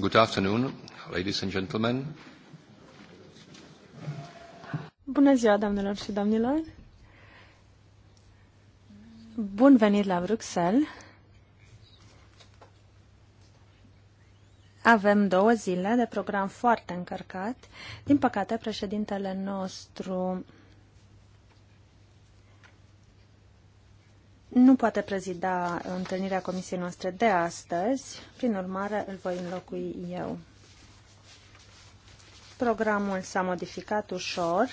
Good afternoon, ladies and gentlemen. Bună ziua, doamnelor și domnilor. Bun venit la Bruxelles. Avem două zile de program foarte încărcat. Din păcate, președintele nostru nu poate prezida întâlnirea comisiei noastre de astăzi, prin urmare îl voi înlocui eu. Programul s-a modificat ușor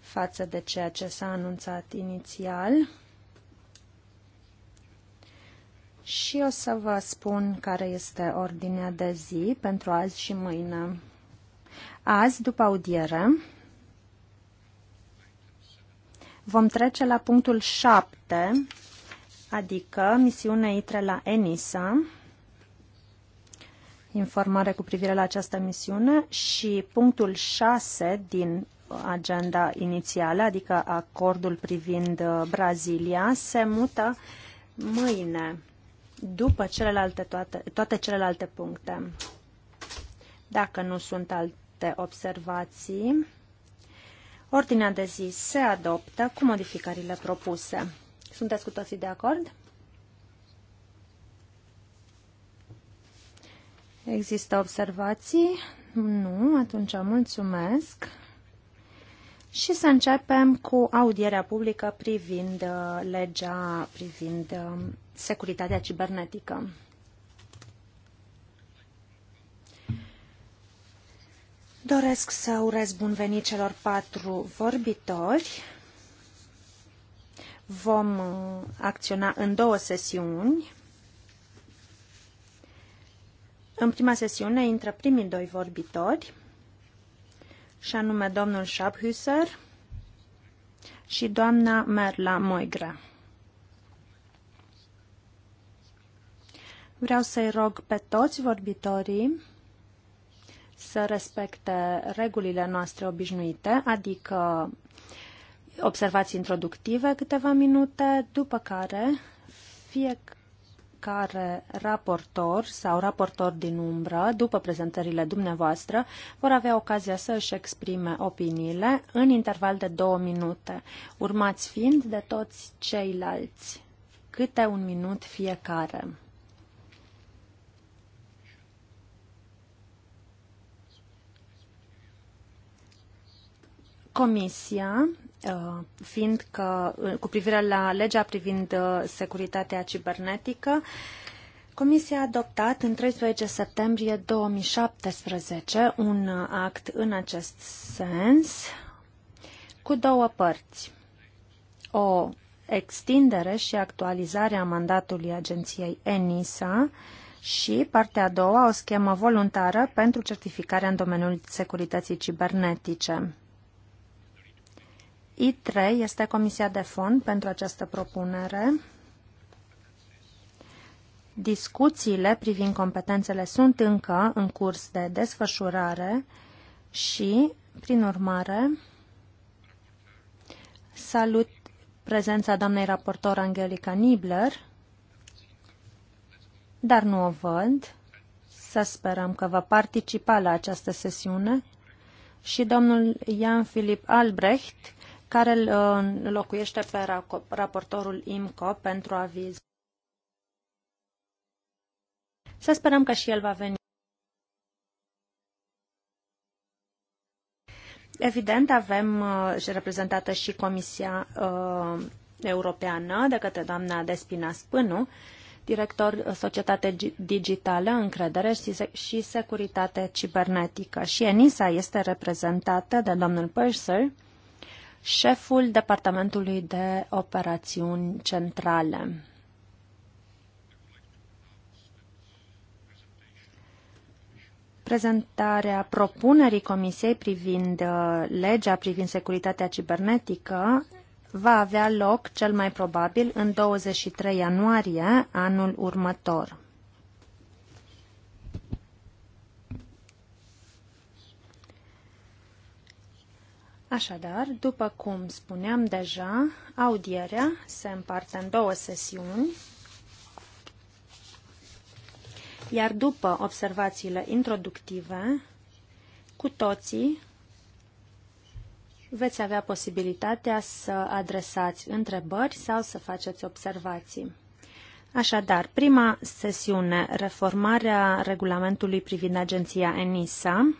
față de ceea ce s-a anunțat inițial și o să vă spun care este ordinea de zi pentru azi și mâine. Azi, după audiere, Vom trece la punctul 7, adică misiunea ITRE la ENISA, informare cu privire la această misiune și punctul 6 din agenda inițială, adică acordul privind uh, Brazilia, se mută mâine, după celelalte toate, toate celelalte puncte. Dacă nu sunt alte observații, Ordinea de zi se adoptă cu modificările propuse. Sunteți cu toții de acord? Există observații? Nu, atunci mulțumesc. Și să începem cu audierea publică privind uh, legea privind uh, securitatea cibernetică. Doresc să urez bun venit celor patru vorbitori. Vom uh, acționa în două sesiuni. În prima sesiune intră primii doi vorbitori, și anume domnul Schabhüser și doamna Merla Moigra. Vreau să-i rog pe toți vorbitorii să respecte regulile noastre obișnuite, adică observații introductive câteva minute, după care fiecare raportor sau raportor din umbră, după prezentările dumneavoastră, vor avea ocazia să își exprime opiniile în interval de două minute, urmați fiind de toți ceilalți, câte un minut fiecare. Comisia, uh, fiind că uh, cu privire la legea privind uh, securitatea cibernetică, Comisia a adoptat în 13 septembrie 2017 un act în acest sens cu două părți. O extindere și actualizare a mandatului agenției ENISA și, partea a doua, o schemă voluntară pentru certificarea în domeniul securității cibernetice. I3 este comisia de fond pentru această propunere. Discuțiile privind competențele sunt încă în curs de desfășurare și, prin urmare, salut prezența doamnei raportor Angelica Nibler, dar nu o văd. Să sperăm că va participa la această sesiune și domnul Jan Filip Albrecht, care îl uh, locuiește pe raportorul IMCO pentru aviz. Să sperăm că și el va veni. Evident, avem uh, și reprezentată și Comisia uh, Europeană de către doamna Despina Spânu, director Societate Digitală, Încredere și, și Securitate Cibernetică. Și ENISA este reprezentată de domnul Purser, șeful Departamentului de Operațiuni Centrale. Prezentarea propunerii Comisiei privind uh, legea privind securitatea cibernetică va avea loc cel mai probabil în 23 ianuarie anul următor. Așadar, după cum spuneam deja, audierea se împarte în două sesiuni, iar după observațiile introductive, cu toții veți avea posibilitatea să adresați întrebări sau să faceți observații. Așadar, prima sesiune, reformarea regulamentului privind agenția ENISA,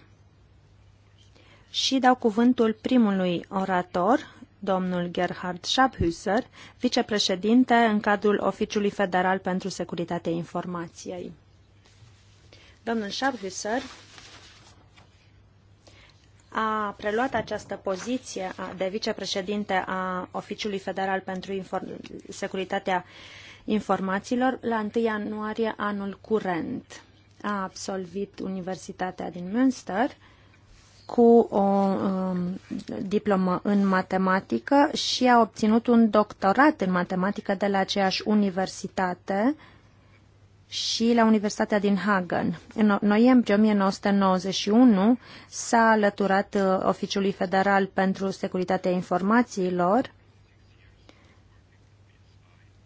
și dau cuvântul primului orator, domnul Gerhard Schabhüsser, vicepreședinte în cadrul Oficiului Federal pentru Securitatea Informației. Domnul Schabhüsser a preluat această poziție de vicepreședinte a Oficiului Federal pentru Inform- Securitatea Informațiilor la 1 ianuarie anul curent. A absolvit Universitatea din Münster, cu o um, diplomă în matematică și a obținut un doctorat în matematică de la aceeași universitate și la Universitatea din Hagen. În noiembrie 1991 s-a alăturat uh, Oficiului Federal pentru Securitatea Informațiilor,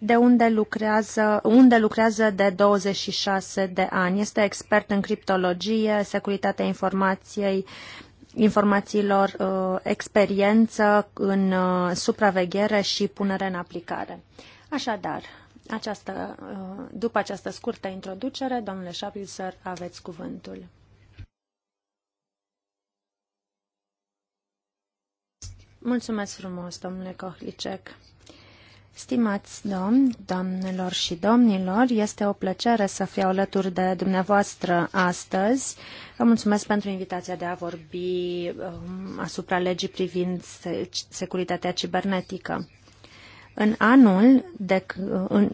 de unde lucrează, unde lucrează de 26 de ani. Este expert în criptologie, securitatea informației, informațiilor, uh, experiență în uh, supraveghere și punere în aplicare. Așadar, această, uh, după această scurtă introducere, domnule Șapilser, aveți cuvântul. Mulțumesc frumos, domnule Kohlicek. Stimați domni, domnilor și domnilor, este o plăcere să fiu alături de dumneavoastră astăzi. Vă mulțumesc pentru invitația de a vorbi um, asupra legii privind securitatea cibernetică. În anul de, în,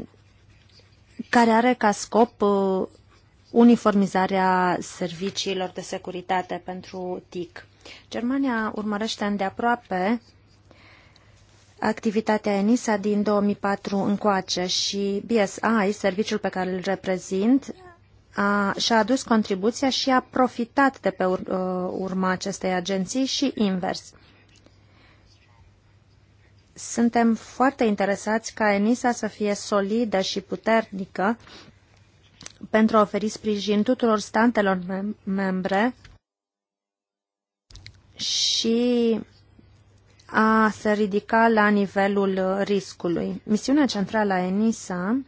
care are ca scop uh, uniformizarea serviciilor de securitate pentru TIC. Germania urmărește îndeaproape activitatea ENISA din 2004 încoace și BSI, serviciul pe care îl reprezint, a, și-a adus contribuția și a profitat de pe ur, uh, urma acestei agenții și invers. Suntem foarte interesați ca ENISA să fie solidă și puternică pentru a oferi sprijin tuturor statelor mem membre și a se ridica la nivelul riscului. Misiunea centrală a ENISA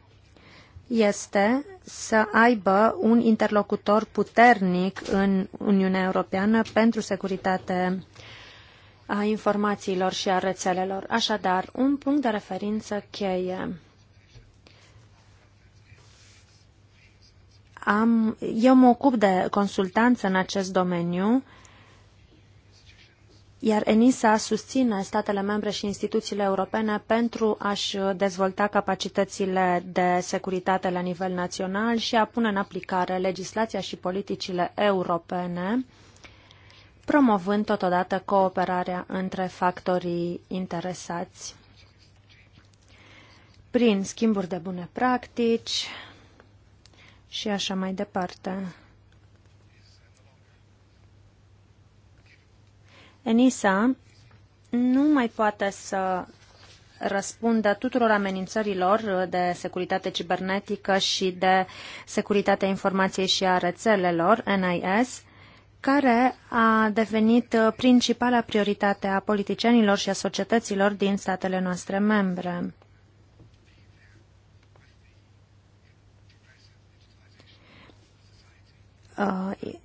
este să aibă un interlocutor puternic în Uniunea Europeană pentru securitate a informațiilor și a rețelelor. Așadar, un punct de referință cheie. Am, eu mă ocup de consultanță în acest domeniu iar ENISA susține statele membre și instituțiile europene pentru a-și dezvolta capacitățile de securitate la nivel național și a pune în aplicare legislația și politicile europene, promovând totodată cooperarea între factorii interesați prin schimburi de bune practici și așa mai departe. ENISA nu mai poate să răspundă tuturor amenințărilor uh, de securitate cibernetică și de securitatea informației și a rețelelor, NIS, care a devenit uh, principala prioritate a politicienilor și a societăților din statele noastre membre. Uh,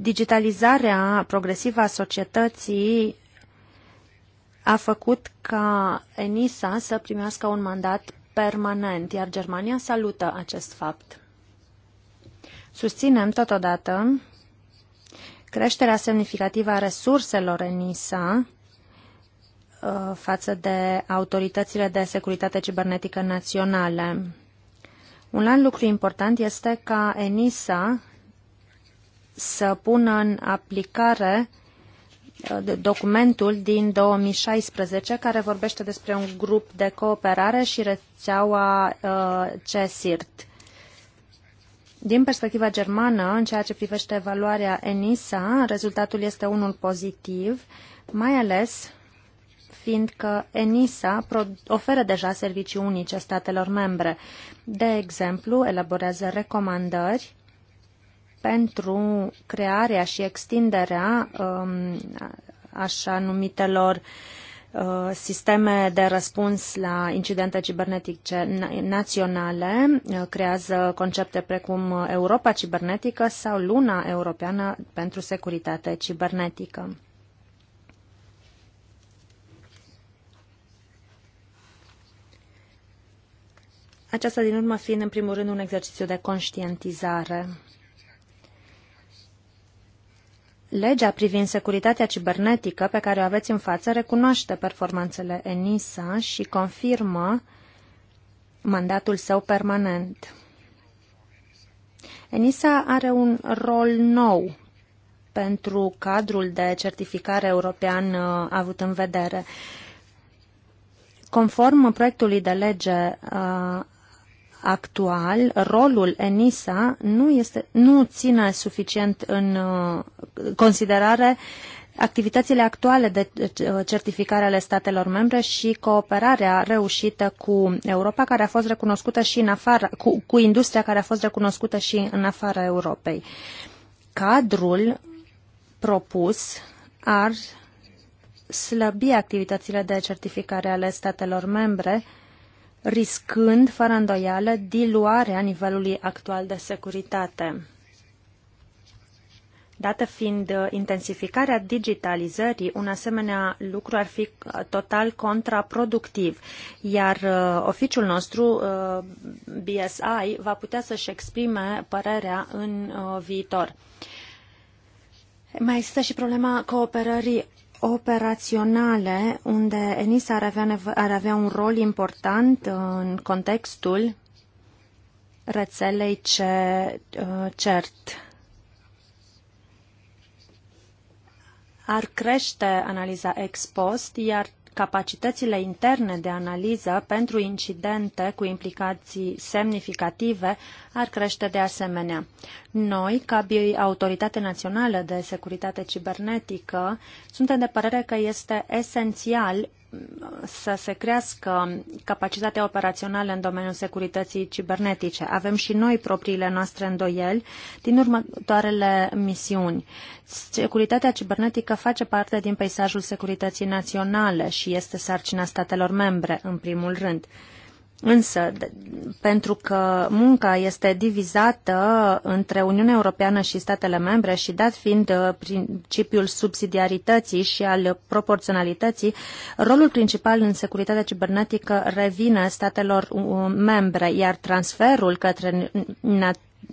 digitalizarea progresivă a societății a făcut ca ENISA să primească un mandat permanent, iar Germania salută acest fapt. Susținem totodată creșterea semnificativă a resurselor ENISA uh, față de autoritățile de securitate cibernetică naționale. Un alt lucru important este ca ENISA să pună în aplicare uh, documentul din 2016 care vorbește despre un grup de cooperare și rețeaua uh, CESIRT. Din perspectiva germană, în ceea ce privește evaluarea ENISA, rezultatul este unul pozitiv, mai ales fiindcă ENISA oferă deja servicii unice statelor membre. De exemplu, elaborează recomandări pentru crearea și extinderea um, așa numitelor uh, sisteme de răspuns la incidente cibernetice naționale, uh, creează concepte precum Europa cibernetică sau Luna Europeană pentru Securitate Cibernetică. Aceasta din urmă fiind în primul rând un exercițiu de conștientizare. Legea privind securitatea cibernetică pe care o aveți în față recunoaște performanțele ENISA și confirmă mandatul său permanent. ENISA are un rol nou pentru cadrul de certificare european uh, avut în vedere. Conform proiectului de lege uh, actual, rolul ENISA nu, este, nu ține suficient în uh, considerare activitățile actuale de certificare ale statelor membre și cooperarea reușită cu Europa, care a fost recunoscută și în afara, cu, cu industria care a fost recunoscută și în afara Europei. Cadrul propus ar slăbi activitățile de certificare ale statelor membre, riscând, fără îndoială, diluarea nivelului actual de securitate. Dată fiind uh, intensificarea digitalizării, un asemenea lucru ar fi uh, total contraproductiv, iar uh, oficiul nostru, BSI, va putea să-și exprime părerea în viitor. Mai există și problema cooperării operaționale, unde ENISA ar avea, ar avea un rol important în contextul rețelei ce, CERT. ar crește analiza ex post, iar capacitățile interne de analiză pentru incidente cu implicații semnificative ar crește de asemenea. Noi, ca Autoritate Națională de Securitate Cibernetică, suntem de părere că este esențial să se crească capacitatea operațională în domeniul securității cibernetice. Avem și noi propriile noastre îndoieli din următoarele misiuni. Securitatea cibernetică face parte din peisajul securității naționale și este sarcina statelor membre, în primul rând. Însă, pentru că munca este divizată între Uniunea Europeană și statele membre și dat fiind uh, principiul subsidiarității și al proporționalității, rolul principal în securitatea cibernetică revine statelor uh, membre, iar transferul către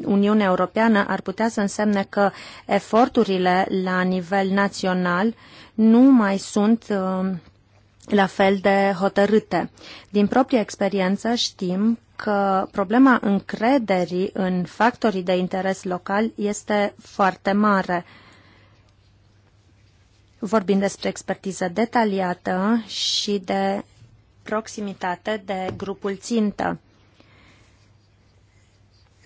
Uniunea Europeană ar putea să însemne că eforturile la nivel național nu mai sunt uh, la fel de hotărâte. Din proprie experiență știm că problema încrederii în factorii de interes local este foarte mare. Vorbim despre expertiză detaliată și de proximitate de grupul țintă.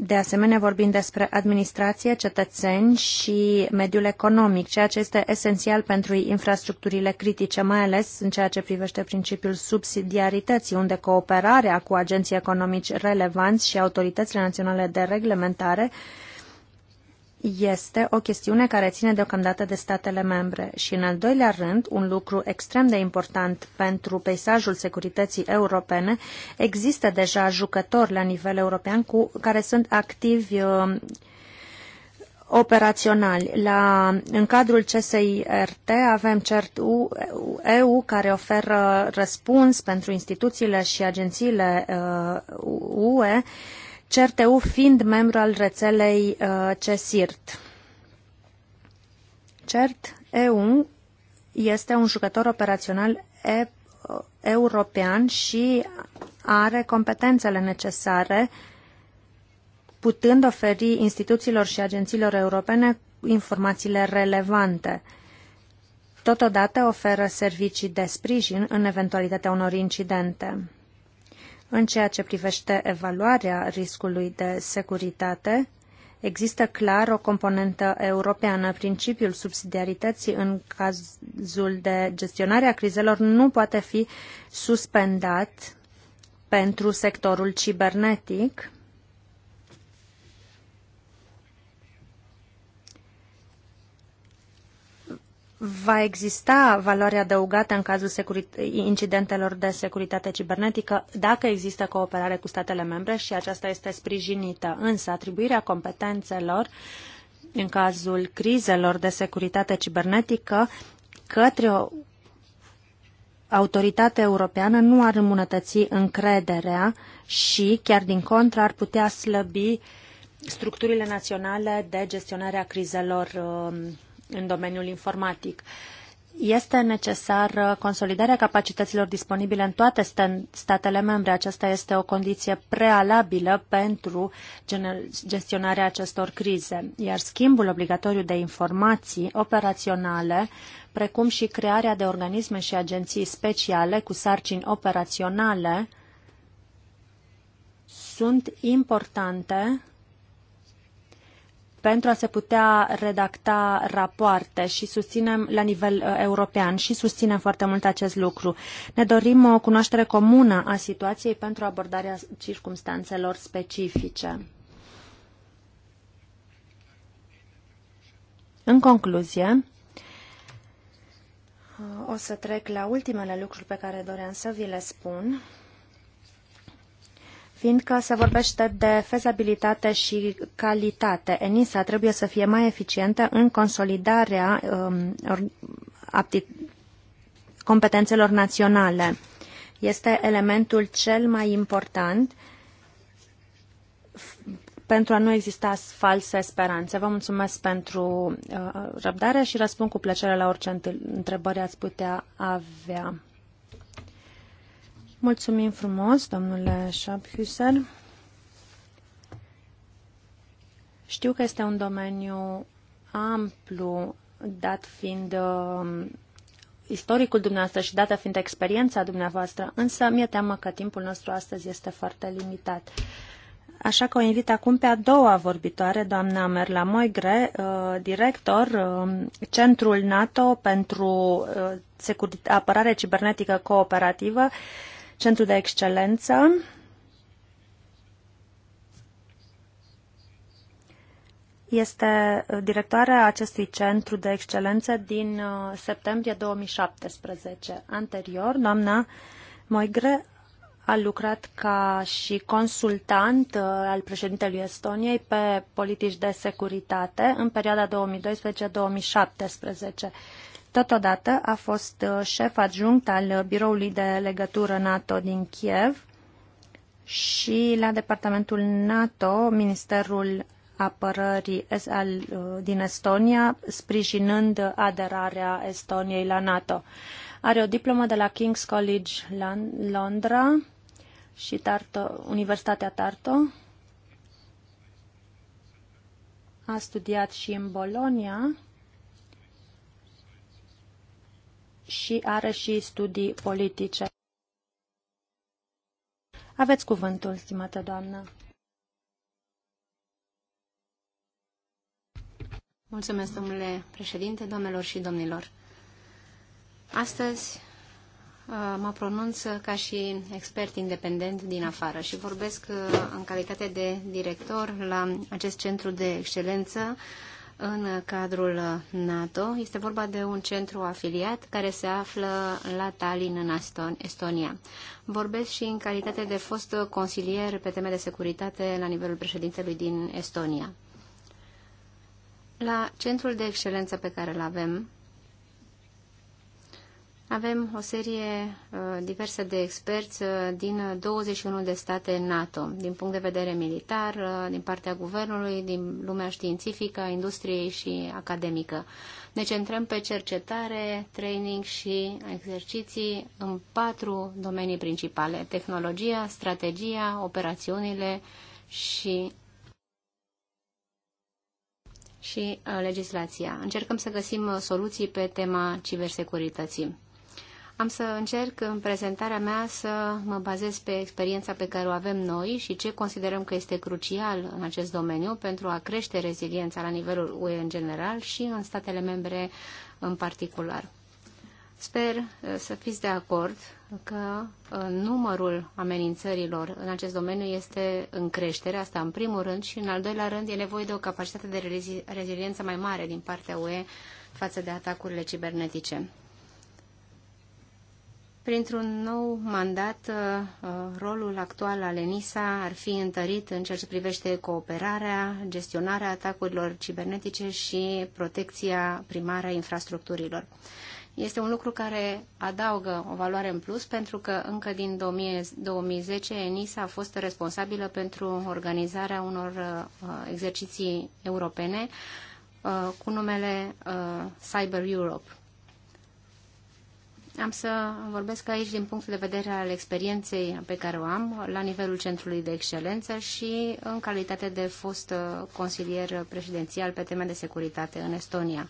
De asemenea, vorbim despre administrație, cetățeni și mediul economic, ceea ce este esențial pentru infrastructurile critice, mai ales în ceea ce privește principiul subsidiarității, unde cooperarea cu agenții economici relevanți și autoritățile naționale de reglementare este o chestiune care ține deocamdată de statele membre și, în al doilea rând, un lucru extrem de important pentru peisajul securității europene, există deja jucători la nivel european cu, care sunt activi uh, operaționali. La, în cadrul CSIRT avem CERT EU care oferă răspuns pentru instituțiile și agențiile uh, UE CRTU fiind membru al rețelei uh, CESIRT. CERT EU este un jucător operațional e uh, european și are competențele necesare putând oferi instituțiilor și agențiilor europene informațiile relevante. Totodată oferă servicii de sprijin în eventualitatea unor incidente. În ceea ce privește evaluarea riscului de securitate, există clar o componentă europeană. Principiul subsidiarității în cazul de gestionare a crizelor nu poate fi suspendat pentru sectorul cibernetic va exista valoare adăugată în cazul incidentelor de securitate cibernetică dacă există cooperare cu statele membre și aceasta este sprijinită. Însă atribuirea competențelor în cazul crizelor de securitate cibernetică către o autoritate europeană nu ar îmbunătăți încrederea și, chiar din contră, ar putea slăbi structurile naționale de gestionare a crizelor uh, în domeniul informatic. Este necesar consolidarea capacităților disponibile în toate statele membre. Aceasta este o condiție prealabilă pentru gestionarea acestor crize, iar schimbul obligatoriu de informații operaționale, precum și crearea de organisme și agenții speciale cu sarcini operaționale, sunt importante pentru a se putea redacta rapoarte și susținem la nivel uh, european și susținem foarte mult acest lucru. Ne dorim o cunoaștere comună a situației pentru abordarea circumstanțelor specifice. În concluzie, o să trec la ultimele lucruri pe care doream să vi le spun fiindcă se vorbește de fezabilitate și calitate. ENISA trebuie să fie mai eficientă în consolidarea um, competențelor naționale. Este elementul cel mai important pentru a nu exista false speranțe. Vă mulțumesc pentru uh, răbdare și răspund cu plăcere la orice întrebări ați putea avea. Mulțumim frumos, domnule Schabhuser. Știu că este un domeniu amplu, dat fiind uh, istoricul dumneavoastră și dată fiind experiența dumneavoastră, însă mi-e teamă că timpul nostru astăzi este foarte limitat. Așa că o invit acum pe a doua vorbitoare, doamna Merla Moigre, uh, director um, Centrul NATO pentru uh, apărare cibernetică cooperativă Centru de Excelență. Este uh, directoarea acestui centru de excelență din uh, septembrie 2017. Anterior, doamna Moigre a lucrat ca și consultant uh, al președintelui Estoniei pe politici de securitate în perioada 2012-2017 Totodată a fost uh, șef adjunct al Biroului de Legătură NATO din Kiev și la Departamentul NATO, Ministerul Apărării uh, din Estonia, sprijinând aderarea Estoniei la NATO. Are o diplomă de la King's College Londra și Tarto, Universitatea Tarto. A studiat și în Bologna și are și studii politice. Aveți cuvântul, stimată doamnă. Mulțumesc, domnule președinte, domnilor și domnilor. Astăzi uh, mă pronunț ca și expert independent din afară și vorbesc uh, în calitate de director la acest centru de excelență în cadrul NATO. Este vorba de un centru afiliat care se află la Tallinn, în Estonia. Vorbesc și în calitate de fost consilier pe teme de securitate la nivelul președintelui din Estonia. La centrul de excelență pe care îl avem, avem o serie uh, diversă de experți uh, din 21 de state NATO, din punct de vedere militar, uh, din partea guvernului, din lumea științifică, industriei și academică. Ne centrăm pe cercetare, training și exerciții în patru domenii principale. Tehnologia, strategia, operațiunile și și legislația. Încercăm să găsim soluții pe tema cibersecurității. Am să încerc în prezentarea mea să mă bazez pe experiența pe care o avem noi și ce considerăm că este crucial în acest domeniu pentru a crește reziliența la nivelul UE în general și în statele membre în particular. Sper uh, să fiți de acord că uh, numărul amenințărilor în acest domeniu este în creștere, asta în primul rând, și în al doilea rând e nevoie de o capacitate de reziliență mai mare din partea UE față de atacurile cibernetice. Printr-un nou mandat, uh, uh, rolul actual al ENISA ar fi întărit în ceea ce privește cooperarea, gestionarea atacurilor cibernetice și protecția primară a infrastructurilor. Este un lucru care adaugă o valoare în plus pentru că încă din 2010 ENISA a fost responsabilă pentru organizarea unor uh, exerciții europene cu numele Cyber Europe am să vorbesc aici din punctul de vedere al experienței pe care o am la nivelul Centrului de Excelență și în calitate de fost uh, consilier prezidențial pe teme de securitate în Estonia.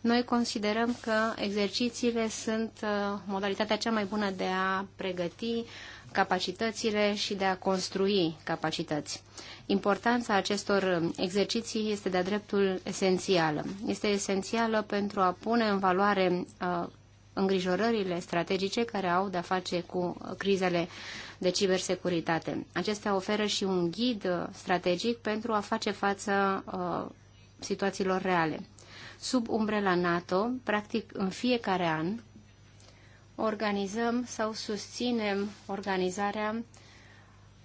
Noi considerăm că exercițiile sunt uh, modalitatea cea mai bună de a pregăti capacitățile și de a construi capacități. Importanța acestor exerciții este de-a dreptul esențială. Este esențială pentru a pune în valoare uh, îngrijorările strategice care au de-a face cu crizele de cibersecuritate. Acestea oferă și un ghid strategic pentru a face față uh, situațiilor reale. Sub umbrela NATO, practic în fiecare an, organizăm sau susținem organizarea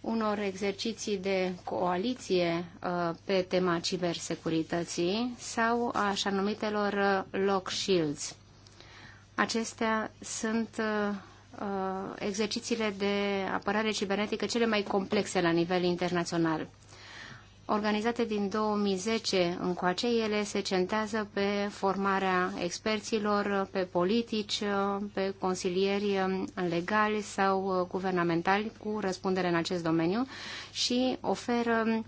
unor exerciții de coaliție uh, pe tema cibersecurității sau așa numitelor uh, lock shields. Acestea sunt uh, uh, exercițiile de apărare cibernetică cele mai complexe la nivel internațional. Organizate din 2010 încoace, ele se centează pe formarea experților, pe politici, uh, pe consilieri legali sau guvernamentali cu răspundere în acest domeniu și oferă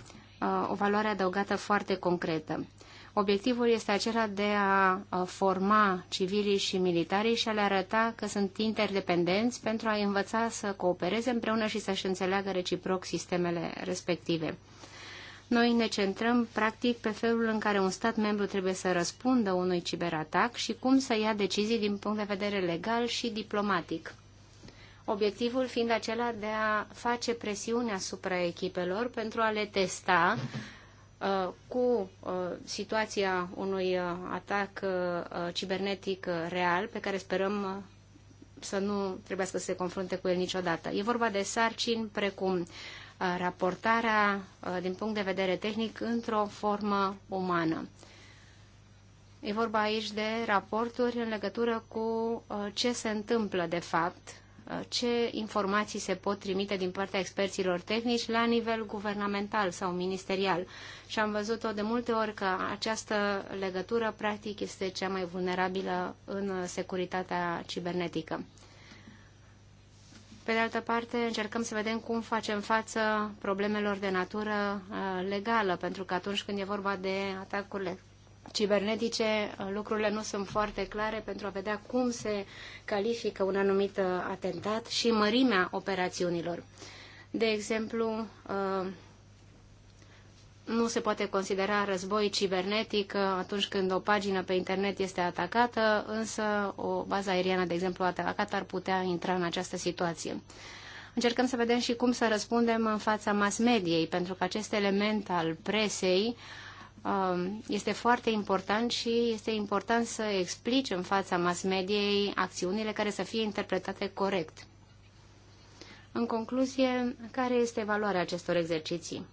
o valoare adăugată foarte concretă. Obiectivul este acela de a forma civilii și militarii și a le arăta că sunt interdependenți pentru a învăța să coopereze împreună și să-și înțeleagă reciproc sistemele respective. Noi ne centrăm practic pe felul în care un stat membru trebuie să răspundă unui ciberatac și cum să ia decizii din punct de vedere legal și diplomatic. Obiectivul fiind acela de a face presiune asupra echipelor pentru a le testa Uh, cu uh, situația unui uh, atac cibernetic real pe care sperăm să nu trebuiască să se confrunte cu el niciodată. E vorba de sarcini precum raportarea din punct de vedere tehnic într-o formă umană. E vorba aici de raporturi în legătură cu ce se întâmplă de fapt ce informații se pot trimite din partea experților tehnici la nivel guvernamental sau ministerial. Și am văzut-o de multe ori că această legătură, practic, este cea mai vulnerabilă în securitatea cibernetică. Pe de altă parte, încercăm să vedem cum facem față problemelor de natură uh, legală, pentru că atunci când e vorba de atacurile cibernetice lucrurile nu sunt foarte clare pentru a vedea cum se califică un anumit uh, atentat și mărimea operațiunilor. De exemplu, uh, nu se poate considera război cibernetic uh, atunci când o pagină pe internet este atacată, însă o bază aeriană, de exemplu, atacată ar putea intra în această situație. Încercăm să vedem și cum să răspundem în fața mass mediei, pentru că acest element al presei uh, Um, este foarte important și este important să explici în fața mass mediei acțiunile care să fie interpretate corect. În concluzie, care este valoarea acestor exerciții?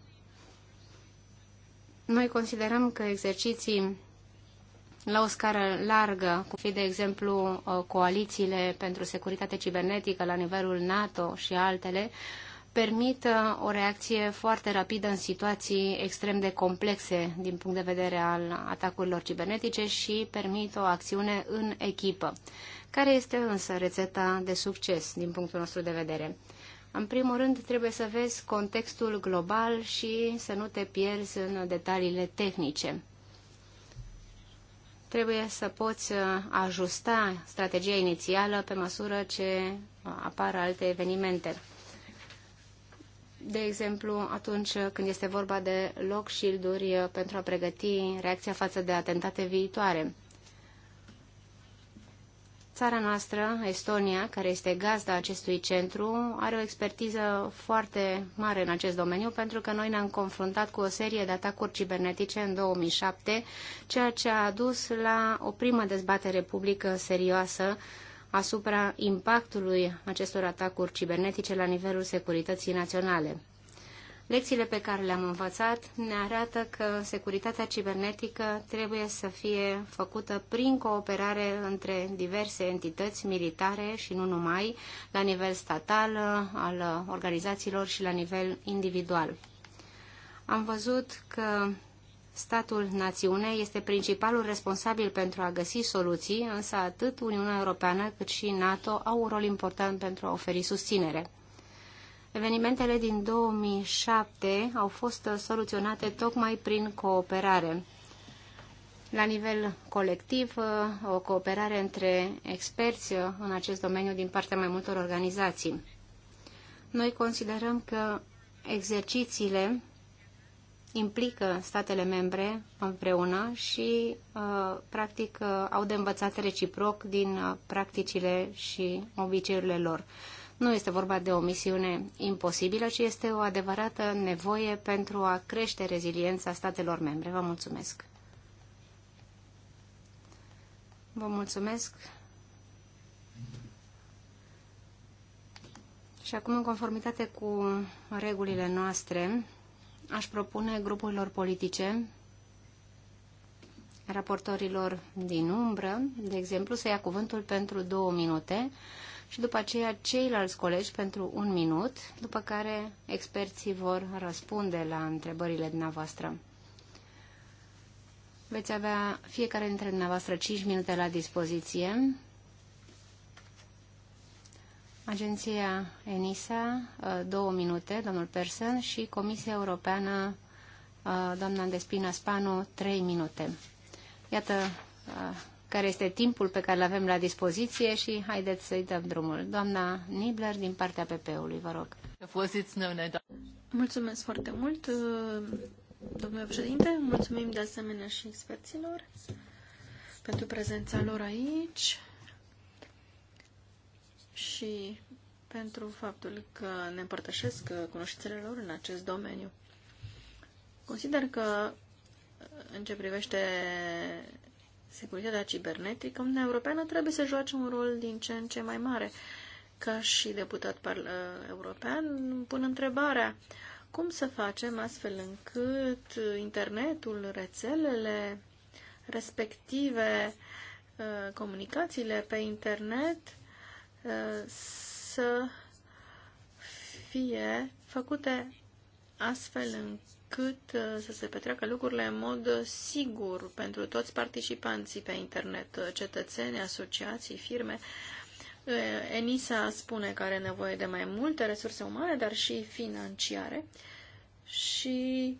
Noi considerăm că exerciții la o scară largă, cum fi, de exemplu, uh, coalițiile pentru securitate cibernetică la nivelul NATO și altele, permită uh, o reacție foarte rapidă în situații extrem de complexe din punct de vedere al atacurilor cibernetice și permit o acțiune în echipă. Care este însă rețeta de succes din punctul nostru de vedere? În primul rând, trebuie să vezi contextul global și să nu te pierzi în detaliile tehnice. Trebuie să poți uh, ajusta strategia inițială pe măsură ce uh, apar alte evenimente de exemplu, atunci când este vorba de lock shield-uri uh, pentru a pregăti reacția față de atentate viitoare. Țara noastră, Estonia, care este gazda acestui centru, are o expertiză foarte mare în acest domeniu, pentru că noi ne-am confruntat cu o serie de atacuri cibernetice în 2007, ceea ce a dus la o primă dezbatere publică serioasă asupra impactului acestor atacuri cibernetice la nivelul securității naționale. Lecțiile pe care le-am învățat ne arată că securitatea cibernetică trebuie să fie făcută prin cooperare între diverse entități militare și nu numai, la nivel statal, al organizațiilor și la nivel individual. Am văzut că Statul-națiune este principalul responsabil pentru a găsi soluții, însă atât Uniunea Europeană cât și NATO au un rol important pentru a oferi susținere. Evenimentele din 2007 au fost soluționate tocmai prin cooperare. La nivel colectiv, o cooperare între experți în acest domeniu din partea mai multor organizații. Noi considerăm că exercițiile implică statele membre împreună și, uh, practic, uh, au de învățat reciproc din uh, practicile și obiceiurile lor. Nu este vorba de o misiune imposibilă, ci este o adevărată nevoie pentru a crește reziliența statelor membre. Vă mulțumesc! Vă mulțumesc! Și acum, în conformitate cu regulile noastre, aș propune grupurilor politice, raportorilor din umbră, de exemplu, să ia cuvântul pentru două minute și după aceea ceilalți colegi pentru un minut, după care experții vor răspunde la întrebările dumneavoastră. Veți avea fiecare dintre dumneavoastră 5 minute la dispoziție Agenția ENISA, uh, două minute, domnul Persen, și Comisia Europeană, uh, doamna Despina Spano, trei minute. Iată uh, care este timpul pe care îl avem la dispoziție și haideți să-i dăm drumul. Doamna Nibler, din partea PP-ului, vă rog. Mulțumesc foarte mult, domnule președinte. Mulțumim de asemenea și experților pentru prezența lor aici și pentru faptul că ne împărtășesc cunoștințele lor în acest domeniu. Consider că în ce privește securitatea cibernetică, Uniunea Europeană trebuie să joace un rol din ce în ce mai mare. Ca și deputat european, pun întrebarea cum să facem astfel încât internetul, rețelele respective, uh, comunicațiile pe internet să fie făcute astfel încât uh, să se petreacă lucrurile în mod sigur pentru toți participanții pe internet, uh, cetățeni, asociații, firme. Uh, ENISA spune că are nevoie de mai multe resurse umane, dar și financiare și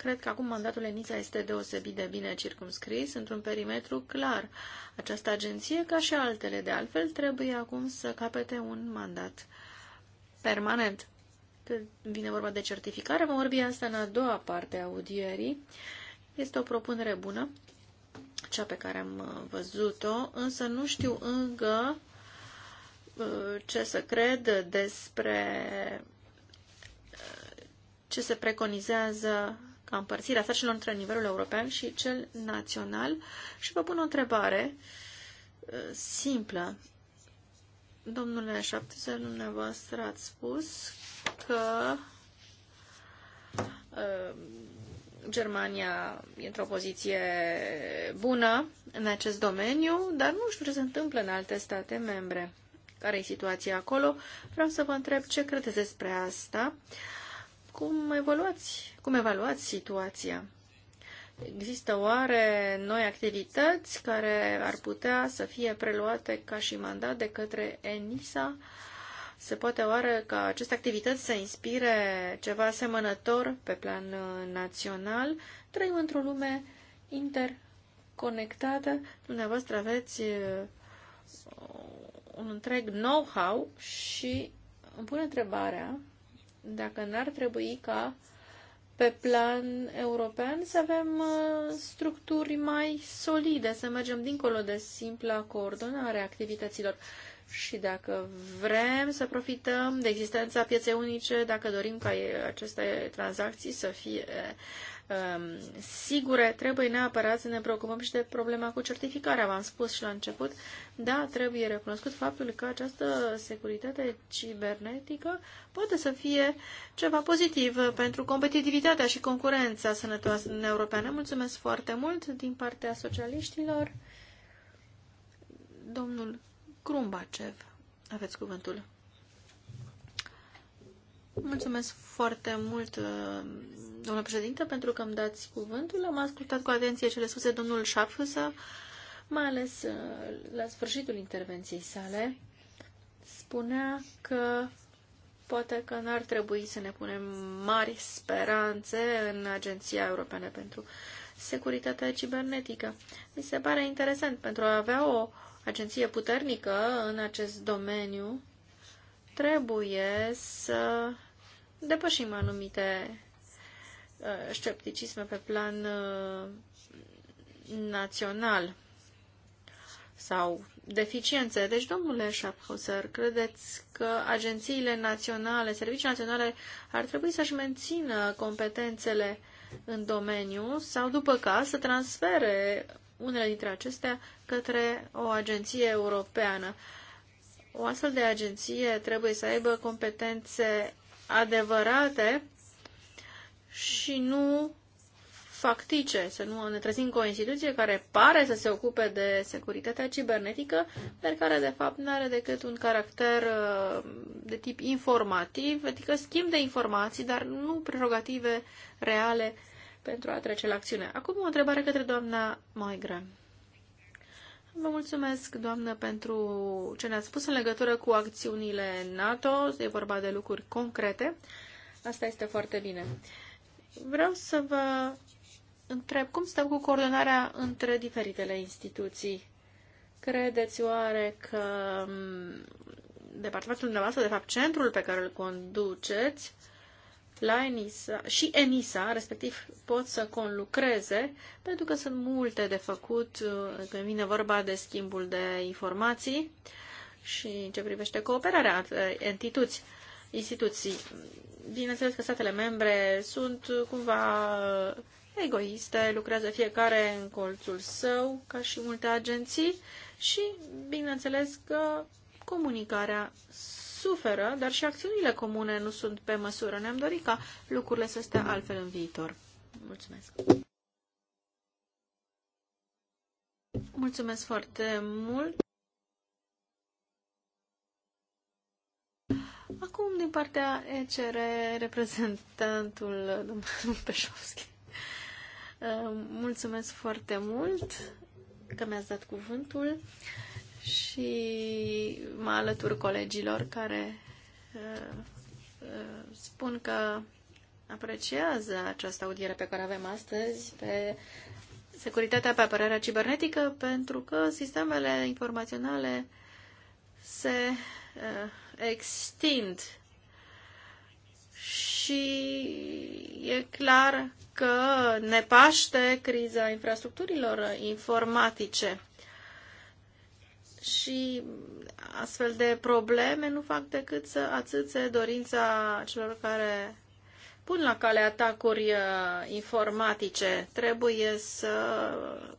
Cred că acum mandatul ENISA este deosebit de bine circumscris, într-un perimetru clar. Această agenție, ca și altele de altfel, trebuie acum să capete un mandat permanent. Când vine vorba de certificare, vom vorbi asta în a doua parte a audierii. Este o propunere bună, cea pe care am uh, văzut-o, însă nu știu încă uh, ce să cred despre uh, ce se preconizează ca împărțirea sarcinilor între nivelul european și cel național și vă pun o întrebare uh, simplă. Domnule Șapteze, dumneavoastră ați spus că uh, Germania e într-o poziție bună în acest domeniu, dar nu știu ce se întâmplă în alte state membre. Care e situația acolo? Vreau să vă întreb ce credeți despre asta. Uh, cum evaluați, cum evaluați situația? Există oare noi activități care ar putea să fie preluate ca și mandat de către ENISA? Se poate oare ca aceste activități să inspire ceva asemănător pe plan uh, național? Trăim într-o lume interconectată. Dumneavoastră aveți uh, un întreg know-how și îmi pun întrebarea dacă n-ar trebui ca pe plan european să avem uh, structuri mai solide, să mergem dincolo de simpla coordonare a activităților. Și dacă vrem să profităm de existența pieței unice, dacă dorim ca aceste tranzacții să fie um, sigure, trebuie neapărat să ne preocupăm și de problema cu certificarea, v-am spus și la început. Da, trebuie recunoscut faptul că această securitate cibernetică poate să fie ceva pozitiv pentru competitivitatea și concurența sănătoasă în europeană. Mulțumesc foarte mult din partea socialiștilor. Domnul Grumbacev, aveți cuvântul. Mulțumesc foarte mult, uh, domnule președinte, pentru că îmi dați cuvântul. Am ascultat cu atenție cele spuse domnul Șapfusă, mai ales uh, la sfârșitul intervenției sale. Spunea că poate că n-ar trebui să ne punem mari speranțe în Agenția Europeană pentru Securitatea Cibernetică. Mi se pare interesant pentru a avea o agenție puternică în acest domeniu trebuie să depășim anumite uh, scepticisme pe plan uh, național sau deficiențe. Deci, domnule Schaffhauser, credeți că agențiile naționale, serviciile naționale ar trebui să-și mențină competențele în domeniu sau, după caz, să transfere unele dintre acestea către o agenție europeană? Uh, o astfel de agenție trebuie să aibă competențe adevărate și nu factice, să nu ne trezim cu o instituție care pare să se ocupe de securitatea cibernetică, dar care de fapt nu are decât un caracter uh, de tip informativ, adică schimb de informații, dar nu prerogative reale pentru a trece la acțiune. Acum o întrebare către doamna Maigra. Vă mulțumesc, doamnă, pentru ce ne-ați spus în legătură cu acțiunile NATO. E vorba de lucruri concrete. Asta este foarte bine. Vreau să vă întreb cum stăm cu coordonarea între diferitele instituții. Credeți oare că mm, departamentul dumneavoastră, de fapt centrul pe care îl conduceți, uh, la ENISA și ENISA, respectiv, pot să conlucreze, pentru că sunt multe de făcut uh, când vine vorba de schimbul de informații și în ce privește cooperarea entități, instituții. Bineînțeles că statele membre sunt cumva uh, egoiste, lucrează fiecare în colțul său, ca și multe agenții, și bineînțeles că comunicarea suferă, dar și acțiunile comune nu sunt pe măsură. Ne-am dorit ca lucrurile să stea altfel în viitor. Mulțumesc! Mulțumesc foarte mult! Acum, din partea ECR, reprezentantul domnul Peșovski. Mulțumesc foarte mult că mi-ați dat cuvântul și mă alătur colegilor care uh, uh, spun că apreciază această audiere pe care avem astăzi pe securitatea pe apărarea cibernetică pentru că sistemele informaționale se uh, extind și e clar că ne paște criza infrastructurilor informatice și astfel de probleme nu fac decât să atâțe dorința celor care pun la cale atacuri uh, informatice. Trebuie să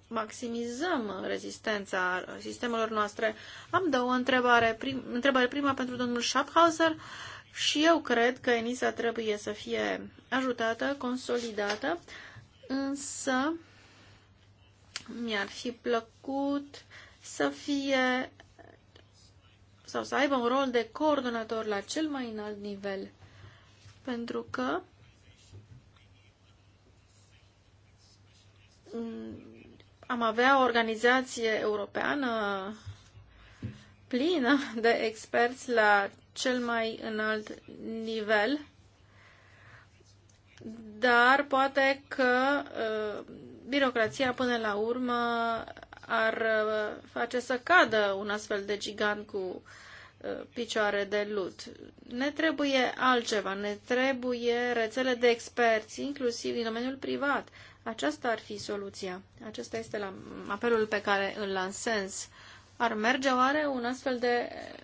maximizăm rezistența sistemelor noastre. Am de o întrebare, prim, întrebare prima pentru domnul Schaffhauser și eu cred că ENISA trebuie să fie ajutată, consolidată, însă mi-ar fi plăcut uh, să fie sau să aibă un rol de coordonator la cel mai înalt nivel. Pentru că am avea o organizație europeană plină de experți la cel mai înalt nivel, dar poate că uh, birocrația până la urmă ar uh, face să cadă un astfel de gigant cu uh, picioare de lut. Ne trebuie altceva, ne trebuie rețele de experți, inclusiv din domeniul privat. Aceasta ar fi soluția. Acesta este la apelul pe care îl lansez. Ar merge oare un astfel de uh,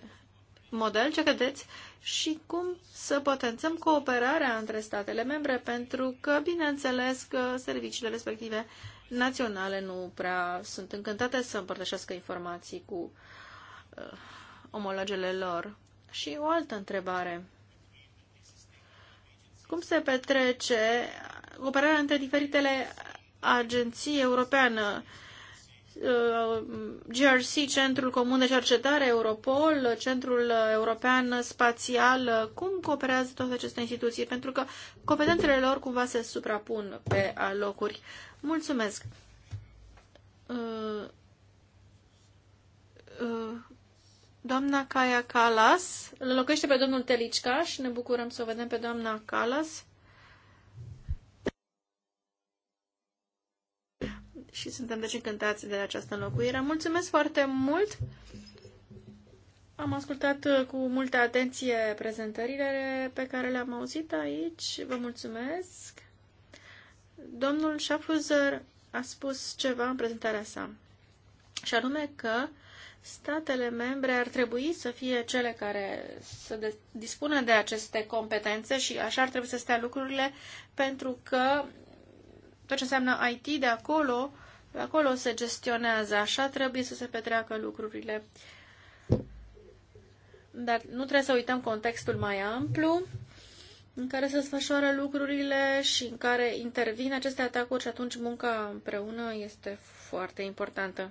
model, ce credeți? Și cum să potențăm cooperarea între statele membre, pentru că, bineînțeles, că serviciile respective naționale nu prea sunt încântate să împărtășească informații cu uh, omologele lor. Și o altă întrebare. Cum se petrece cooperarea între diferitele agenții europeană? Uh, GRC, Centrul Comun de Cercetare, Europol, Centrul European Spațial, cum cooperează toate aceste instituții? Pentru că competențele lor cumva se suprapun pe locuri. Mulțumesc! Uh, uh, doamna Caia Calas îl locuiește pe domnul Telicca și ne bucurăm să o vedem pe doamna Calas. Și suntem deci încântați de această înlocuire. Mulțumesc foarte mult! Am ascultat uh, cu multă atenție prezentările pe care le-am auzit aici. Vă mulțumesc! Domnul Schaffhauser a spus ceva în prezentarea sa, și anume că statele membre ar trebui să fie cele care să de- dispună de aceste competențe și așa ar trebui să stea lucrurile, pentru că tot ce înseamnă IT de acolo, de acolo se gestionează, așa trebuie să se petreacă lucrurile. Dar nu trebuie să uităm contextul mai amplu în care se sfășoară lucrurile și în care intervin aceste atacuri și atunci munca împreună este foarte importantă.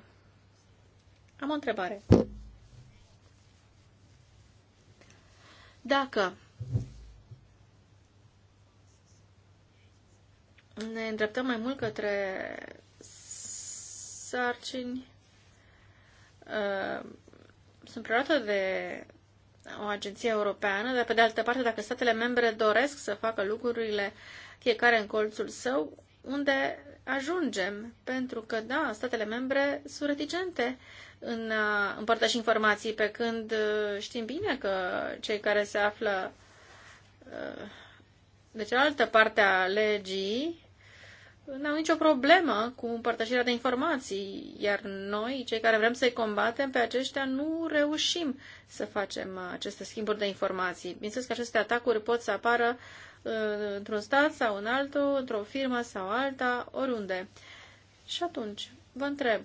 Am o întrebare. Dacă ne îndreptăm mai mult către sarcini, uh, sunt preluată de o agenție europeană, dar pe de altă parte, dacă statele membre doresc să facă lucrurile fiecare în colțul său, unde ajungem? Pentru că, da, statele membre sunt reticente în a împărtăși informații, pe când uh, știm bine că cei care se află uh, de cealaltă parte a legii n-au nicio problemă cu împărtășirea de informații, iar noi, cei care vrem să-i combatem pe aceștia, nu reușim să facem aceste schimburi de informații. Bineînțeles că aceste atacuri pot să apară uh, într-un stat sau în altul, într-o firmă sau alta, oriunde. Și atunci, vă întreb,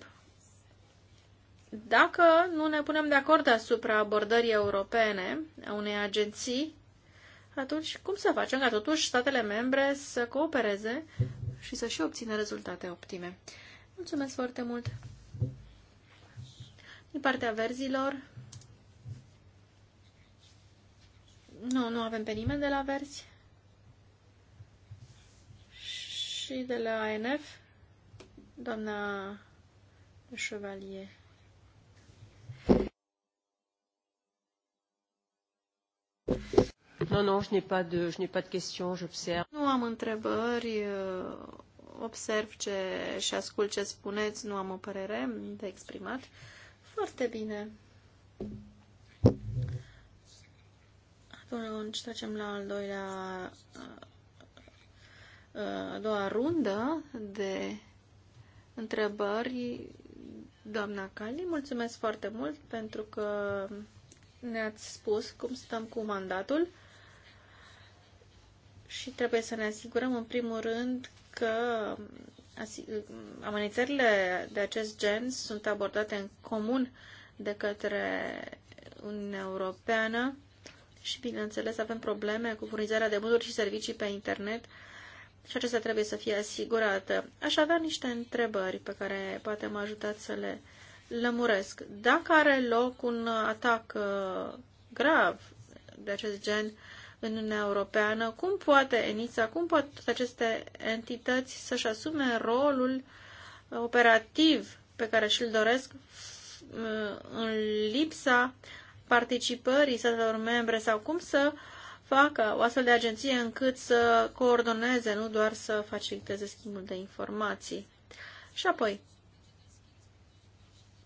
dacă nu ne punem de acord asupra abordării europene a unei agenții, atunci cum să facem ca totuși statele membre să coopereze și să și obțină rezultate optime. Mulțumesc foarte mult! Din partea verzilor, nu, nu avem pe nimeni de la verzi și de la ANF, doamna Chevalier. Nu am întrebări, observ ce și ascult ce spuneți, nu am o părere de exprimat. Foarte bine. Atunci trecem la al doilea, a doua rundă de întrebări. Doamna Cali, mulțumesc foarte mult pentru că ne-ați spus cum stăm cu mandatul și trebuie să ne asigurăm în primul rând că amenințările de acest gen sunt abordate în comun de către Uniunea Europeană și, bineînțeles, avem probleme cu furnizarea de bunuri și servicii pe internet și acesta trebuie să fie asigurată. Aș avea niște întrebări pe care poate mă ajutați să le lămuresc. Dacă are loc un atac uh, grav de acest gen în Uniunea Europeană, cum poate ENISA, cum pot aceste entități să-și asume rolul operativ pe care și-l doresc uh, în lipsa participării statelor membre sau cum să facă o astfel de agenție încât să coordoneze, nu doar să faciliteze schimbul de informații. Și apoi,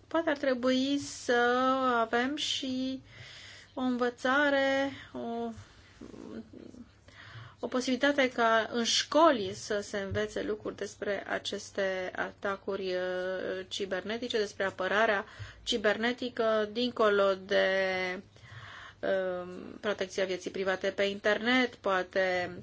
poate ar trebui să avem și o învățare, o o posibilitate ca în școli să se învețe lucruri despre aceste atacuri uh, cibernetice, despre apărarea cibernetică, dincolo de um, protecția vieții private pe internet, poate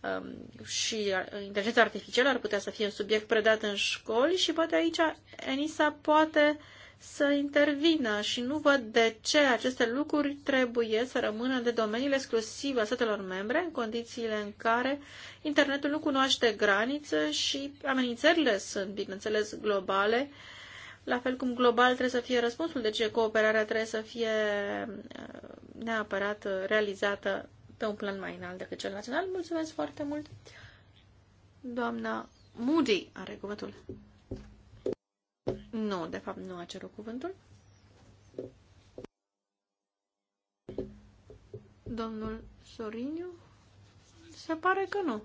um, și uh, inteligența artificială ar putea să fie un subiect predat în școli și poate aici ENISA poate uh, să intervină și nu văd de ce aceste lucruri trebuie să rămână de domeniile exclusive a statelor membre, în condițiile în care internetul nu cunoaște granițe și amenințările sunt, bineînțeles, globale, la fel cum global trebuie să fie răspunsul, deci cooperarea trebuie să fie uh, neapărat realizată pe un plan mai înalt decât cel național. Mulțumesc foarte mult! Doamna Moody are cuvântul. Nu, de fapt nu a cerut cuvântul. Domnul Soriniu? Se pare că nu.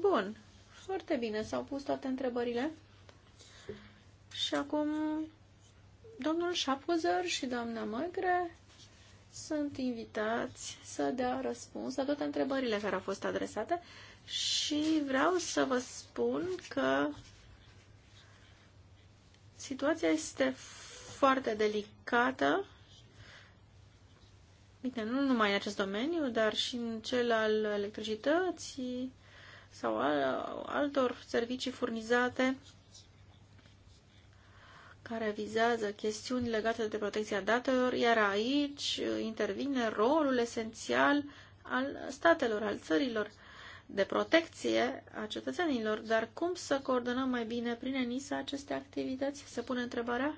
Bun. Foarte bine. S-au pus toate întrebările. Și acum domnul Șapuzăr și doamna Măgre sunt invitați să dea răspuns la toate întrebările care au fost adresate și vreau să vă spun că Situația este foarte delicată. Bine, nu numai în acest domeniu, dar și în cel al electricității sau al altor servicii furnizate care vizează chestiuni legate de protecția datelor, iar aici intervine rolul esențial al statelor, al țărilor de protecție a cetățenilor, dar cum să coordonăm mai bine prin ENISA aceste activități? Se pune întrebarea?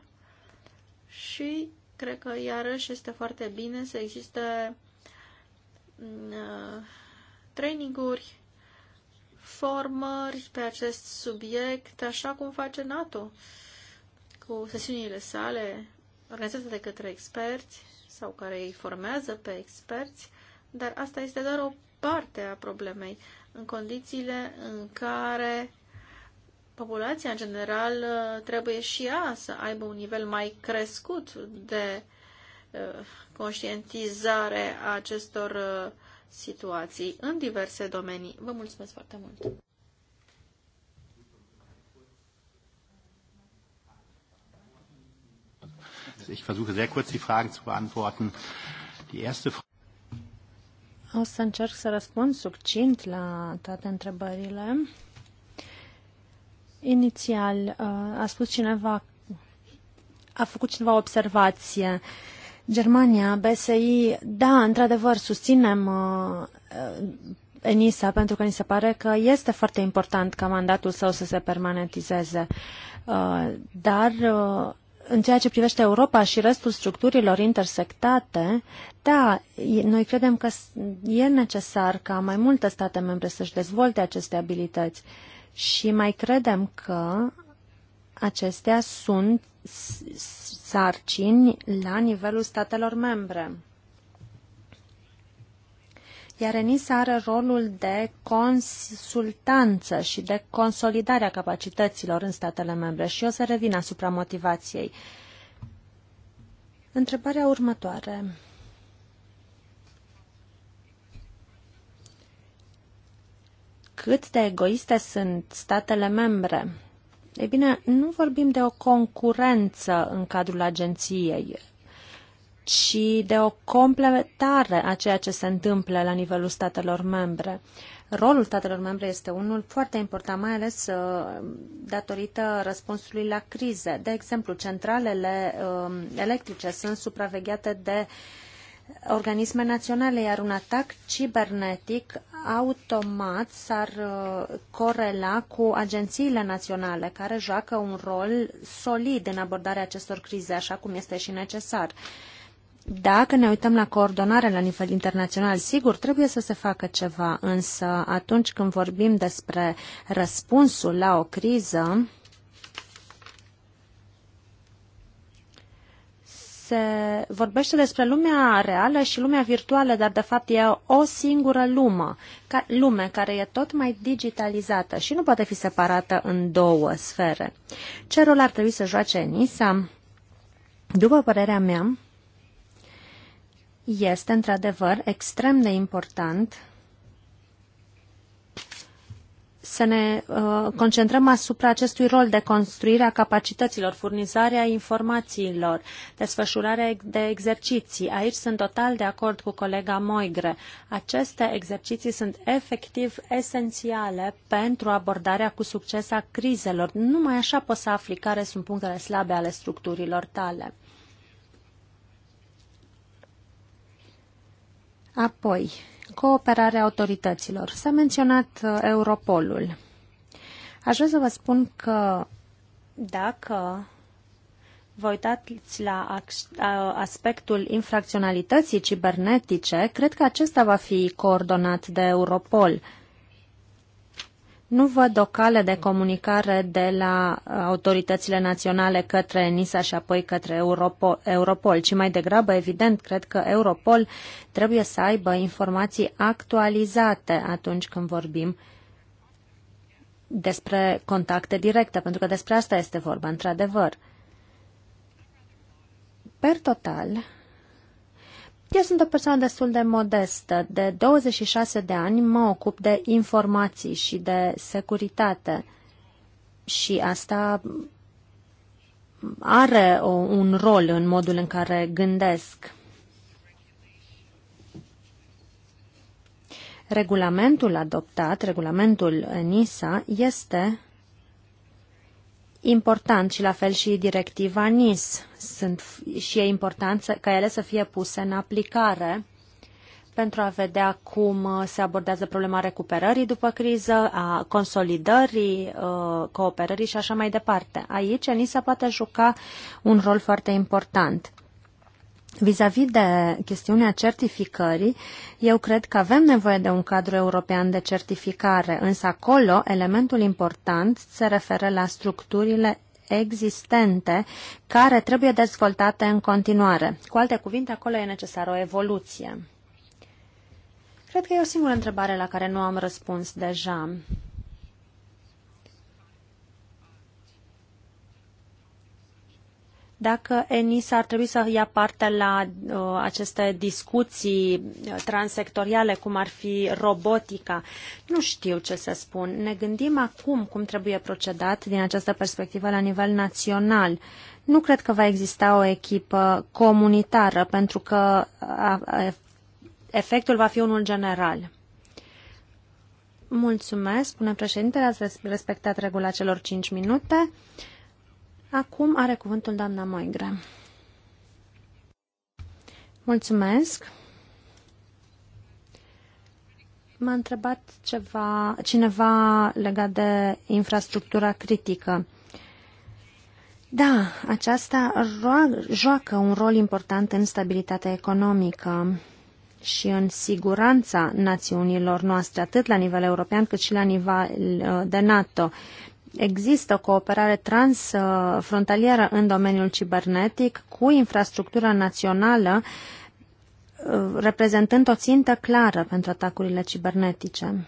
Și cred că iarăși este foarte bine să existe mm, uh, traininguri, formări pe acest subiect, așa cum face NATO cu sesiunile sale organizate de către experți sau care îi formează pe experți, dar asta este doar o parte a problemei în condițiile în care populația în general uh, trebuie și ea să aibă un nivel mai crescut de uh, conștientizare a acestor uh, situații în diverse domenii. Vă mulțumesc foarte mult! Ich versuche sehr kurz die Fragen zu beantworten. Die erste Frage o să încerc să răspund succint la toate întrebările. Inițial, uh, a spus cineva, a făcut cineva observație. Germania, BSI, da, într-adevăr, susținem uh, uh, ENISA pentru că ni se pare că este foarte important ca mandatul său să se permanentizeze. Dar în ceea ce privește Europa și restul structurilor intersectate, da, noi credem că e necesar ca mai multe state membre să-și dezvolte aceste abilități și mai credem că acestea sunt sarcini la nivelul statelor membre iar ENISA are rolul de consultanță și de consolidare a capacităților în statele membre și o să revin asupra motivației. Întrebarea următoare. Cât de egoiste sunt statele membre? Ei bine, nu vorbim de o concurență în cadrul agenției ci de o completare a ceea ce se întâmplă la nivelul statelor membre. Rolul statelor membre este unul foarte important, mai ales uh, datorită răspunsului la crize. De exemplu, centralele um, electrice sunt supravegheate de organisme naționale, iar un atac cibernetic automat s-ar uh, corela cu agențiile naționale, care joacă un rol solid în abordarea acestor crize, așa cum este și necesar. Dacă ne uităm la coordonare la nivel internațional, sigur, trebuie să se facă ceva, însă atunci când vorbim despre răspunsul la o criză, se vorbește despre lumea reală și lumea virtuală, dar de fapt e o singură lume, lume care e tot mai digitalizată și nu poate fi separată în două sfere. Ce rol ar trebui să joace Nisa? După părerea mea, este într-adevăr extrem de important să ne uh, concentrăm asupra acestui rol de construire a capacităților, furnizarea informațiilor, desfășurarea de exerciții. Aici sunt total de acord cu colega Moigre. Aceste exerciții sunt efectiv esențiale pentru abordarea cu succes a crizelor. Numai așa poți să afli care sunt punctele slabe ale structurilor tale. Apoi, cooperarea autorităților. S-a menționat uh, Europolul. Aș vrea să vă spun că dacă vă uitați la aspectul infracționalității cibernetice, cred că acesta va fi coordonat de Europol nu văd o cale de comunicare de la uh, autoritățile naționale către NISA și apoi către Europol, Europol, ci mai degrabă, evident, cred că Europol trebuie să aibă informații actualizate atunci când vorbim despre contacte directe, pentru că despre asta este vorba, într-adevăr. Per total, eu sunt o persoană destul de modestă. De 26 de ani mă ocup de informații și de securitate. Și asta are o, un rol în modul în care gândesc. Regulamentul adoptat, regulamentul NISA, este important și la fel și directiva NIS. Sunt, și e important să, ca ele să fie puse în aplicare pentru a vedea cum uh, se abordează problema recuperării după criză, a consolidării, uh, cooperării și așa mai departe. Aici ENISA poate juca un rol foarte important. Vis-a-vis -vis de chestiunea certificării, eu cred că avem nevoie de un cadru european de certificare, însă acolo elementul important se referă la structurile existente care trebuie dezvoltate în continuare. Cu alte cuvinte, acolo e necesară o evoluție. Cred că e o singură întrebare la care nu am răspuns deja. dacă ENIS ar trebui să ia parte la uh, aceste discuții uh, transectoriale, cum ar fi robotica. Nu știu ce să spun. Ne gândim acum cum trebuie procedat din această perspectivă la nivel național. Nu cred că va exista o echipă comunitară, pentru că efectul va fi unul general. Mulțumesc, spune președintele, ați respectat regula celor 5 minute. Acum are cuvântul doamna Moigre. Mulțumesc. M-a întrebat ceva, cineva legat de infrastructura critică. Da, aceasta joacă un rol important în stabilitatea economică și în siguranța națiunilor noastre, atât la nivel european cât și la nivel uh, de NATO există cooperare transfrontalieră în domeniul cibernetic cu infrastructura națională reprezentând o țintă clară pentru atacurile cibernetice.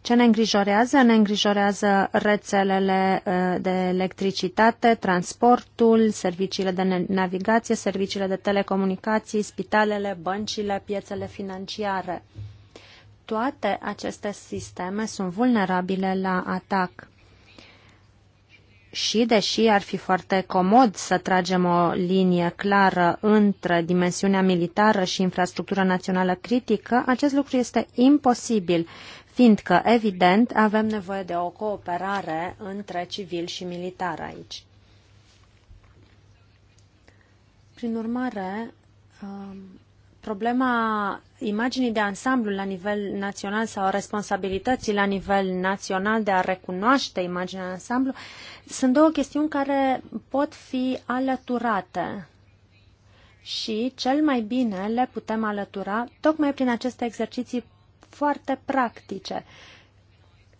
Ce ne îngrijorează? Ne îngrijorează rețelele uh, de electricitate, transportul, serviciile de navigație, serviciile de telecomunicații, spitalele, băncile, piețele financiare toate aceste sisteme sunt vulnerabile la atac. Și deși ar fi foarte comod să tragem o linie clară între dimensiunea militară și infrastructura națională critică, acest lucru este imposibil, fiindcă, evident, avem nevoie de o cooperare între civil și militar aici. Prin urmare, um, problema imaginii de ansamblu la nivel național sau responsabilității la nivel național de a recunoaște imaginea de ansamblu, sunt două chestiuni care pot fi alăturate și cel mai bine le putem alătura tocmai prin aceste exerciții foarte practice.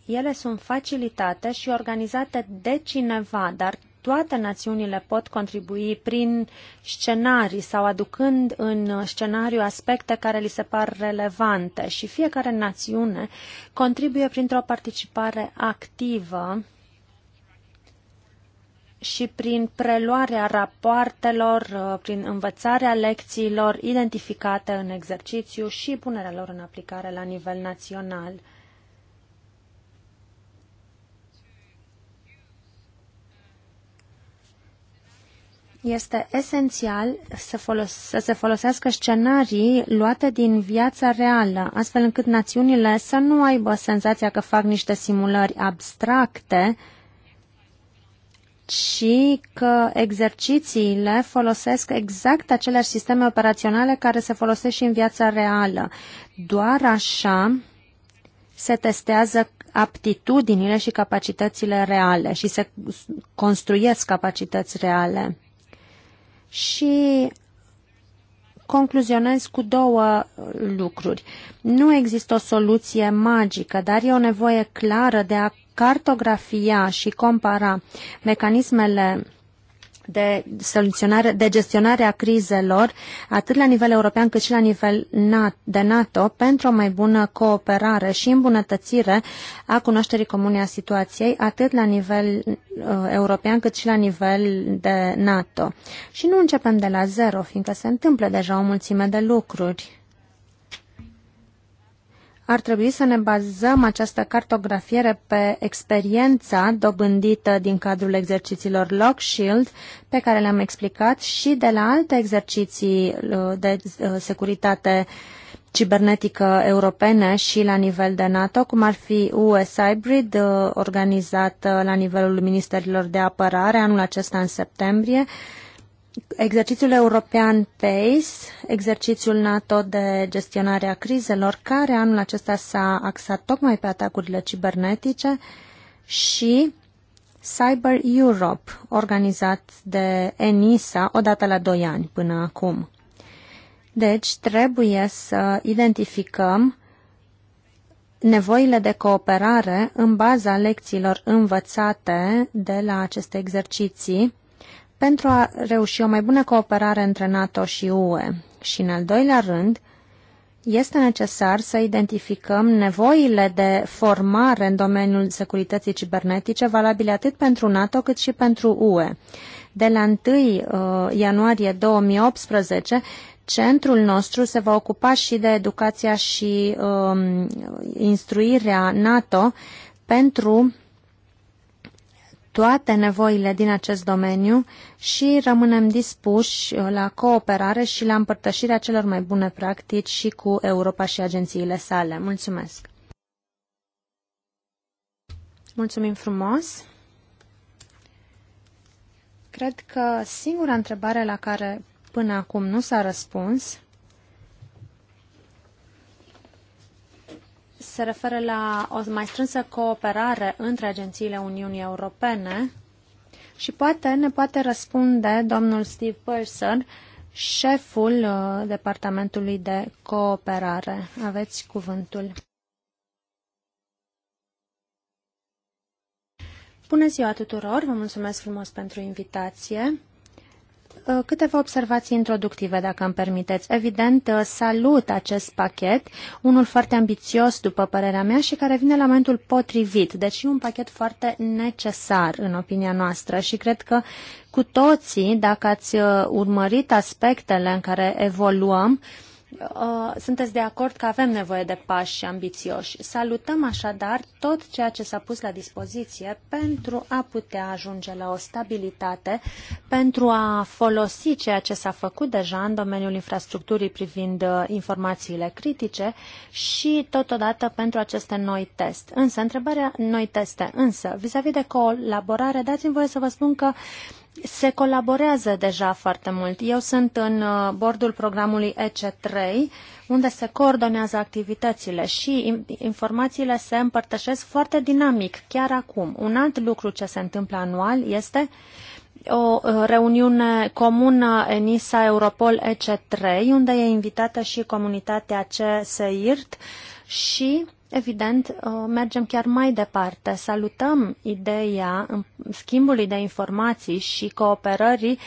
Ele sunt facilitate și organizate de cineva, dar toate națiunile pot contribui prin scenarii sau aducând în scenariu aspecte care li se par relevante și fiecare națiune contribuie printr-o participare activă și prin preluarea rapoartelor, prin învățarea lecțiilor identificate în exercițiu și punerea lor în aplicare la nivel național. este esențial să, folos- să se folosească scenarii luate din viața reală, astfel încât națiunile să nu aibă senzația că fac niște simulări abstracte, ci că exercițiile folosesc exact aceleași sisteme operaționale care se folosesc și în viața reală. Doar așa se testează aptitudinile și capacitățile reale și se construiesc capacități reale și concluzionez cu două lucruri. Nu există o soluție magică, dar e o nevoie clară de a cartografia și compara mecanismele de soluționare, de gestionare a crizelor, atât la nivel european cât și la nivel de NATO, pentru o mai bună cooperare și îmbunătățire a cunoașterii comune a situației, atât la nivel uh, european cât și la nivel de NATO. Și nu începem de la zero, fiindcă se întâmplă deja o mulțime de lucruri ar trebui să ne bazăm această cartografiere pe experiența dobândită din cadrul exercițiilor Lock Shield, pe care le-am explicat, și de la alte exerciții uh, de uh, securitate cibernetică europene și la nivel de NATO, cum ar fi US Hybrid, uh, organizat la nivelul Ministerilor de Apărare anul acesta în septembrie, exercițiul european PACE, exercițiul NATO de gestionare a crizelor, care anul acesta s-a axat tocmai pe atacurile cibernetice și Cyber Europe, organizat de ENISA odată la 2 ani până acum. Deci trebuie să identificăm nevoile de cooperare în baza lecțiilor învățate de la aceste exerciții pentru a reuși o mai bună cooperare între NATO și UE. Și în al doilea rând, este necesar să identificăm nevoile de formare în domeniul securității cibernetice valabile atât pentru NATO cât și pentru UE. De la 1 uh, ianuarie 2018, centrul nostru se va ocupa și de educația și um, instruirea NATO pentru toate nevoile din acest domeniu și rămânem dispuși la cooperare și la împărtășirea celor mai bune practici și cu Europa și agențiile sale. Mulțumesc! Mulțumim frumos! Cred că singura întrebare la care până acum nu s-a răspuns se referă la o mai strânsă cooperare între agențiile Uniunii Europene și poate ne poate răspunde domnul Steve Purser, șeful uh, Departamentului de Cooperare. Aveți cuvântul. Bună ziua tuturor, vă mulțumesc frumos pentru invitație. Uh, câteva observații introductive, dacă îmi permiteți. Evident, uh, salut acest pachet, unul foarte ambițios, după părerea mea, și care vine la momentul potrivit, deci un pachet foarte necesar, în opinia noastră, și cred că cu toții, dacă ați uh, urmărit aspectele în care evoluăm, Uh, sunteți de acord că avem nevoie de pași ambițioși. Salutăm așadar tot ceea ce s-a pus la dispoziție pentru a putea ajunge la o stabilitate, pentru a folosi ceea ce s-a făcut deja în domeniul infrastructurii privind uh, informațiile critice și totodată pentru aceste noi teste. Însă, întrebarea noi teste, însă, vis-a-vis -vis de colaborare, dați-mi voie să vă spun că uh, se colaborează deja foarte mult. Eu sunt în uh, bordul programului EC3, unde se coordonează activitățile și informațiile se împărtășesc foarte dinamic, chiar acum. Un alt lucru ce se întâmplă anual este o uh, reuniune comună ENISA Europol EC3, unde e invitată și comunitatea CSIRT și Evident, uh, mergem chiar mai departe. Salutăm ideea schimbului de informații și cooperării uh,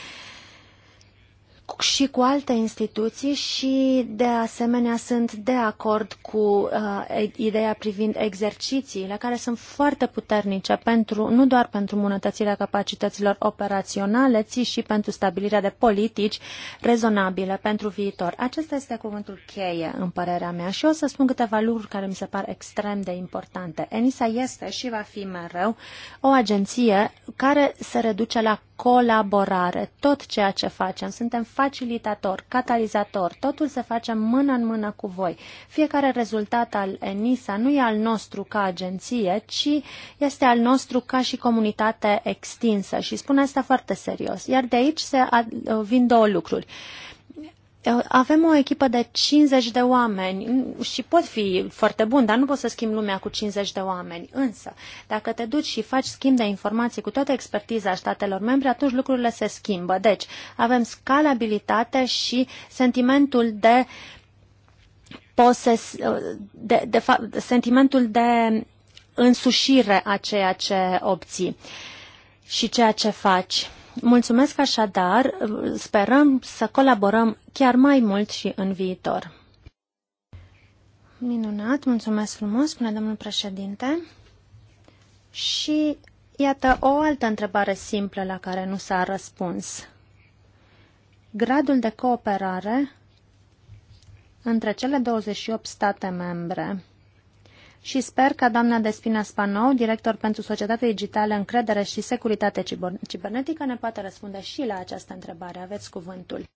dialog și cu alte instituții și, de asemenea, sunt de acord cu uh, ideea privind exercițiile, care sunt foarte puternice pentru, nu doar pentru îmbunătățirea capacităților operaționale, ci și pentru stabilirea de politici rezonabile pentru viitor. Acesta este cuvântul cheie, în părerea mea, și o să spun câteva lucruri care mi se par extrem de importante. ENISA este și va fi mereu o agenție care se reduce la colaborare. Tot ceea ce facem, suntem facilitator, catalizator, totul se face mână în mână cu voi. Fiecare rezultat al ENISA nu e al nostru ca agenție, ci este al nostru ca și comunitate extinsă și spun asta foarte serios. Iar de aici se vin două lucruri avem o echipă de 50 de oameni și pot fi foarte bun, dar nu poți să schimbi lumea cu 50 de oameni. Însă, dacă te duci și faci schimb de informații cu toată expertiza statelor membre, atunci lucrurile se schimbă. Deci, avem scalabilitate și sentimentul de poses, de, de, de sentimentul de însușire a ceea ce obții și ceea ce faci. Mulțumesc așadar, sperăm să colaborăm chiar mai mult și în viitor. Minunat, mulțumesc frumos, spune domnul președinte. Și iată o altă întrebare simplă la care nu s-a răspuns. Gradul de cooperare între cele 28 state membre și sper ca doamna Despina Spanou, director pentru Societatea Digitală, Încredere și Securitate Cibernetică, ne poate răspunde și la această întrebare. Aveți cuvântul.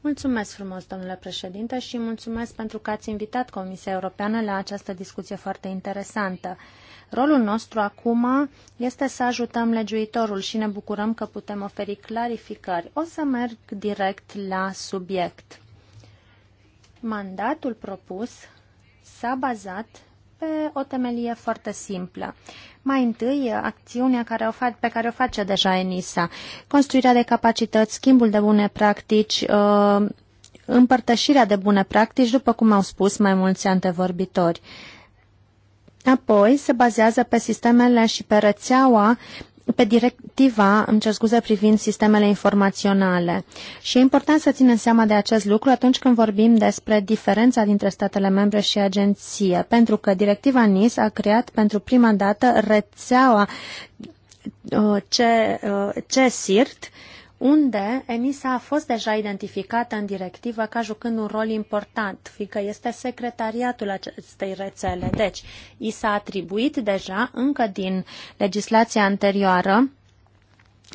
Mulțumesc frumos, domnule președinte, și mulțumesc pentru că ați invitat Comisia Europeană la această discuție foarte interesantă. Rolul nostru acum este să ajutăm legiuitorul și ne bucurăm că putem oferi clarificări. O să merg direct la subiect. Mandatul propus s-a bazat pe o temelie foarte simplă. Mai întâi, acțiunea care o fac, pe care o face deja ENISA, construirea de capacități, schimbul de bune practici, uh, împărtășirea de bune practici, după cum au spus mai mulți antevorbitori. Apoi se bazează pe sistemele și pe rețeaua pe directiva, îmi cer scuze, privind sistemele informaționale. Și e important să ținem seama de acest lucru atunci când vorbim despre diferența dintre statele membre și agenție, pentru că directiva NIS a creat pentru prima dată rețeaua CESIRT, ce, uh, uh unde ENISA a fost deja identificată în directivă ca jucând un rol important, fiindcă este secretariatul acestei rețele. Deci, i s-a atribuit deja, încă din legislația anterioară,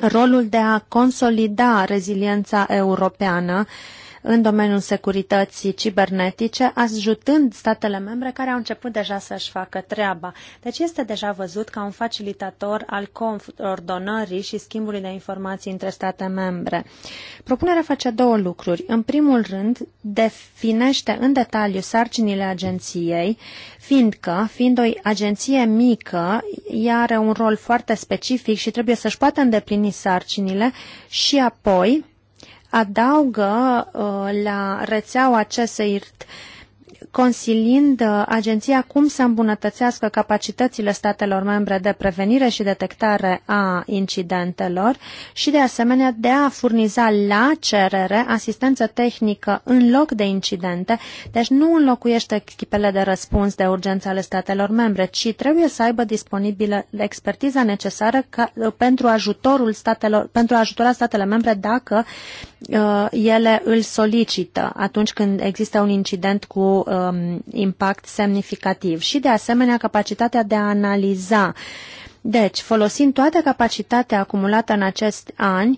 rolul de a consolida reziliența europeană uh, în domeniul securității cibernetice, ajutând statele membre care au început deja să-și facă treaba. Deci este deja văzut ca un facilitator al coordonării și schimbului de informații între state membre. Propunerea face două lucruri. În primul rând, definește în detaliu sarcinile agenției, fiindcă, fiind o agenție mică, ea are un rol foarte specific și trebuie să-și poată îndeplini sarcinile și apoi adaugă uh, la rețeaua CSIRT consiliind uh, agenția cum să îmbunătățească capacitățile statelor membre de prevenire și detectare a incidentelor și, de asemenea, de a furniza la cerere asistență tehnică în loc de incidente, deci nu înlocuiește echipele de răspuns de urgență ale statelor membre, ci trebuie să aibă disponibilă expertiza necesară ca, uh, pentru, ajutorul statelor, pentru a ajutora statele membre dacă uh, ele îl solicită atunci când există un incident cu um, impact semnificativ și, de asemenea, capacitatea de a analiza. Deci, folosind toată capacitatea acumulată în acest an,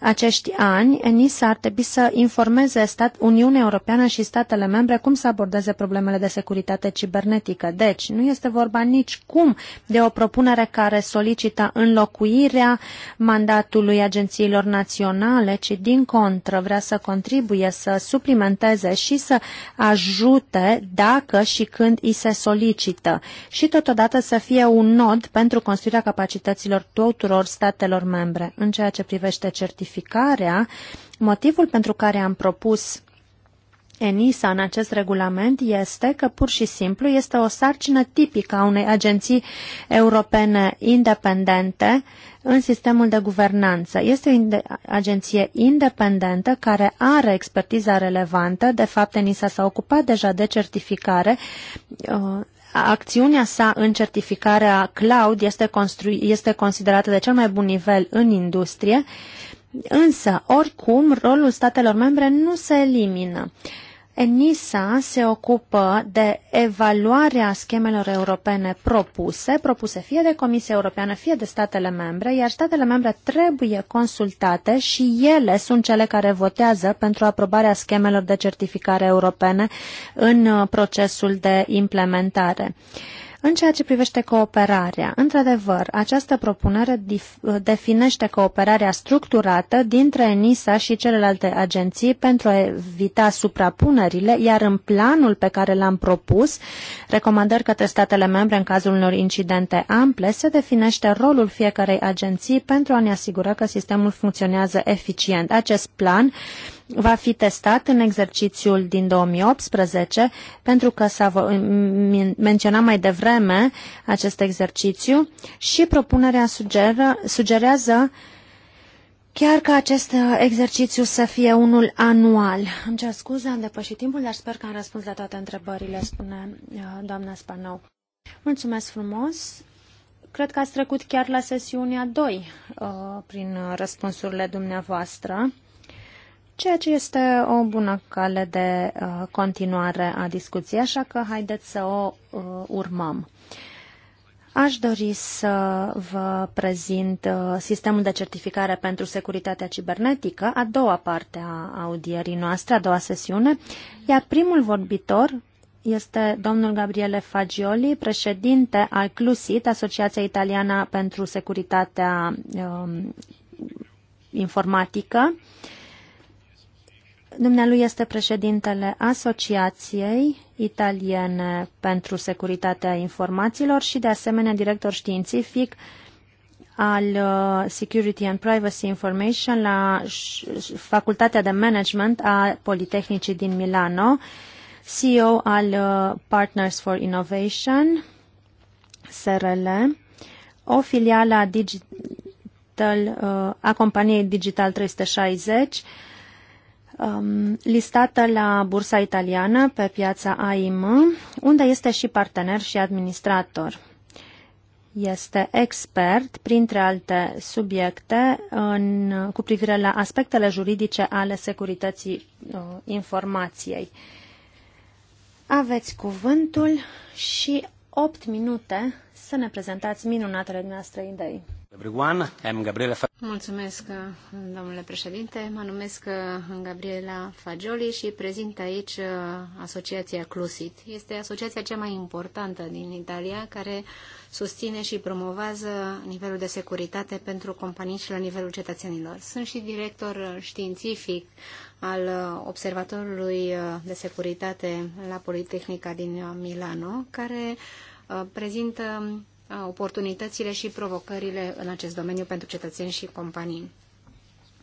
acești ani, ENISA ar trebui să informeze stat, Uniunea Europeană și statele membre cum să abordeze problemele de securitate cibernetică. Deci, nu este vorba nici cum de o propunere care solicită înlocuirea mandatului agențiilor naționale, ci din contră vrea să contribuie să suplimenteze și să ajute dacă și când îi se solicită și totodată să fie un nod pentru construirea capacităților tuturor statelor membre în ceea ce privește certificarea simplificarea, motivul pentru care am propus ENISA în acest regulament este că pur și simplu este o sarcină tipică a unei agenții europene independente în sistemul de guvernanță. Este o agenție independentă care are expertiza relevantă. De fapt, ENISA s-a ocupat deja de certificare. Uh, acțiunea sa în certificarea cloud este, este considerată de cel mai bun nivel în industrie Însă, oricum, rolul statelor membre nu se elimină. ENISA se ocupă de evaluarea schemelor europene propuse, propuse fie de Comisia Europeană, fie de statele membre, iar statele membre trebuie consultate și ele sunt cele care votează pentru aprobarea schemelor de certificare europene în uh, procesul de implementare. Uh, în ceea ce privește cooperarea, într-adevăr, această propunere definește cooperarea structurată dintre ENISA și celelalte agenții pentru a evita suprapunerile, iar în planul pe care l-am propus, recomandări către statele membre în cazul unor incidente ample, se definește rolul fiecarei agenții pentru a ne asigura că sistemul funcționează eficient. Acest plan va fi testat în exercițiul din 2018, pentru că s-a menționat mai devreme acest exercițiu și propunerea sugeră, sugerează chiar că acest uh, exercițiu să fie unul anual. Îmi cer scuze, am depășit timpul, dar sper că am răspuns la toate întrebările, spune uh, doamna Spanau. Mulțumesc frumos! Cred că ați trecut chiar la sesiunea 2 uh, prin răspunsurile dumneavoastră ceea ce este o bună cale de uh, continuare a discuției, așa că haideți să o uh, urmăm. Aș dori să vă prezint uh, sistemul de certificare pentru securitatea cibernetică, a doua parte a audierii noastre, a doua sesiune, iar primul vorbitor este domnul Gabriele Fagioli, președinte al CLUSIT, Asociația Italiană pentru Securitatea um, Informatică. Uh, Dumnealui este președintele Asociației Italiene pentru Securitatea Informațiilor și de asemenea director științific al uh, Security and Privacy Information la Facultatea de Management a Politehnicii din Milano, CEO al uh, Partners for Innovation, SRL, o filială a, digital, uh, a companiei Digital 360, um, listată la bursa italiană pe piața AIM, unde este și partener și administrator. Este expert, printre alte subiecte, în, cu privire la aspectele juridice ale securității uh, informației. Aveți cuvântul și 8 minute să ne prezentați minunatele noastre idei. Gabriela domnule președinte. Mă numesc uh, Gabriela Fagioli și prezint aici uh, Asociația Clusit. Este asociația cea mai importantă din Italia care susține și promovează nivelul de securitate pentru companii și la nivelul cetățenilor. Sunt și director științific al uh, Observatorului de Securitate la Politehnica din Milano, care prezintă oportunitățile și provocările în acest domeniu pentru cetățeni și companii.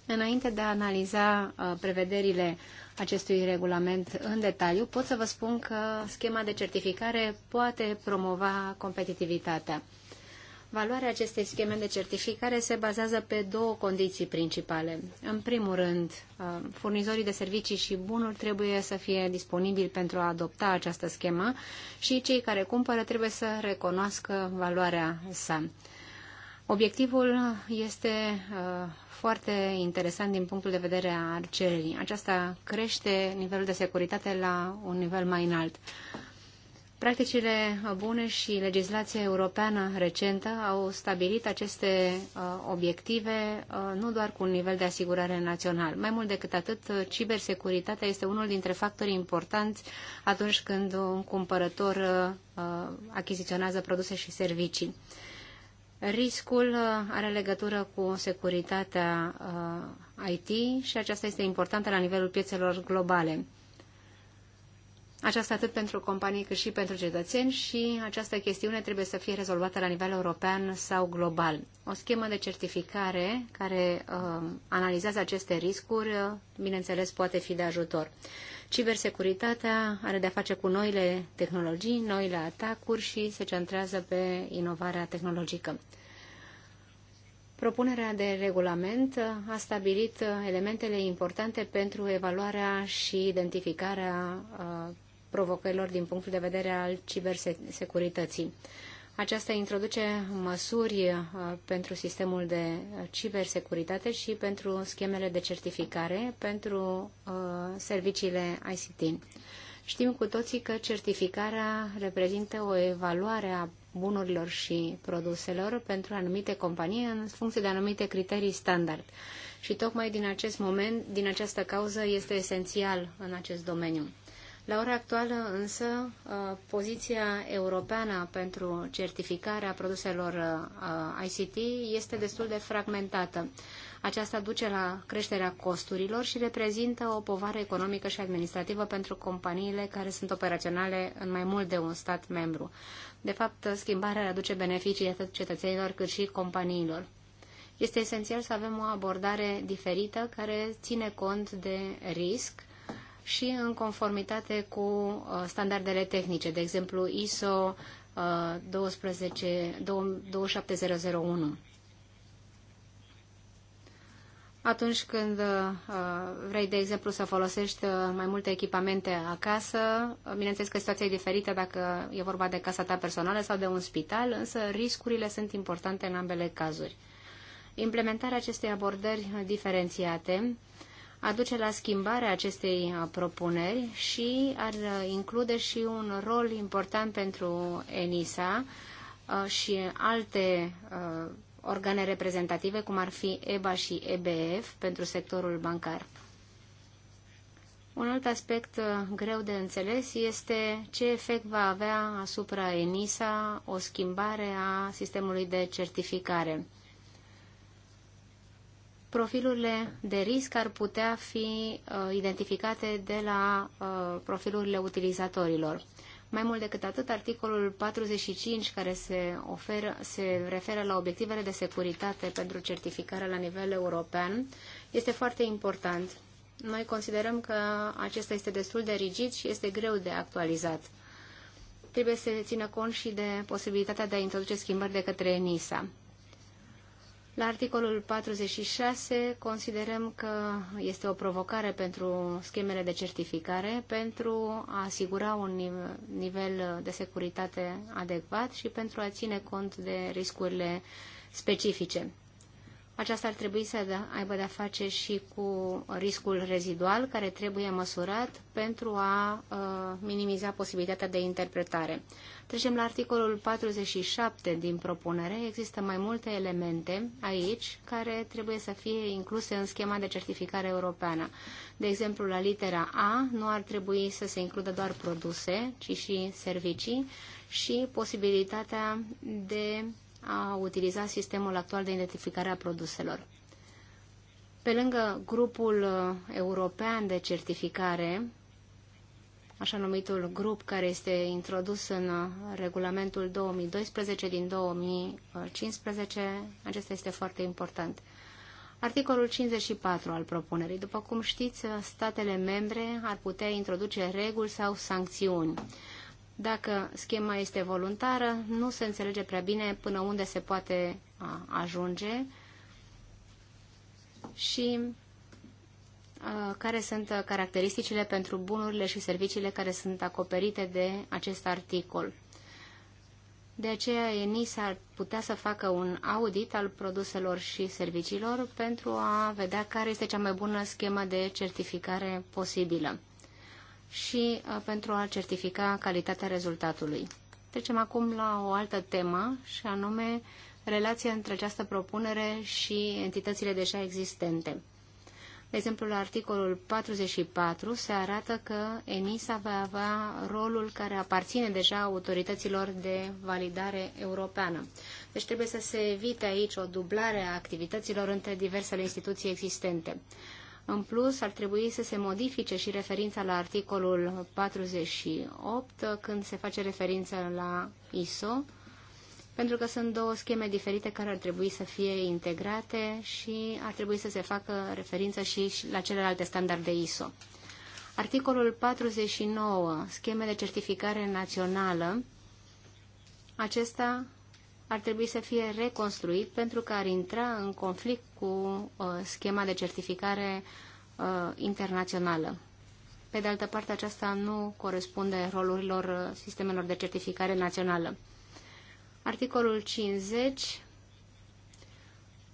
Înainte de a analiza uh, prevederile acestui regulament în detaliu, pot să vă spun că schema de certificare poate promova competitivitatea. Valoarea acestei scheme de certificare se bazează pe două condiții principale. În primul rând, uh, furnizorii de servicii și bunuri trebuie să fie disponibili pentru a adopta această schemă și cei care cumpără trebuie să recunoască valoarea sa. Obiectivul este uh, foarte interesant din punctul de vedere al cererii. Aceasta crește nivelul de securitate la un nivel mai înalt. Practicile bune și legislația europeană recentă au stabilit aceste uh, obiective uh, nu doar cu un nivel de asigurare național. Mai mult decât atât, cibersecuritatea este unul dintre factorii importanți atunci când un cumpărător uh, achiziționează produse și servicii. Riscul are legătură cu securitatea IT și aceasta este importantă la nivelul piețelor globale. Aceasta atât pentru companii cât și pentru cetățeni și această chestiune trebuie să fie rezolvată la nivel european sau global. O schemă de certificare care uh, analizează aceste riscuri, uh, bineînțeles, poate fi de ajutor. Cibersecuritatea are de-a face cu noile tehnologii, noile atacuri și se centrează pe inovarea tehnologică. Propunerea de regulament uh, a stabilit uh, elementele importante pentru evaluarea și identificarea provocărilor din punctul de vedere al cibersecurității. Aceasta introduce măsuri uh, pentru sistemul de cibersecuritate și pentru schemele de certificare pentru uh, serviciile ICT. Știm cu toții că certificarea reprezintă o evaluare a bunurilor și produselor pentru anumite companii în funcție de anumite criterii standard. Și tocmai din acest moment, din această cauză, este esențial în acest domeniu. La ora actuală însă, uh, poziția europeană pentru certificarea produselor uh, ICT este destul de fragmentată. Aceasta duce la creșterea costurilor și reprezintă o povară economică și administrativă pentru companiile care sunt operaționale în mai mult de un stat membru. De fapt, schimbarea aduce beneficii atât cetățenilor cât și companiilor. Este esențial să avem o abordare diferită care ține cont de risc și în conformitate cu uh, standardele tehnice, de exemplu ISO 12, uh, 27001 atunci când uh, vrei, de exemplu, să folosești mai multe echipamente acasă, bineînțeles că situația e diferită dacă e vorba de casa ta personală sau de un spital, însă riscurile sunt importante în ambele cazuri. Implementarea acestei abordări diferențiate aduce la schimbarea acestei uh, propuneri și ar uh, include și un rol important pentru ENISA uh, și alte organe reprezentative, cum ar fi EBA și EBF pentru sectorul bancar. Un alt aspect greu de înțeles este ce efect va avea asupra ENISA o schimbare a sistemului de certificare profilurile de risc ar putea fi uh, identificate de la uh, profilurile utilizatorilor. Mai mult decât atât, articolul 45, care se, oferă, se referă la obiectivele de securitate pentru certificare la nivel european, este foarte important. Noi considerăm că acesta este destul de rigid și este greu de actualizat. Trebuie să se țină cont și de posibilitatea de a introduce schimbări de către ENISA. La articolul 46 considerăm că este o provocare pentru schemele de certificare pentru a asigura un nivel de securitate adecvat și pentru a ține cont de riscurile specifice. Aceasta ar trebui să da- aibă de-a face și cu riscul rezidual care trebuie măsurat pentru a uh, minimiza posibilitatea de interpretare. Trecem la articolul 47 din propunere. Există mai multe elemente aici care trebuie să fie incluse în schema de certificare europeană. De exemplu, la litera A nu ar trebui să se includă doar produse, ci și servicii și posibilitatea de a utiliza sistemul actual de identificare a produselor. Pe lângă grupul european de certificare, așa numitul grup care este introdus în uh, regulamentul 2012 din 2015. Acesta este foarte important. Articolul 54 al propunerii. După cum știți, uh, statele membre ar putea introduce reguli sau sancțiuni. Dacă schema este voluntară, nu se înțelege prea bine până unde se poate uh, ajunge și Uh, care sunt caracteristicile pentru bunurile și serviciile care sunt acoperite de acest articol. De aceea, ENIS ar putea să facă un audit al produselor și serviciilor pentru a vedea care este cea mai bună schemă de certificare posibilă și uh, pentru a certifica calitatea rezultatului. Trecem acum la o altă temă și anume relația între această propunere și entitățile deja existente. De exemplu, la articolul 44 se arată că ENISA va avea rolul care aparține deja autorităților de validare europeană. Deci trebuie să se evite aici o dublare a activităților între diversele instituții existente. În plus, ar trebui să se modifice și referința la articolul 48 când se face referință la ISO, pentru că sunt două scheme diferite care ar trebui să fie integrate și ar trebui să se facă referință și la celelalte standarde ISO. Articolul 49, scheme de certificare națională, acesta ar trebui să fie reconstruit pentru că ar intra în conflict cu uh, schema de certificare uh, internațională. Pe de altă parte, aceasta nu corespunde rolurilor uh, sistemelor de certificare națională. Articolul 50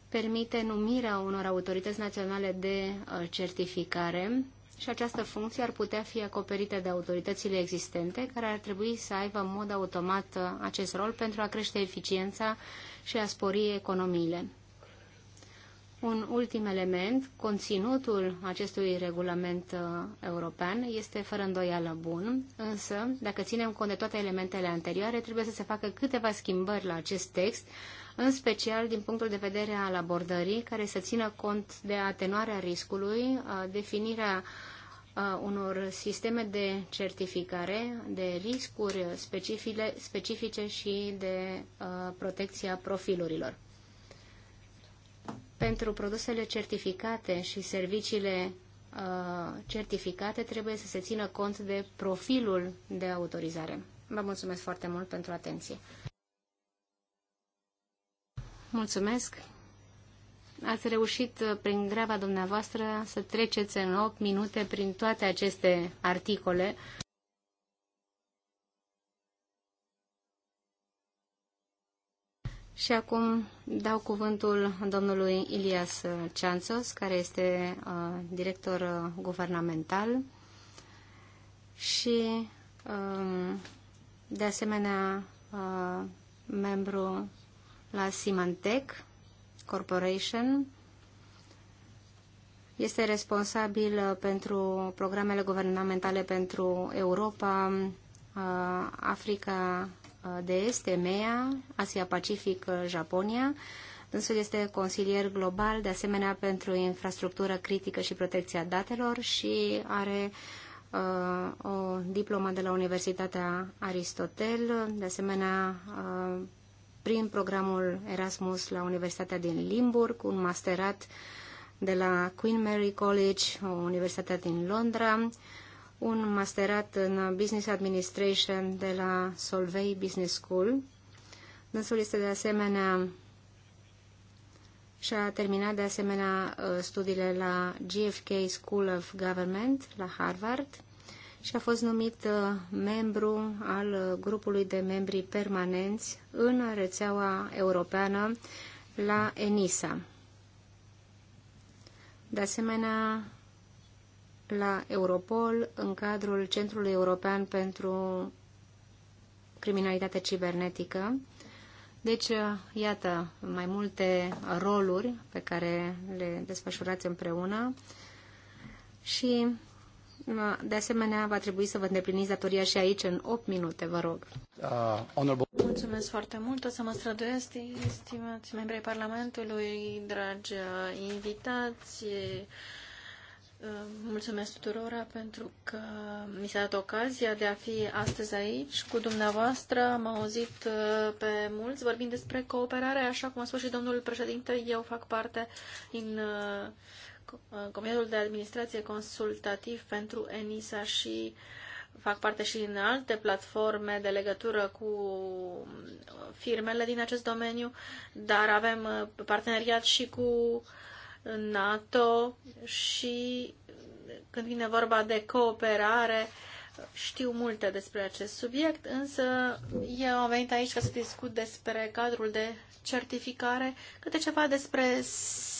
permite numirea unor autorități naționale de uh, certificare și această funcție ar putea fi acoperită de autoritățile existente, care ar trebui să aibă în mod automat uh, acest rol pentru a crește eficiența și a spori economiile. Un ultim element, conținutul acestui regulament uh, european este fără îndoială bun, însă, dacă ținem cont de toate elementele anterioare, trebuie să se facă câteva schimbări la acest text, în special din punctul de vedere al abordării, care să țină cont de atenuarea riscului, uh, definirea uh, unor sisteme de certificare, de riscuri specifice și de protecția profilurilor pentru produsele certificate și serviciile uh, certificate trebuie să se țină cont de profilul de autorizare. Vă mulțumesc foarte mult pentru atenție. Mulțumesc. Ați reușit uh, prin greva dumneavoastră să treceți în 8 minute prin toate aceste articole. Și acum dau cuvântul domnului Ilias Ceanțos, care este uh, director uh, guvernamental și uh, de asemenea uh, membru la Symantec Corporation. Este responsabil uh, pentru programele guvernamentale pentru Europa, uh, Africa de Est, EMEA, Asia-Pacific, Japonia. Însul este consilier global, de asemenea, pentru infrastructură critică și protecția datelor și are uh, o diplomă de la Universitatea Aristotel, de asemenea, uh, prin programul Erasmus la Universitatea din Limburg, un masterat de la Queen Mary College, o universitate din Londra, un masterat în Business Administration de la Solvay Business School. Dânsul este de asemenea și a terminat de asemenea uh, studiile la GFK School of Government la Harvard și a fost numit uh, membru al uh, grupului de membri permanenți în rețeaua europeană la ENISA. De asemenea, la Europol în cadrul Centrului European pentru Criminalitate Cibernetică. Deci, uh, iată, mai multe roluri pe care le desfășurați împreună și, uh, de asemenea, va trebui să vă îndepliniți datoria și aici în 8 minute, vă rog. Uh, honorable... Mulțumesc foarte mult. O să mă străduiesc, estimați membrii Parlamentului, dragi uh, invitați, Mulțumesc tuturora pentru că mi s-a dat ocazia de a fi astăzi aici cu dumneavoastră. Am auzit uh, pe mulți vorbind despre cooperare, așa cum a spus și domnul președinte, eu fac parte din uh, uh, Comitetul de Administrație Consultativ pentru ENISA și fac parte și în alte platforme de legătură cu firmele din acest domeniu, dar avem parteneriat și cu uh, în NATO și când vine vorba de cooperare, știu multe despre acest subiect, însă eu am venit aici ca să discut despre cadrul de certificare, câte ceva despre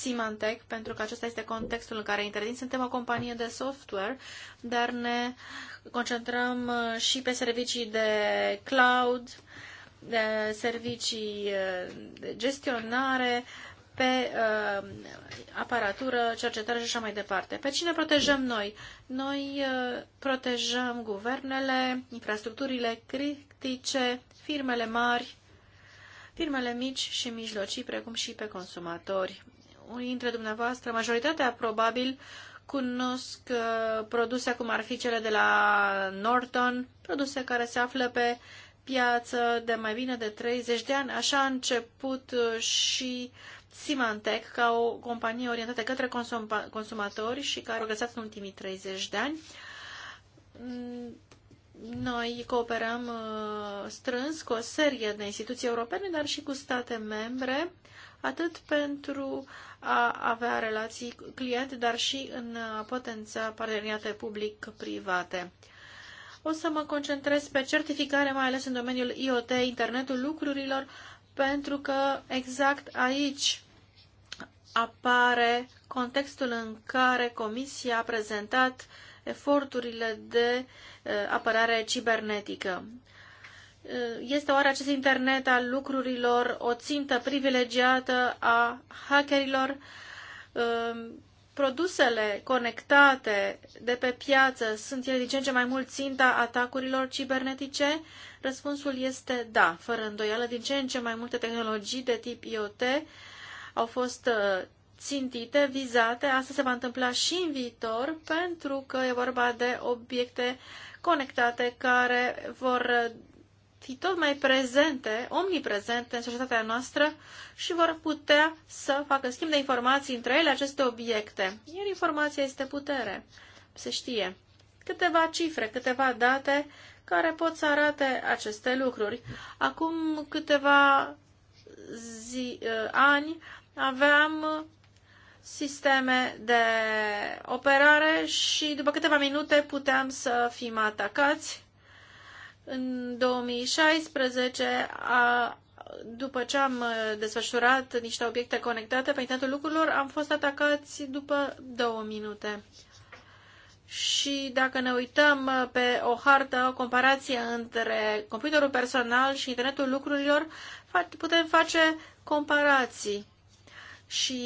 Symantec, pentru că acesta este contextul în care intervin. Suntem o companie de software, dar ne concentrăm uh, și pe servicii de cloud, de servicii uh, de gestionare, pe uh, aparatură, cercetare și așa mai departe. Pe cine protejăm noi? Noi uh, protejăm guvernele, infrastructurile critice, firmele mari, firmele mici și mijlocii, precum și pe consumatori. Unii dintre dumneavoastră, majoritatea probabil, cunosc uh, produse cum ar fi cele de la Norton, produse care se află pe piață de mai bine de 30 de ani. Așa a început uh, și uh, Symantec ca o companie orientată către consum consumatori și care a găsat în ultimii 30 de ani. Mm, noi cooperăm uh, strâns cu o serie de instituții europene, dar și cu state membre, atât pentru a avea relații client, dar și în potența parteneriate public-private. O să mă concentrez pe certificare, mai ales în domeniul IoT, internetul lucrurilor, pentru că exact aici apare contextul în care Comisia a prezentat eforturile de eh, apărare cibernetică. Eh, este oare acest internet al lucrurilor o țintă privilegiată a hackerilor? Eh, produsele conectate de pe piață sunt ele din ce în ce mai mult ținta atacurilor cibernetice? Răspunsul este da, fără îndoială, din ce în ce mai multe tehnologii de tip IoT au fost uh, țintite, vizate. Asta se va întâmpla și în viitor, pentru că e vorba de obiecte conectate care vor uh, fi tot mai prezente, omniprezente în societatea noastră și vor putea să facă schimb de informații între ele aceste obiecte. Iar informația este putere, se știe. Câteva cifre, câteva date care pot să arate aceste lucruri. Acum câteva zi, uh, ani aveam uh, sisteme de operare și după câteva minute puteam să fim atacați. În 2016, a, după ce am uh, desfășurat niște obiecte conectate pe internetul lucrurilor, am fost atacați după două minute. Și dacă ne uităm uh, pe o hartă, o comparație între computerul personal și internetul lucrurilor, putem face comparații și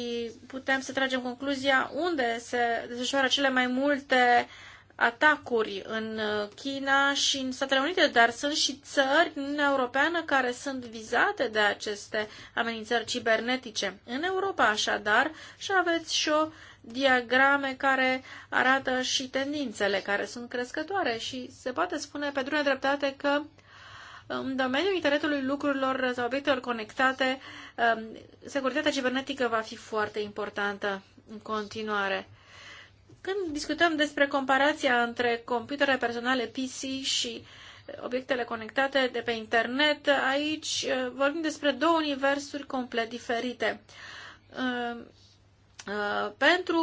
putem să tragem concluzia unde se desfășoară cele mai multe atacuri în uh, China și în Statele Unite, dar sunt și țări în Uniunea Europeană care sunt vizate de aceste amenințări cibernetice. În Europa, așadar, și aveți și o diagrame care arată și tendințele care sunt crescătoare și se poate spune pe drumul dreptate că în domeniul internetului lucrurilor sau obiectelor conectate, um, securitatea cibernetică va fi foarte importantă în continuare. Când discutăm despre comparația între computere personale PC și obiectele conectate de pe internet, aici uh, vorbim despre două universuri complet diferite. Uh, uh, pentru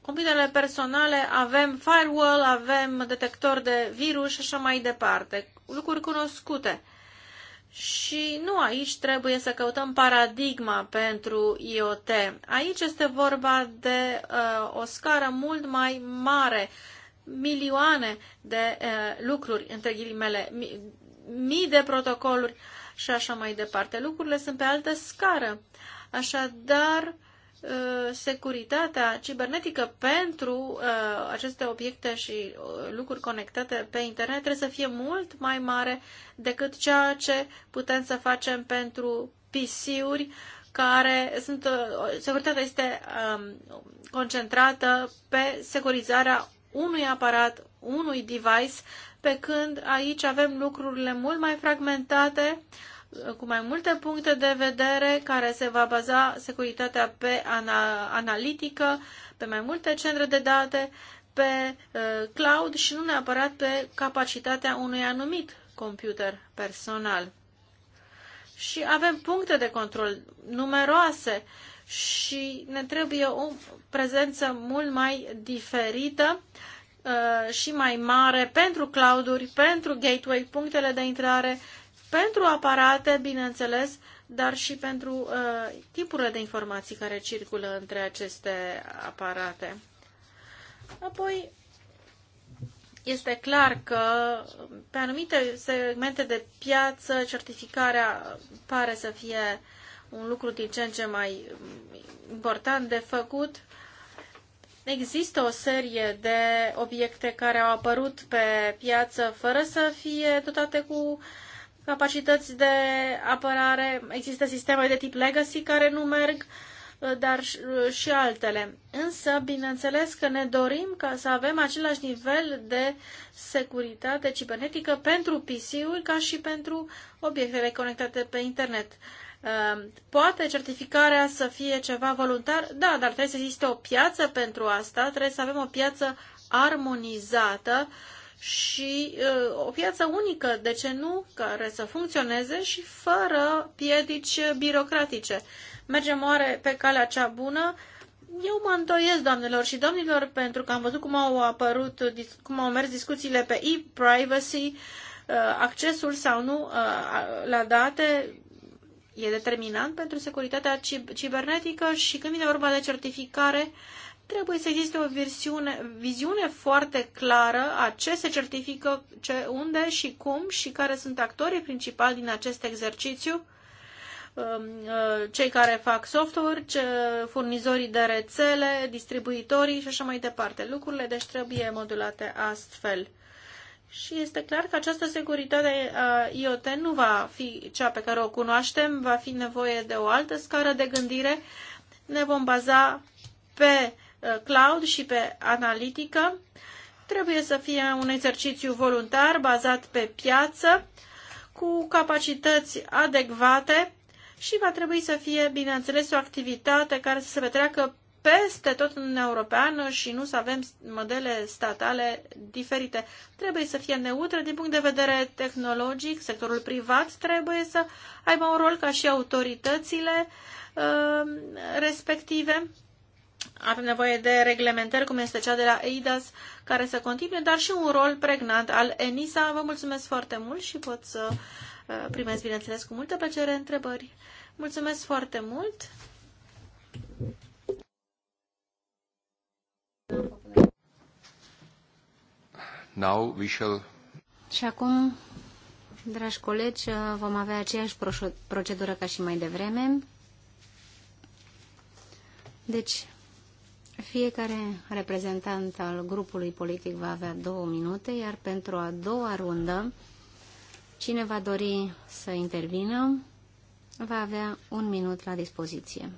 computerele personale avem firewall, avem detector de virus și așa mai departe, lucruri cunoscute. Și nu aici trebuie să căutăm paradigma pentru IoT. Aici este vorba de uh, o scară mult mai mare, milioane de uh, lucruri, între ghilimele, mii de protocoluri și așa mai departe. Lucrurile sunt pe altă scară. Așadar, uh, Uh, securitatea cibernetică pentru uh, aceste obiecte și uh, lucruri conectate pe internet trebuie să fie mult mai mare decât ceea ce putem să facem pentru PC-uri care sunt, securitatea este um, concentrată pe securizarea unui aparat, unui device, pe când aici avem lucrurile mult mai fragmentate uh, cu mai multe puncte de vedere, care se va baza securitatea pe ana, analitică, pe mai multe centre de date, pe uh, cloud și nu neapărat pe capacitatea unui anumit computer personal. Și avem puncte de control numeroase și ne trebuie o prezență mult mai diferită uh, și mai mare pentru clouduri, pentru gateway, punctele de intrare pentru aparate, bineînțeles, dar și pentru uh, tipurile de informații care circulă între aceste aparate. Apoi, este clar că pe anumite segmente de piață certificarea pare să fie un lucru din ce în ce mai important de făcut. Există o serie de obiecte care au apărut pe piață fără să fie dotate cu uh, capacități de apărare, există sisteme de tip legacy care nu merg, uh, dar uh, și altele. Însă, bineînțeles că ne dorim ca să avem același nivel de securitate cibernetică pentru PC-uri ca și pentru obiectele conectate pe internet. Uh, poate certificarea să fie ceva voluntar? Da, dar trebuie să existe o piață pentru asta, trebuie să avem o piață armonizată uh, și uh, o piață unică, de ce nu, care să funcționeze și fără piedici birocratice. Mergem oare pe calea cea bună? Eu mă întoiesc, doamnelor și domnilor, pentru că am văzut cum au apărut, cum au mers discuțiile pe e-privacy, uh, accesul sau nu uh, la date e determinant pentru securitatea cibernetică și când vine vorba de certificare, trebuie să existe o versiune, viziune foarte clară a ce se certifică, ce, unde și cum și care sunt actorii principali din acest exercițiu, um, uh, cei care fac software, ce, furnizorii de rețele, distribuitorii și așa mai departe. Lucrurile deci trebuie modulate astfel. Și este clar că această securitate a IoT nu va fi cea pe care o cunoaștem, va fi nevoie de o altă scară de gândire. Ne vom baza pe Uh, cloud și pe analitică. Trebuie să fie un exercițiu voluntar bazat pe piață, cu capacități adecvate și va trebui să fie, bineînțeles, o activitate care să se petreacă peste tot în Uniunea Europeană și nu să avem modele statale diferite. Trebuie să fie neutră din punct de vedere tehnologic, sectorul privat trebuie să aibă un rol ca și autoritățile uh, respective avem nevoie de reglementări, cum este cea de la EIDAS, care să continue, dar și un rol pregnant al ENISA. Vă mulțumesc foarte mult și pot să uh, primesc, bineînțeles, cu multă plăcere întrebări. Mulțumesc foarte mult! Now we shall... Și acum, dragi colegi, uh, vom avea aceeași procedură ca și mai devreme. Deci, fiecare reprezentant al grupului politic va avea două minute, iar pentru a doua rundă, cine va dori să intervină, va avea un minut la dispoziție.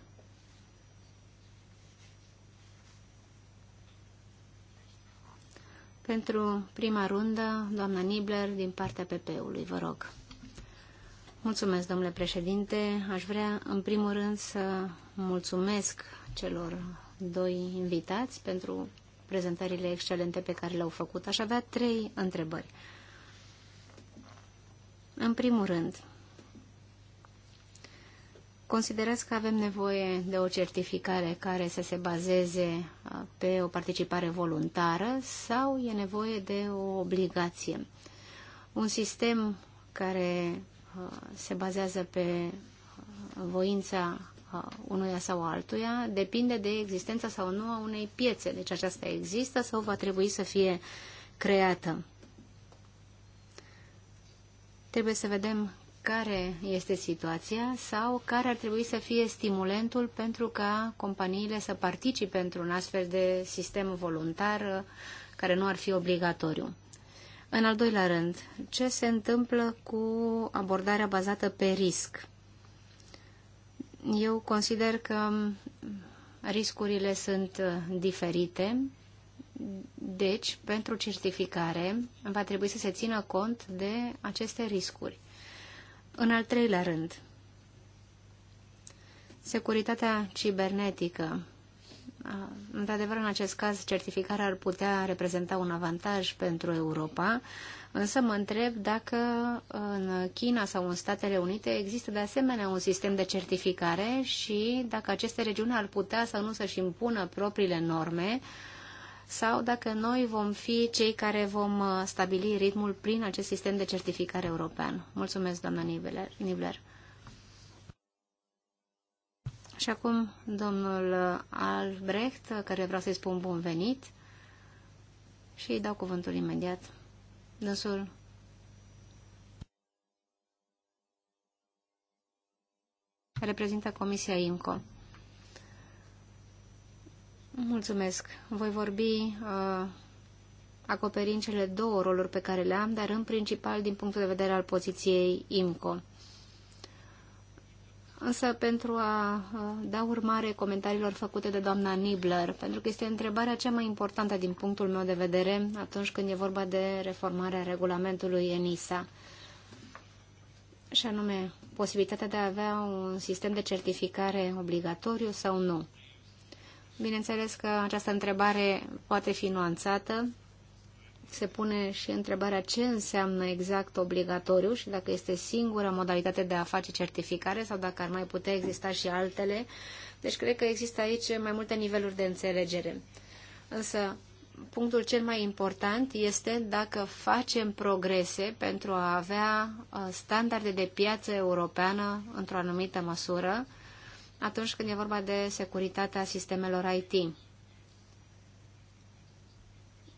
Pentru prima rundă, doamna Nibler, din partea PP-ului, vă rog. Mulțumesc, domnule președinte. Aș vrea, în primul rând, să mulțumesc celor doi invitați pentru prezentările excelente pe care le-au făcut. Aș avea trei întrebări. În primul rând, considerați că avem nevoie de o certificare care să se bazeze uh, pe o participare voluntară sau e nevoie de o obligație? Un sistem care uh, se bazează pe uh, voința unuia sau altuia depinde de existența sau nu a unei piețe. Deci aceasta există sau va trebui să fie creată. Trebuie să vedem care este situația sau care ar trebui să fie stimulentul pentru ca companiile să participe într-un astfel de sistem voluntar uh, care nu ar fi obligatoriu. În al doilea rând, ce se întâmplă cu abordarea bazată pe risc? eu consider că mm, riscurile sunt uh, diferite, deci pentru certificare va trebui să se țină cont de aceste riscuri. În al treilea rând, securitatea cibernetică. Într-adevăr, în acest caz, certificarea ar putea reprezenta un avantaj pentru Europa, Însă mă întreb dacă în China sau în Statele Unite există de asemenea un sistem de certificare și dacă aceste regiuni ar putea sau nu să-și impună propriile norme sau dacă noi vom fi cei care vom uh, stabili ritmul prin acest sistem de certificare european. Mulțumesc, doamna Nibler. Și acum domnul uh, Albrecht, care vreau să-i spun bun venit și îi dau cuvântul imediat. Dânsul reprezintă Comisia INCO. Mulțumesc. Voi vorbi uh, acoperind cele două roluri pe care le am, dar în principal din punctul de vedere al poziției IMCO. Însă pentru a da urmare comentariilor făcute de doamna Nibler, pentru că este întrebarea cea mai importantă din punctul meu de vedere atunci când e vorba de reformarea regulamentului ENISA, și anume posibilitatea de a avea un sistem de certificare obligatoriu sau nu. Bineînțeles că această întrebare poate fi nuanțată se pune și întrebarea ce înseamnă exact obligatoriu și dacă este singura modalitate de a face certificare sau dacă ar mai putea exista și altele. Deci cred că există aici mai multe niveluri de înțelegere. Însă, punctul cel mai important este dacă facem progrese pentru a avea uh, standarde de piață europeană într-o anumită măsură atunci când e vorba de securitatea sistemelor IT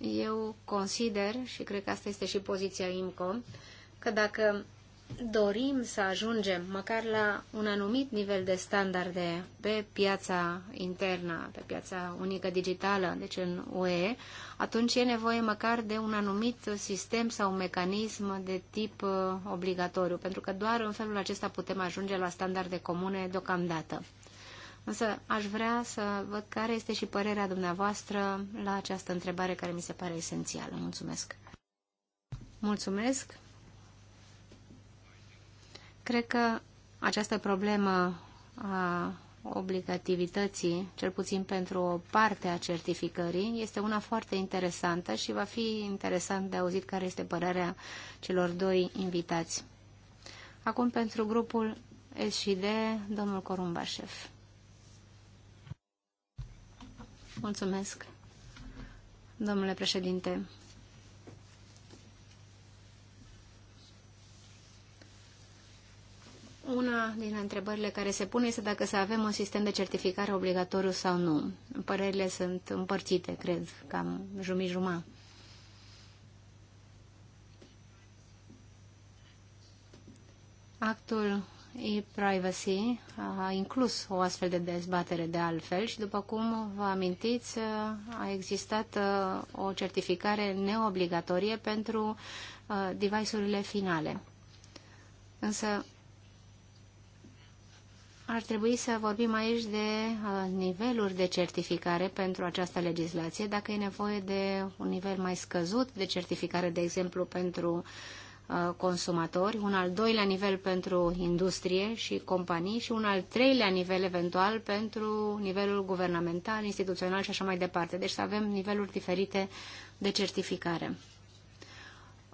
eu consider, și cred că asta este și poziția IMCO, că dacă dorim să ajungem măcar la un anumit nivel de standarde pe piața internă, pe piața unică digitală, deci în UE, atunci e nevoie măcar de un anumit sistem sau un mecanism de tip uh, obligatoriu, pentru că doar în felul acesta putem ajunge la standarde comune deocamdată. Însă aș vrea să văd care este și părerea dumneavoastră la această întrebare care mi se pare esențială. Mulțumesc! Mulțumesc! Cred că această problemă a obligativității, cel puțin pentru o parte a certificării, este una foarte interesantă și va fi interesant de auzit care este părerea celor doi invitați. Acum pentru grupul SD, domnul Corumbașev. Mulțumesc, domnule președinte. Una din întrebările care se pune este dacă să avem un sistem de certificare obligatoriu sau nu. Părerile sunt împărțite, cred, cam jumii-juma. Actul e-privacy a inclus o astfel de dezbatere de altfel și, după cum vă amintiți, a existat uh, o certificare neobligatorie pentru uh, device-urile finale. Însă ar trebui să vorbim aici de uh, niveluri de certificare pentru această legislație, dacă e nevoie de un nivel mai scăzut de certificare, de exemplu, pentru uh, Uh, consumatori, un al doilea nivel pentru industrie și companii și un al treilea nivel eventual pentru nivelul guvernamental, instituțional și așa mai departe. Deci să avem niveluri diferite de certificare.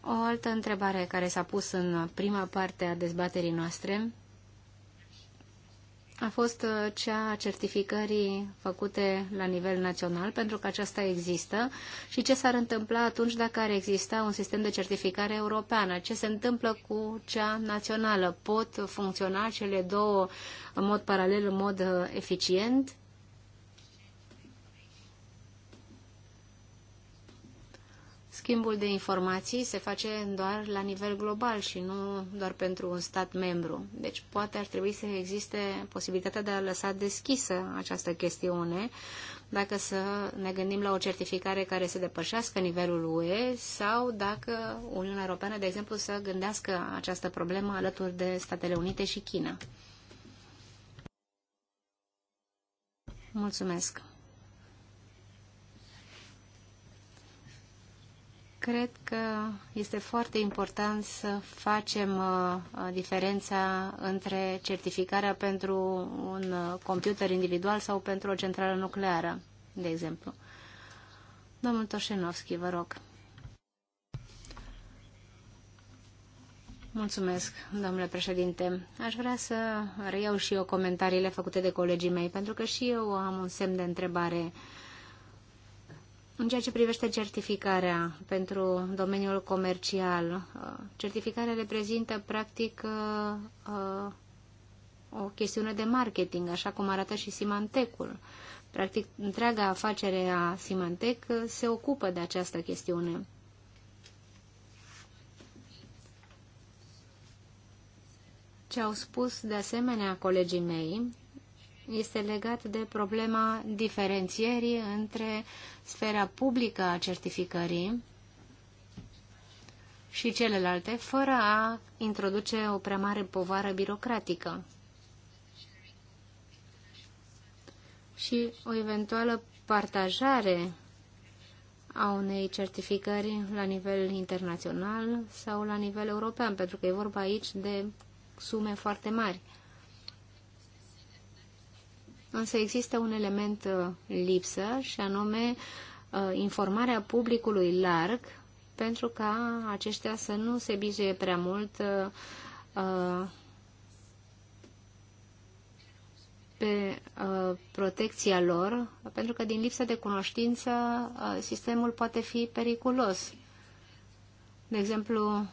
O altă întrebare care s-a pus în prima parte a dezbaterii noastre a fost uh, cea a certificării făcute la nivel național, pentru că aceasta există, și ce s-ar întâmpla atunci dacă ar exista un sistem de certificare europeană, ce se întâmplă cu cea națională, pot funcționa cele două în mod paralel, în mod uh, eficient, Schimbul de informații se face doar la nivel global și nu doar pentru un stat membru. Deci poate ar trebui să existe posibilitatea de a lăsa deschisă această chestiune, dacă să ne gândim la o certificare care să depășească nivelul UE sau dacă Uniunea Europeană, de exemplu, să gândească această problemă alături de Statele Unite și China. Mulțumesc. Cred că este foarte important să facem uh, uh, diferența între certificarea pentru un uh, computer individual sau pentru o centrală nucleară, de exemplu. Domnul Toșenovski, vă rog. Mulțumesc, domnule președinte. Aș vrea să reiau și eu comentariile făcute de colegii mei, pentru că și eu am un semn de întrebare uh, în ceea ce privește certificarea pentru domeniul comercial, uh, certificarea reprezintă practic uh, uh, o chestiune de marketing, așa cum arată și Simantecul. Practic, întreaga afacere a Simantec se ocupă de această chestiune. Ce au spus de asemenea colegii mei este legat de problema diferențierii între sfera publică a certificării și celelalte, fără a introduce o prea mare povară birocratică și o eventuală partajare a unei certificări la nivel internațional sau la nivel european, pentru că e vorba aici de sume foarte mari. Însă există un element uh, lipsă și anume uh, informarea publicului larg pentru ca aceștia să nu se bizuie prea mult uh, pe protecția lor, pentru că din lipsa de cunoștință sistemul poate fi periculos. De exemplu,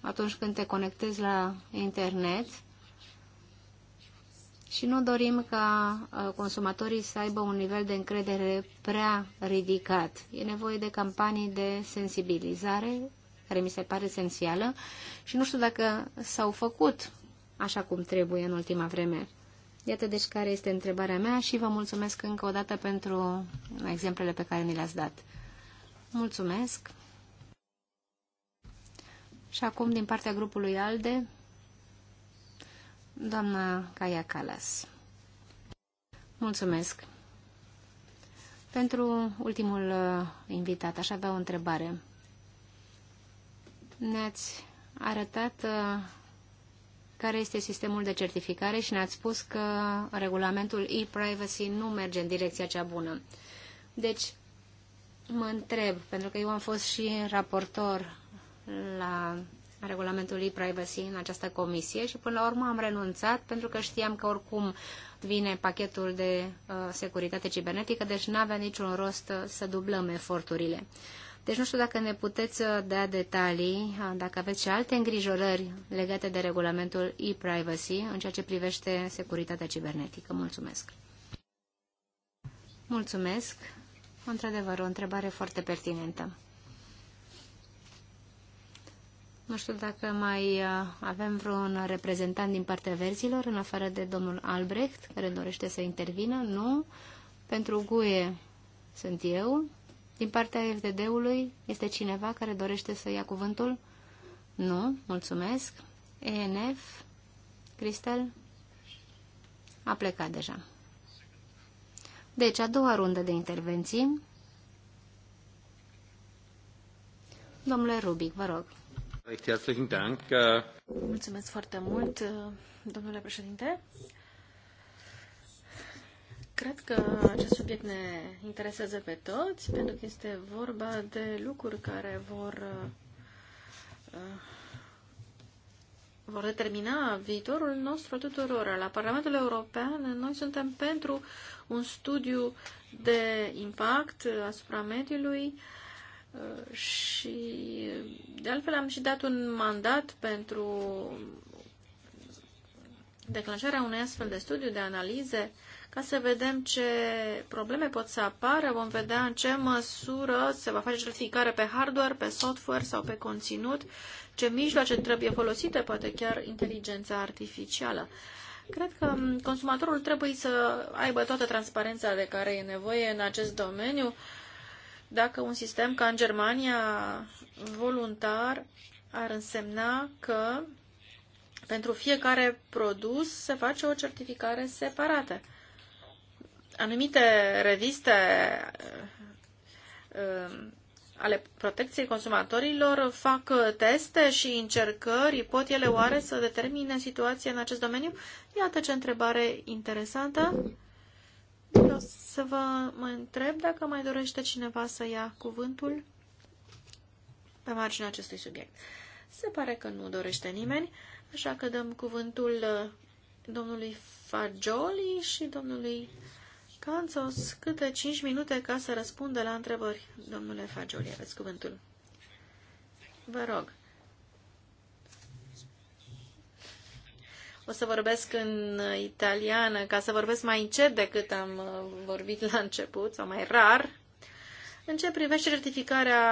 atunci când te conectezi la internet, și nu dorim ca uh, consumatorii să aibă un nivel de încredere prea ridicat. E nevoie de campanii de sensibilizare, care mi se pare esențială, și nu știu dacă s-au făcut așa cum trebuie în ultima vreme. Iată deci care este întrebarea mea și vă mulțumesc încă o dată pentru exemplele pe care mi le-ați dat. Mulțumesc! Și acum din partea grupului ALDE, doamna Caia Calas. Mulțumesc. Pentru ultimul uh, invitat, aș avea o întrebare. Ne-ați arătat uh, care este sistemul de certificare și ne-ați spus că regulamentul e-privacy nu merge în direcția cea bună. Deci, mă întreb, pentru că eu am fost și raportor la a regulamentului privacy în această comisie și până la urmă am renunțat pentru că știam că oricum vine pachetul de uh, securitate cibernetică, deci nu avea niciun rost uh, să dublăm eforturile. Deci nu știu dacă ne puteți uh, da detalii, uh, dacă aveți și alte îngrijorări legate de regulamentul e-privacy în ceea ce privește securitatea cibernetică. Mulțumesc! Mulțumesc! Într-adevăr, o întrebare foarte pertinentă. Nu știu dacă mai uh, avem vreun reprezentant din partea verzilor, în afară de domnul Albrecht, care dorește să intervină. Nu. Pentru GUE sunt eu. Din partea FDD-ului este cineva care dorește să ia cuvântul? Nu. Mulțumesc. ENF. Cristel? A plecat deja. Deci, a doua rundă de intervenții. Domnule Rubic, vă rog. Äh, Mulțumesc foarte mult, uh, domnule președinte. Cred că acest subiect ne interesează pe toți, pentru că este vorba de lucruri care vor, uh, uh, vor determina viitorul nostru tuturor. La Parlamentul European noi suntem pentru un studiu de impact asupra mediului și de altfel am și dat un mandat pentru declanșarea unui astfel de studiu, de analize, ca să vedem ce probleme pot să apară, vom vedea în ce măsură se va face certificare pe hardware, pe software sau pe conținut, ce mijloace trebuie folosite, poate chiar inteligența artificială. Cred că consumatorul trebuie să aibă toată transparența de care e nevoie în acest domeniu dacă un sistem ca în Germania voluntar ar însemna că pentru fiecare produs se face o certificare separată. Anumite reviste uh, uh, ale protecției consumatorilor fac teste și încercări, pot ele oare să determine situația în acest domeniu? Iată ce întrebare interesantă. Vreau să vă mă întreb dacă mai dorește cineva să ia cuvântul pe marginea acestui subiect. Se pare că nu dorește nimeni, așa că dăm cuvântul uh, domnului Fagioli și domnului Canțos câte 5 minute ca să răspundă la întrebări. Domnule Fagioli, aveți cuvântul. Vă rog. O să vorbesc în italiană, ca să vorbesc mai încet decât am uh, vorbit la început, sau mai rar. În ce privește certificarea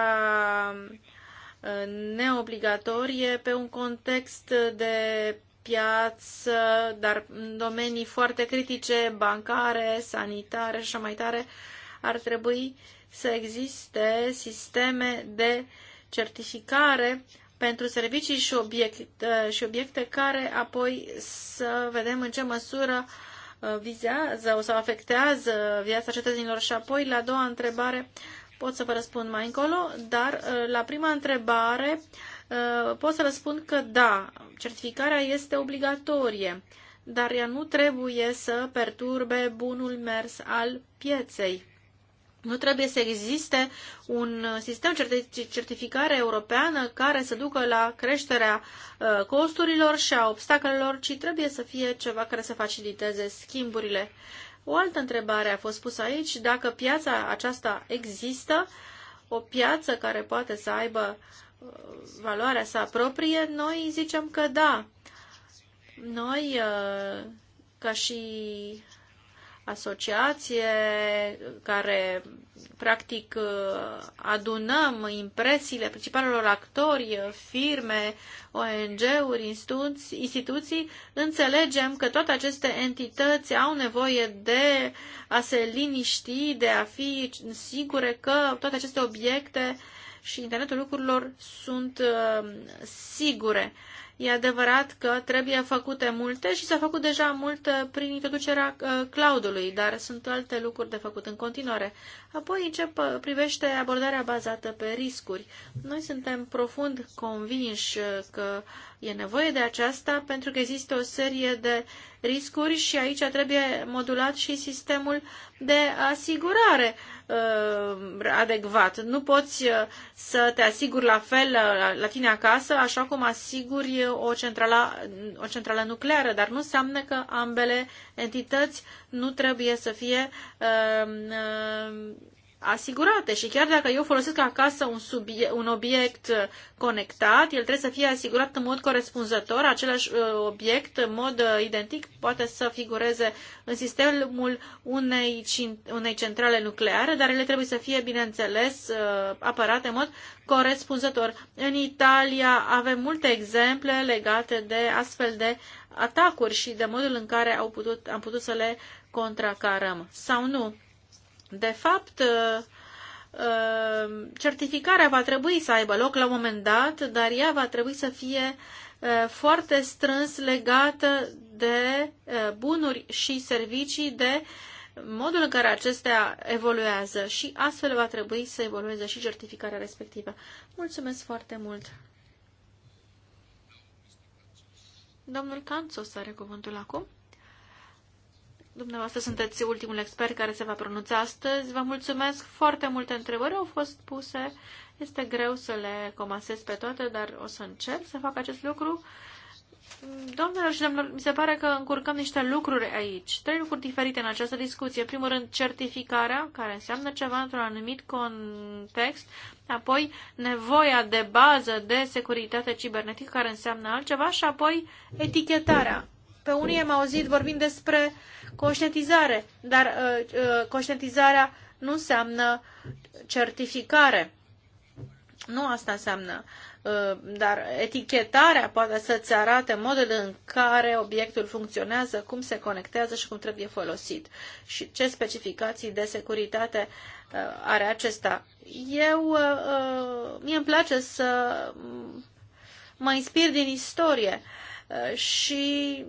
uh, neobligatorie pe un context de piață, dar în domenii foarte critice, bancare, sanitare și așa mai tare, ar trebui să existe sisteme de certificare pentru servicii și obiecte, și obiecte care apoi să vedem în ce măsură uh, vizează sau afectează viața cetățenilor. Și apoi, la a doua întrebare, pot să vă răspund mai încolo, dar uh, la prima întrebare uh, pot să răspund că da, certificarea este obligatorie, dar ea nu trebuie să perturbe bunul mers al pieței. Nu trebuie să existe un sistem certificare europeană care să ducă la creșterea uh, costurilor și a obstacolelor, ci trebuie să fie ceva care să faciliteze schimburile. O altă întrebare a fost pusă aici, dacă piața aceasta există, o piață care poate să aibă uh, valoarea sa proprie, noi zicem că da. Noi, uh, ca și asociație care practic adunăm impresiile principalelor actori, firme, ONG-uri, instituții, instituții, înțelegem că toate aceste entități au nevoie de a se liniști, de a fi sigure că toate aceste obiecte și internetul lucrurilor sunt uh, sigure. E adevărat că trebuie făcute multe și s-a făcut deja mult prin introducerea uh, cloudului, dar sunt alte lucruri de făcut în continuare. Apoi încep uh, privește abordarea bazată pe riscuri. Noi suntem profund convinși uh, că e nevoie de aceasta pentru că există o serie de riscuri și aici trebuie modulat și sistemul de asigurare Uh, adecvat. Nu poți uh, să te asiguri la fel la tine acasă, așa cum asiguri o centrală, o centrală nucleară, dar nu înseamnă că ambele entități nu trebuie să fie uh, asigurate și chiar dacă eu folosesc acasă un, subiect, un obiect uh, conectat, el trebuie să fie asigurat în mod corespunzător, același uh, obiect în mod uh, identic poate să figureze în sistemul unei, unei centrale nucleare, dar ele trebuie să fie, bineînțeles, apărate în mod corespunzător. În Italia avem multe exemple legate de astfel de atacuri și de modul în care au putut, am putut să le contracarăm sau nu. De fapt, uh, uh, certificarea va trebui să aibă loc la un moment dat, dar ea va trebui să fie uh, foarte strâns legată de bunuri și servicii, de modul în care acestea evoluează și astfel va trebui să evolueze și certificarea respectivă. Mulțumesc foarte mult! Domnul Canțos are cuvântul acum. Dumneavoastră sunteți ultimul expert care se va pronunța astăzi. Vă mulțumesc. Foarte multe întrebări au fost puse. Este greu să le comasez pe toate, dar o să încerc să fac acest lucru. Domnilor și domnilor, mi se pare că încurcăm niște lucruri aici. Trei lucruri diferite în această discuție. În primul rând, certificarea, care înseamnă ceva într-un anumit context, apoi nevoia de bază de securitate cibernetică, care înseamnă altceva, și apoi etichetarea, pe unii am auzit vorbind despre conștientizare, dar uh, uh, conștientizarea nu înseamnă certificare. Nu asta înseamnă. Uh, dar etichetarea poate să-ți arate modul în care obiectul funcționează, cum se conectează și cum trebuie folosit și ce specificații de securitate uh, are acesta. Eu, uh, uh mie îmi place să mă inspir din istorie. Uh, Uh, și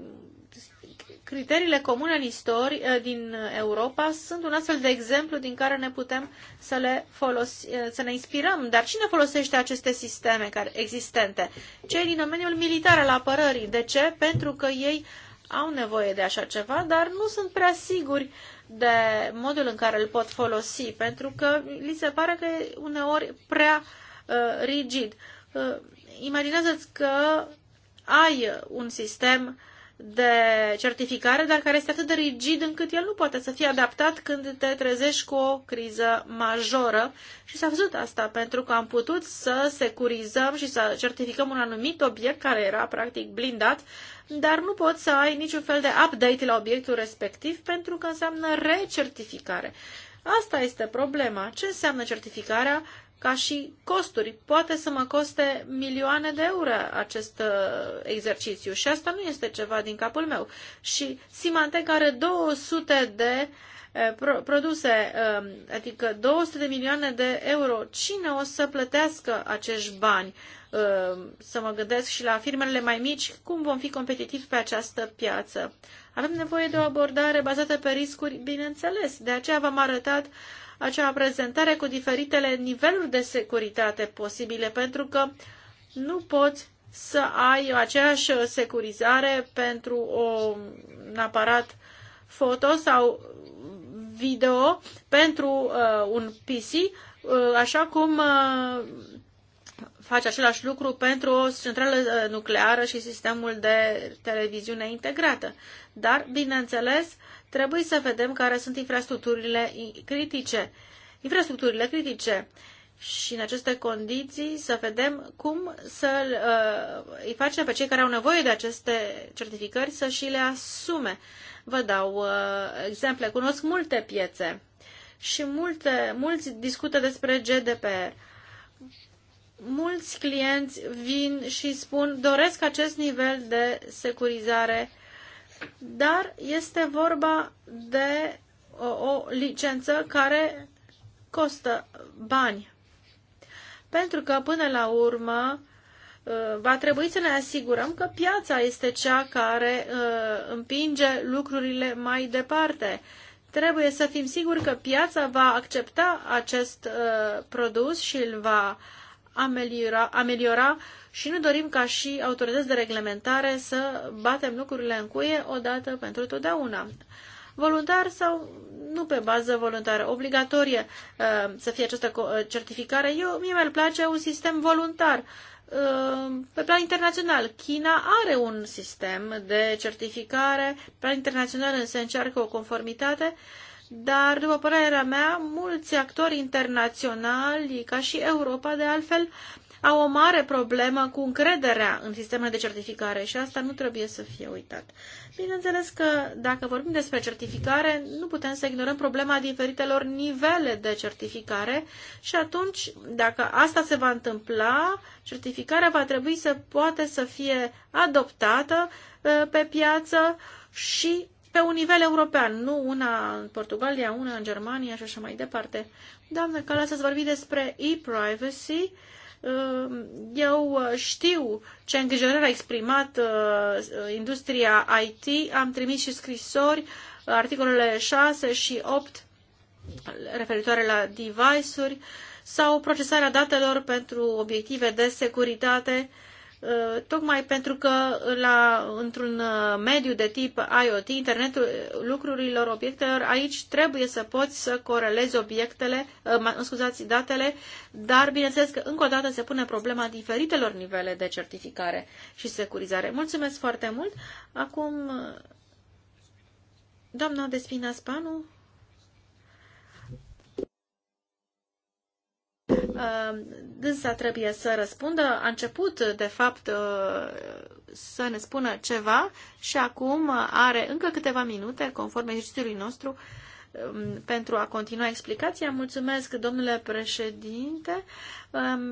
criteriile comune în istori uh, din Europa sunt un astfel de exemplu din care ne putem să, le folosi, uh, să ne inspirăm. Dar cine folosește aceste sisteme care, existente? Cei din domeniul militar al apărării. De ce? Pentru că ei au nevoie de așa ceva, dar nu sunt prea siguri de modul în care îl pot folosi, pentru că li se pare că e uneori prea uh, rigid. Uh, imaginează-ți că ai uh, un sistem de certificare, dar care este atât de rigid încât el nu poate să fie adaptat când te trezești cu o criză majoră. Și s-a văzut asta pentru că am putut să securizăm și să certificăm un anumit obiect care era practic blindat, dar nu poți să ai niciun fel de update la obiectul respectiv pentru că înseamnă recertificare. Asta este problema. Ce înseamnă certificarea? ca și costuri. Poate să mă coste milioane de euro acest uh, exercițiu și asta nu este ceva din capul meu. Și Simantec are 200 de uh, produse, uh, adică 200 de milioane de euro. Cine o să plătească acești bani? Um, să mă gândesc și la firmele mai mici, cum vom fi competitivi pe această piață. Avem nevoie de o abordare bazată pe riscuri, bineînțeles. De aceea v-am arătat uh, acea prezentare cu diferitele niveluri de securitate posibile, pentru că nu poți să ai aceeași securizare pentru o, un aparat foto sau video pentru uh, un PC, uh, așa cum uh, face același lucru pentru o centrală uh, nucleară și sistemul de televiziune integrată. Dar, bineînțeles, Trebuie să vedem care sunt infrastructurile critice. Infrastructurile critice și în aceste condiții să vedem cum să uh, îi facem pe cei care au nevoie de aceste certificări să și le asume. Vă dau uh, exemple, cunosc multe piețe și multe, mulți discută despre GDPR. Mulți clienți vin și spun doresc acest nivel de securizare dar este vorba de o, o licență care costă bani. Pentru că, până la urmă, ă, va trebui să ne asigurăm că piața este cea care ă, împinge lucrurile mai departe. Trebuie să fim siguri că piața va accepta acest ă, produs și îl va ameliora, ameliora și nu dorim ca și autorități de reglementare să batem lucrurile în cuie odată pentru totdeauna. Voluntar sau nu pe bază voluntară, obligatorie uh, să fie această uh, certificare. Eu, mie mi-ar place un sistem voluntar. Uh, pe plan internațional, China are un sistem de certificare, pe plan internațional însă încearcă o conformitate, dar, după părerea mea, mulți actori internaționali, ca și Europa, de altfel, au o mare problemă cu încrederea în sistemele de certificare și asta nu trebuie să fie uitat. Bineînțeles că dacă vorbim despre certificare, nu putem să ignorăm problema diferitelor nivele de certificare și atunci, dacă asta se va întâmpla, certificarea va trebui să poate să fie adoptată ă, pe piață și pe un nivel european, nu una în Portugalia, una în Germania și așa mai departe. Doamne Calas, ați vorbi despre e-privacy eu uh, știu ce îngrijorări a exprimat uh, uh, industria IT. Am trimis și scrisori, articolele 6 și 8 referitoare la device-uri sau procesarea datelor pentru obiective de securitate Uh, tocmai pentru că la, într-un uh, mediu de tip IoT, internetul uh, lucrurilor, obiectelor, aici trebuie să poți să corelezi obiectele, scuzați, datele, dar bineînțeles că încă o dată se pune problema diferitelor nivele de certificare și securizare. Mulțumesc foarte mult! Acum, doamna Despina Spanu, dânsa trebuie să răspundă. A început, de fapt, uh, să ne spună ceva și acum are încă câteva minute, conform exercițiului nostru, um, pentru a continua explicația. Mulțumesc, domnule președinte. Um,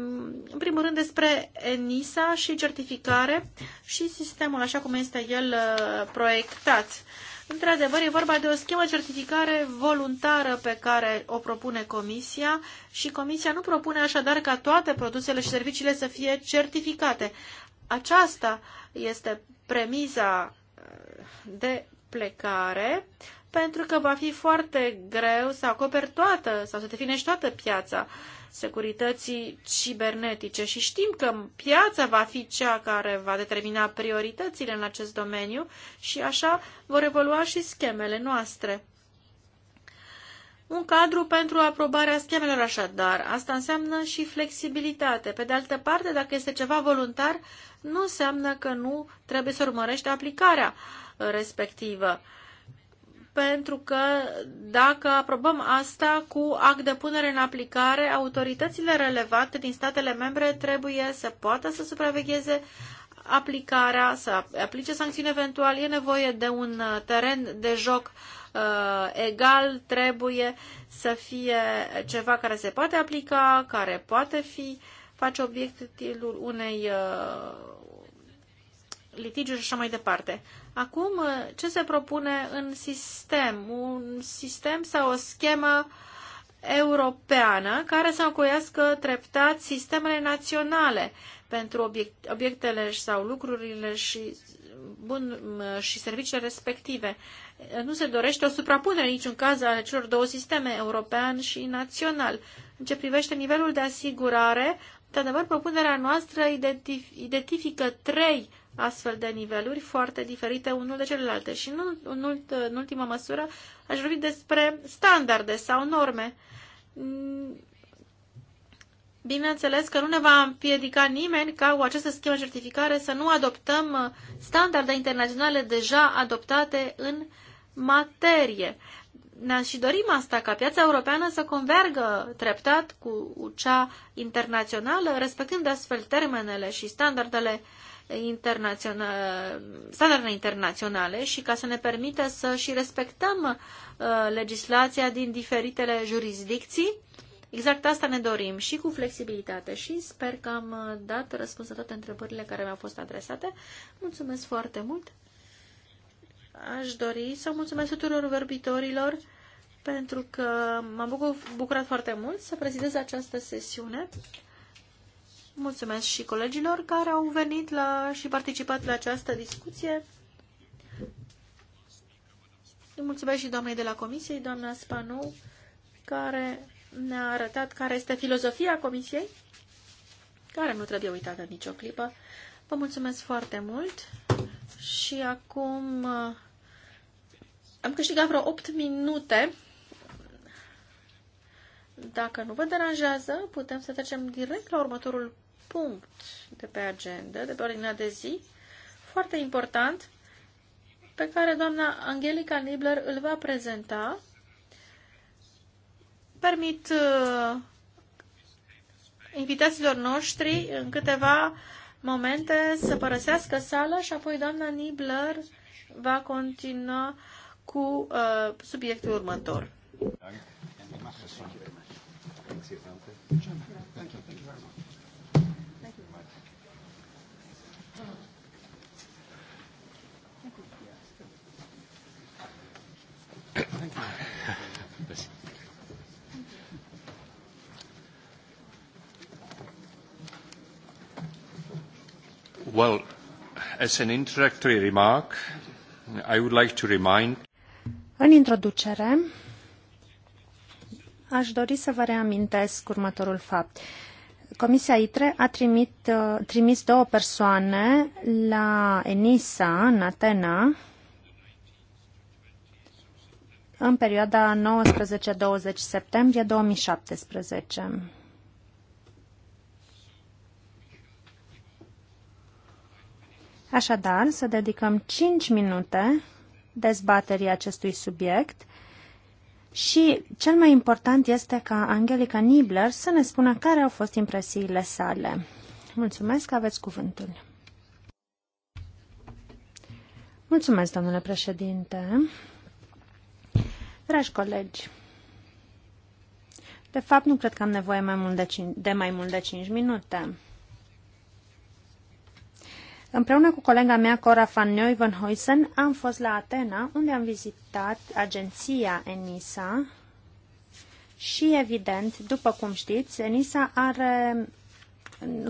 în primul rând despre ENISA și certificare și sistemul așa cum este el uh, proiectat. Într-adevăr, e vorba de o schemă certificare voluntară pe care o propune Comisia și Comisia nu propune așadar ca toate produsele și serviciile să fie certificate. Aceasta este premiza uh, de plecare pentru că va fi foarte greu să acoperi toată sau să definești toată piața securității cibernetice și știm că piața va fi cea care va determina prioritățile în acest domeniu și așa vor evolua și schemele noastre. Un cadru pentru aprobarea schemelor așadar, asta înseamnă și flexibilitate. Pe de altă parte, dacă este ceva voluntar, nu înseamnă că nu trebuie să urmărești aplicarea respectivă pentru că dacă aprobăm asta cu act de punere în aplicare, autoritățile relevante din statele membre trebuie să poată să supravegheze aplicarea, să aplice sancțiuni eventual, e nevoie de un uh, teren de joc uh, egal, trebuie să fie ceva care se poate aplica, care poate fi face obiectul unei uh, litigiuri și așa mai departe. Acum, uh, ce se propune în sistem? Un sistem sau o schemă europeană care să încuiască treptat sistemele naționale pentru obiectele sau lucrurile și, bun, și serviciile respective. Uh, nu se dorește o suprapunere în niciun caz a celor două sisteme, european și național. În ce privește nivelul de asigurare, într adevăr, propunerea noastră identifică trei astfel de niveluri foarte diferite unul de celelalte. Și în, în, ult, în ultimă măsură aș vorbi despre standarde sau norme. Bineînțeles că nu ne va împiedica nimeni ca cu această schemă certificare să nu adoptăm standarde internaționale deja adoptate în materie. Ne și dorim asta, ca piața europeană să convergă treptat cu cea internațională, respectând astfel termenele și standardele uh, internaționale, standardele internaționale și ca să ne permită să și respectăm uh, legislația din diferitele jurisdicții. Exact asta ne dorim și cu flexibilitate și sper că am uh, dat răspuns la toate întrebările care mi-au fost adresate. Mulțumesc foarte mult! Aș dori să mulțumesc tuturor vorbitorilor pentru că m-am bucurat foarte mult să prezidez această sesiune. Mulțumesc și colegilor care au venit la, și participat la această discuție. Îi mulțumesc și doamnei de la comisie, doamna Spanou, care ne-a arătat care este filozofia comisiei, care nu trebuie uitată nicio clipă. Vă mulțumesc foarte mult și acum uh, am câștigat vreo 8 minute dacă nu vă deranjează, putem să trecem direct la următorul punct de pe agenda, de pe ordinea de zi, foarte important, pe care doamna Angelica Nibler îl va prezenta. Permit uh, invitaților noștri în câteva momente să părăsească sala și apoi doamna Nibler va continua cu uh, subiectul următor. you. Well, as an introductory remark, I would like to remind... În introducere, aș dori să vă reamintesc următorul fapt. Comisia ITRE a trimit, uh, trimis două persoane la ENISA, în Atena, în perioada 19-20 septembrie 2017. Așadar, să dedicăm 5 minute dezbaterii acestui subiect și cel mai important este ca Angelica Nibler să ne spună care au fost impresiile sale. Mulțumesc, că aveți cuvântul. Mulțumesc, domnule președinte. Dragi colegi, de fapt nu cred că am nevoie mai mult de, cin- de mai mult de 5 minute. Împreună cu colega mea, Cora van Neuvenhuysen, am fost la Atena, unde am vizitat agenția ENISA și, evident, după cum știți, ENISA are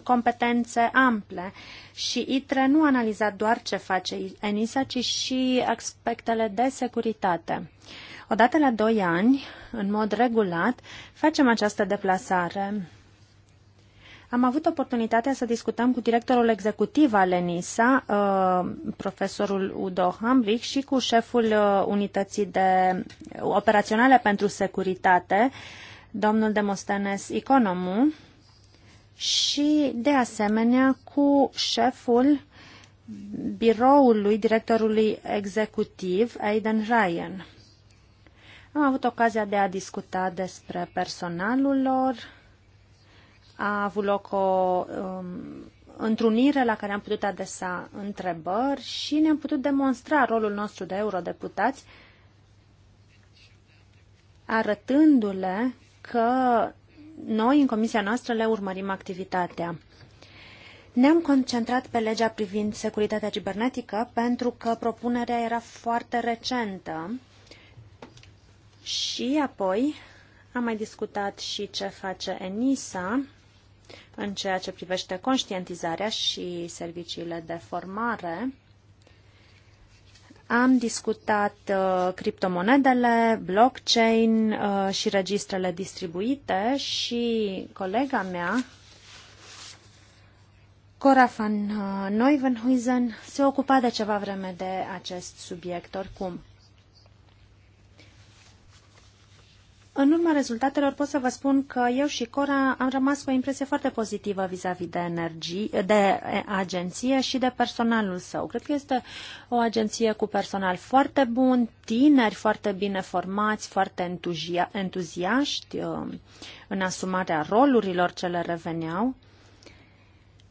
competențe ample și ITRE nu analiza doar ce face ENISA, ci și aspectele de securitate. Odată la doi ani, în mod regulat, facem această deplasare am avut oportunitatea să discutăm cu directorul executiv al ENISA, uh, profesorul Udo Hambrich, și cu șeful uh, unității de uh, operaționale pentru securitate, domnul Demostenes Economu, și de asemenea cu șeful biroului directorului executiv, Aidan Ryan. Am avut ocazia de a discuta despre personalul lor, a avut loc o um, întrunire la care am putut adresa întrebări și ne-am putut demonstra rolul nostru de eurodeputați, arătându-le că noi, în comisia noastră, le urmărim activitatea. Ne-am concentrat pe legea privind securitatea cibernetică pentru că propunerea era foarte recentă și apoi am mai discutat și ce face ENISA, în ceea ce privește conștientizarea și serviciile de formare, am discutat uh, criptomonedele, blockchain uh, și registrele distribuite și colega mea, Cora van uh, Neuvenhuizen, se ocupa de ceva vreme de acest subiect oricum. În urma rezultatelor pot să vă spun că eu și Cora am rămas cu o impresie foarte pozitivă vis-a-vis -vis de, energie, de agenție și de personalul său. Cred că este o agenție cu personal foarte bun, tineri foarte bine formați, foarte entuzia, entuziaști um, în asumarea rolurilor ce le reveneau.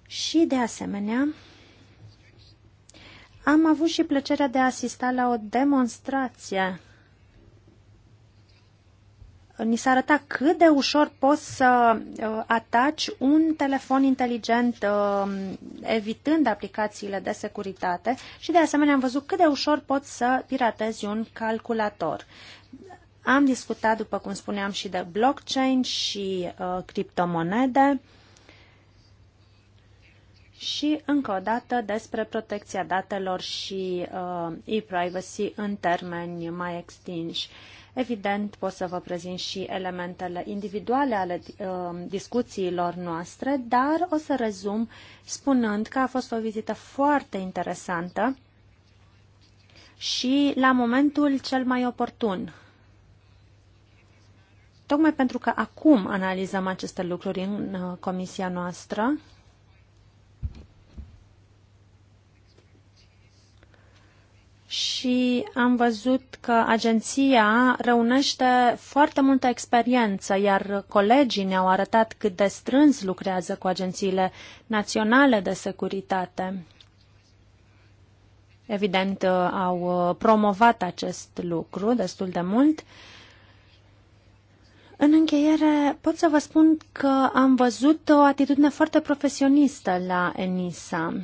Și, de asemenea, am avut și plăcerea de a asista la o demonstrație ni s-a arătat cât de ușor poți să uh, ataci un telefon inteligent um, evitând aplicațiile de securitate și de asemenea am văzut cât de ușor poți să piratezi un calculator. Am discutat, după cum spuneam, și de blockchain și uh, criptomonede și, încă o dată, despre protecția datelor și uh, e-privacy în termeni mai extinși. Uh, Evident, pot să vă prezint și elementele individuale ale uh, discuțiilor noastre, dar o să rezum spunând că a fost o vizită foarte interesantă și la momentul cel mai oportun. Tocmai pentru că acum analizăm aceste lucruri în uh, comisia noastră, și am văzut că agenția răunește foarte multă experiență, iar colegii ne-au arătat cât de strâns lucrează cu agențiile naționale de securitate. Evident, uh, au uh, promovat acest lucru destul de mult. În încheiere, pot să vă spun că am văzut o atitudine foarte profesionistă la ENISA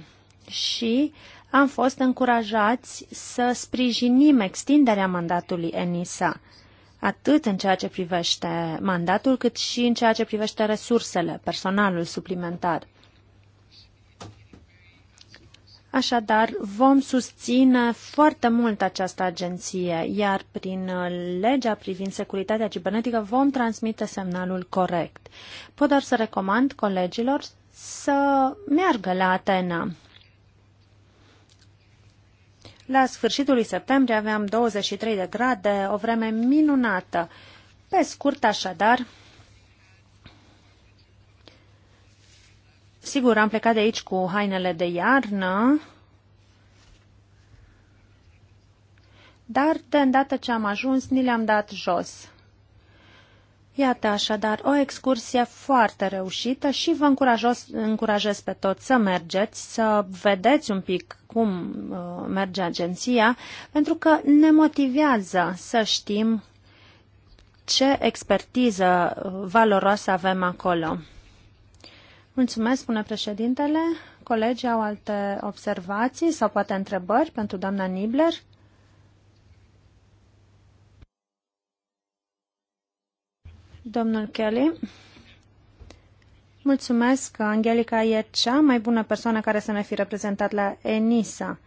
și am fost încurajați să sprijinim extinderea mandatului ENISA, atât în ceea ce privește mandatul, cât și în ceea ce privește resursele, personalul suplimentar. Așadar, vom susține foarte mult această agenție, iar prin legea privind securitatea cibernetică vom transmite semnalul corect. Pot doar să recomand colegilor să meargă la Atena. La sfârșitul lui septembrie aveam 23 de grade, o vreme minunată. Pe scurt, așadar, sigur, am plecat de aici cu hainele de iarnă, dar de îndată ce am ajuns, ni le-am dat jos. Iată așadar o excursie foarte reușită și vă încurajos, încurajez pe toți să mergeți, să vedeți un pic cum uh, merge agenția, pentru că ne motivează să știm ce expertiză uh, valoroasă avem acolo. Mulțumesc, spune președintele. Colegii au alte observații sau poate întrebări pentru doamna Nibler? Domnul Kelly. Mulțumesc că Angelica e cea mai bună persoană care să ne fi reprezentat la ENISA.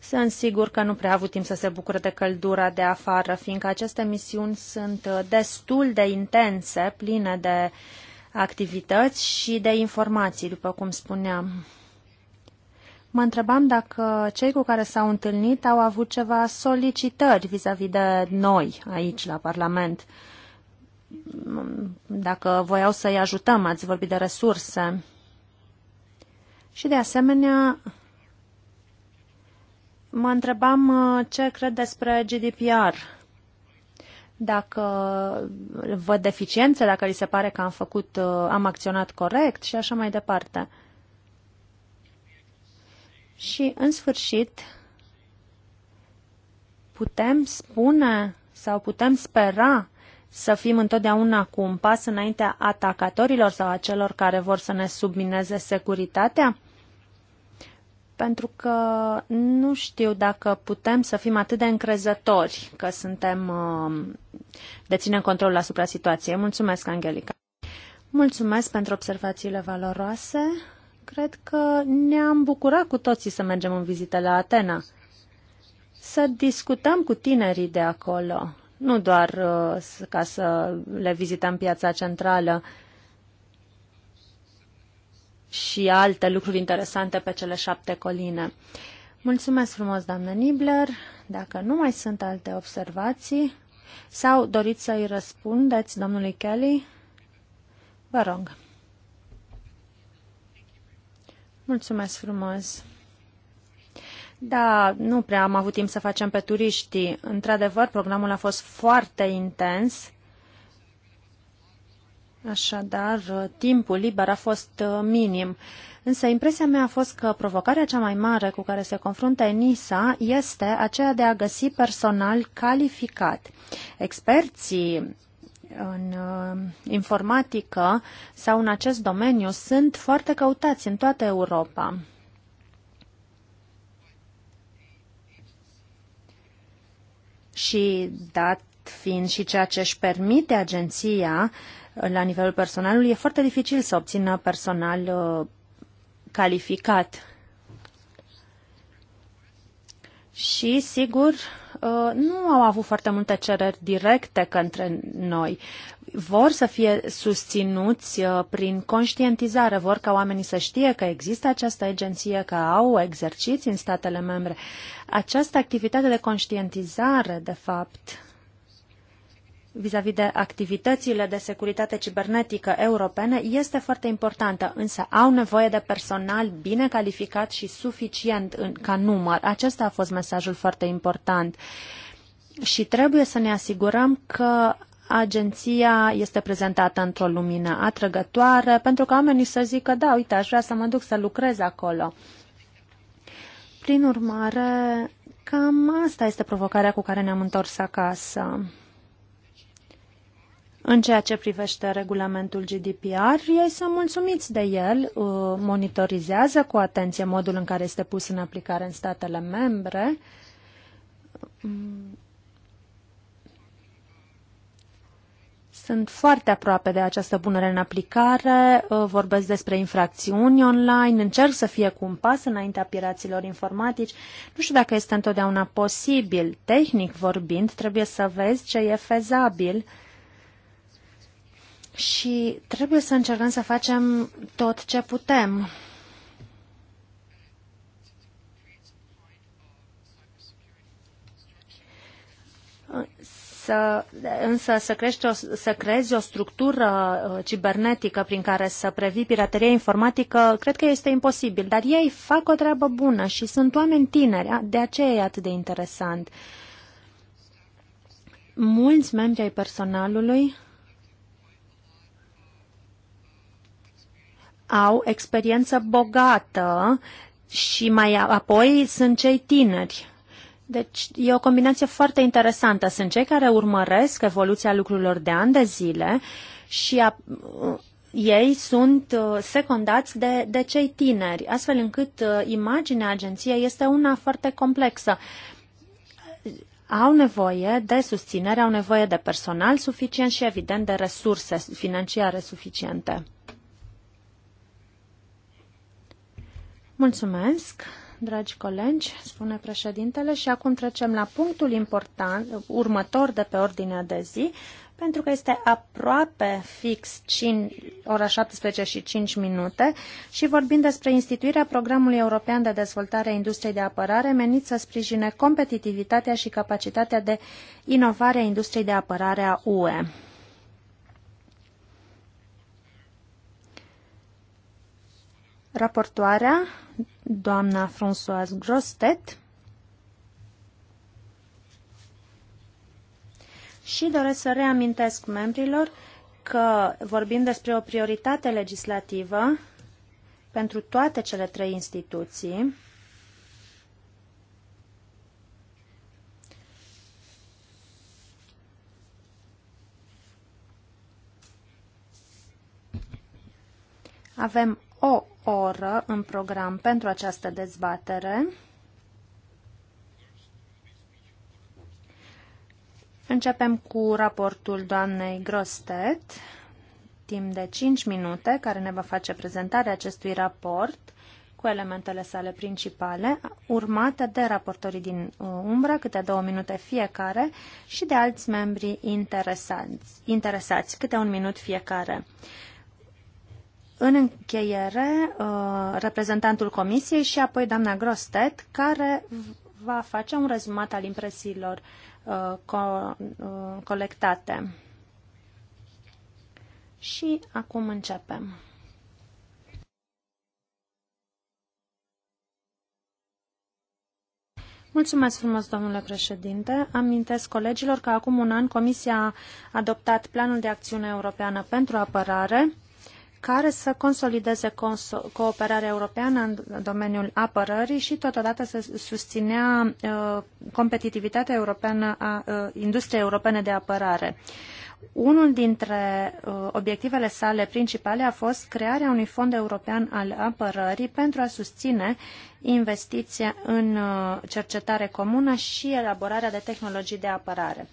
Sunt sigur că nu prea a avut timp să se bucure de căldura de afară, fiindcă aceste misiuni sunt uh, destul de intense, pline de activități și de informații, după cum spuneam. Mă întrebam dacă cei cu care s-au întâlnit au avut ceva solicitări vis-a-vis -vis de noi aici la Parlament. Uh, dacă voiau să-i ajutăm, ați vorbit de resurse. Și de asemenea, mă întrebam uh, ce cred despre GDPR. Dacă văd deficiențe, dacă li se pare că am făcut, uh, am acționat corect și așa mai departe. Și, în sfârșit, putem spune sau putem spera să fim întotdeauna cu un pas înaintea atacatorilor sau a celor care vor să ne submineze securitatea? Pentru că nu știu dacă putem să fim atât de încrezători că suntem, um, deținem controlul asupra situației. Mulțumesc, Angelica. Mulțumesc pentru observațiile valoroase. Cred că ne-am bucurat cu toții să mergem în vizită la Atena. Să discutăm cu tinerii de acolo nu doar uh, ca să le vizităm piața centrală și alte lucruri interesante pe cele șapte coline. Mulțumesc frumos, doamnă Nibler. Dacă nu mai sunt alte observații sau doriți să-i răspundeți domnului Kelly, vă rog. Mulțumesc frumos. Da, nu prea am avut timp să facem pe turiști. Într-adevăr, programul a fost foarte intens. Așadar, timpul liber a fost uh, minim. Însă impresia mea a fost că provocarea cea mai mare cu care se confruntă ENISA este aceea de a găsi personal calificat. Experții în uh, informatică sau în acest domeniu sunt foarte căutați în toată Europa. și dat fiind și ceea ce își permite agenția la nivelul personalului, e foarte dificil să obțină personal uh, calificat. Și, sigur, Uh, nu au avut foarte multe cereri directe către noi. Vor să fie susținuți uh, prin conștientizare, vor ca oamenii să știe că există această agenție, că au exerciții în statele membre. Această activitate de conștientizare, de fapt, vis-a-vis -vis de activitățile de securitate cibernetică europene este foarte importantă, însă au nevoie de personal bine calificat și suficient în, ca număr. Acesta a fost mesajul foarte important. Și trebuie să ne asigurăm că agenția este prezentată într-o lumină atrăgătoare, pentru că oamenii să zică, da, uite, aș vrea să mă duc să lucrez acolo. Prin urmare, cam asta este provocarea cu care ne-am întors acasă. În ceea ce privește regulamentul GDPR, ei sunt mulțumiți de el, uh, monitorizează cu atenție modul în care este pus în aplicare în statele membre. Sunt foarte aproape de această punere în aplicare, uh, vorbesc despre infracțiuni online, încerc să fie cu un pas înaintea piraților informatici. Nu știu dacă este întotdeauna posibil, tehnic vorbind, trebuie să vezi ce e fezabil și trebuie să încercăm să facem tot ce putem. Să, însă să, crești o, să creezi o structură uh, cibernetică prin care să previi pirateria informatică, cred că este imposibil, dar ei fac o treabă bună și sunt oameni tineri, de aceea e atât de interesant. Mulți membri ai personalului au experiență bogată și mai apoi sunt cei tineri. Deci e o combinație foarte interesantă. Sunt cei care urmăresc evoluția lucrurilor de ani de zile și a, uh, ei sunt uh, secundați de, de cei tineri, astfel încât uh, imaginea agenției este una foarte complexă. Au nevoie de susținere, au nevoie de personal suficient și, evident, de resurse financiare suficiente. Mulțumesc, dragi colegi, spune președintele, și acum trecem la punctul important, următor de pe ordinea de zi, pentru că este aproape fix 5, ora 17 și 5 minute și vorbim despre instituirea Programului European de Dezvoltare a Industriei de Apărare menit să sprijine competitivitatea și capacitatea de inovare a industriei de apărare a UE. Raportoarea, doamna Françoise Grostet, și doresc să reamintesc membrilor că vorbim despre o prioritate legislativă pentru toate cele trei instituții. Avem o oră în program pentru această dezbatere. Începem cu raportul doamnei Grostet, timp de 5 minute, care ne va face prezentarea acestui raport cu elementele sale principale, urmată de raportorii din umbră, câte două minute fiecare, și de alți membri interesați, interesați câte un minut fiecare. În încheiere, uh, reprezentantul Comisiei și apoi doamna Grostet, care va face un rezumat al impresiilor uh, uh, colectate. Și acum începem. Mulțumesc frumos, domnule președinte. Amintesc colegilor că acum un an Comisia a adoptat Planul de Acțiune Europeană pentru Apărare, care să consolideze cooperarea europeană în domeniul apărării și totodată să susținea uh, competitivitatea europeană a uh, industriei europene de apărare. Unul dintre uh, obiectivele sale principale a fost crearea unui fond european al apărării pentru a susține investiția în cercetare comună și elaborarea de tehnologii de apărare.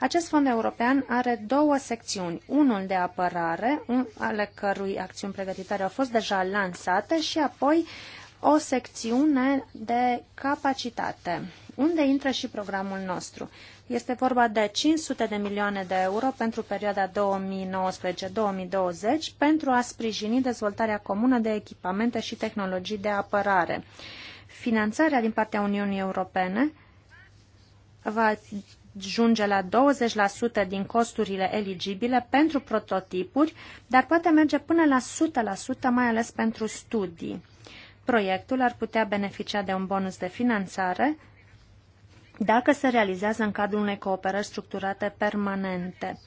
Acest fond european are două secțiuni, unul de apărare, un, ale cărui acțiuni pregătitoare au fost deja lansate, și apoi o secțiune de capacitate, unde intră și programul nostru. Este vorba de 500 de milioane de euro pentru perioada 2019-2020 pentru a sprijini dezvoltarea comună de echipamente și tehnologii de apărare. Finanțarea din partea Uniunii Europene va ajunge la 20% din costurile eligibile pentru prototipuri, dar poate merge până la 100%, mai ales pentru studii. Proiectul ar putea beneficia de un bonus de finanțare dacă se realizează în cadrul unei cooperări structurate permanente.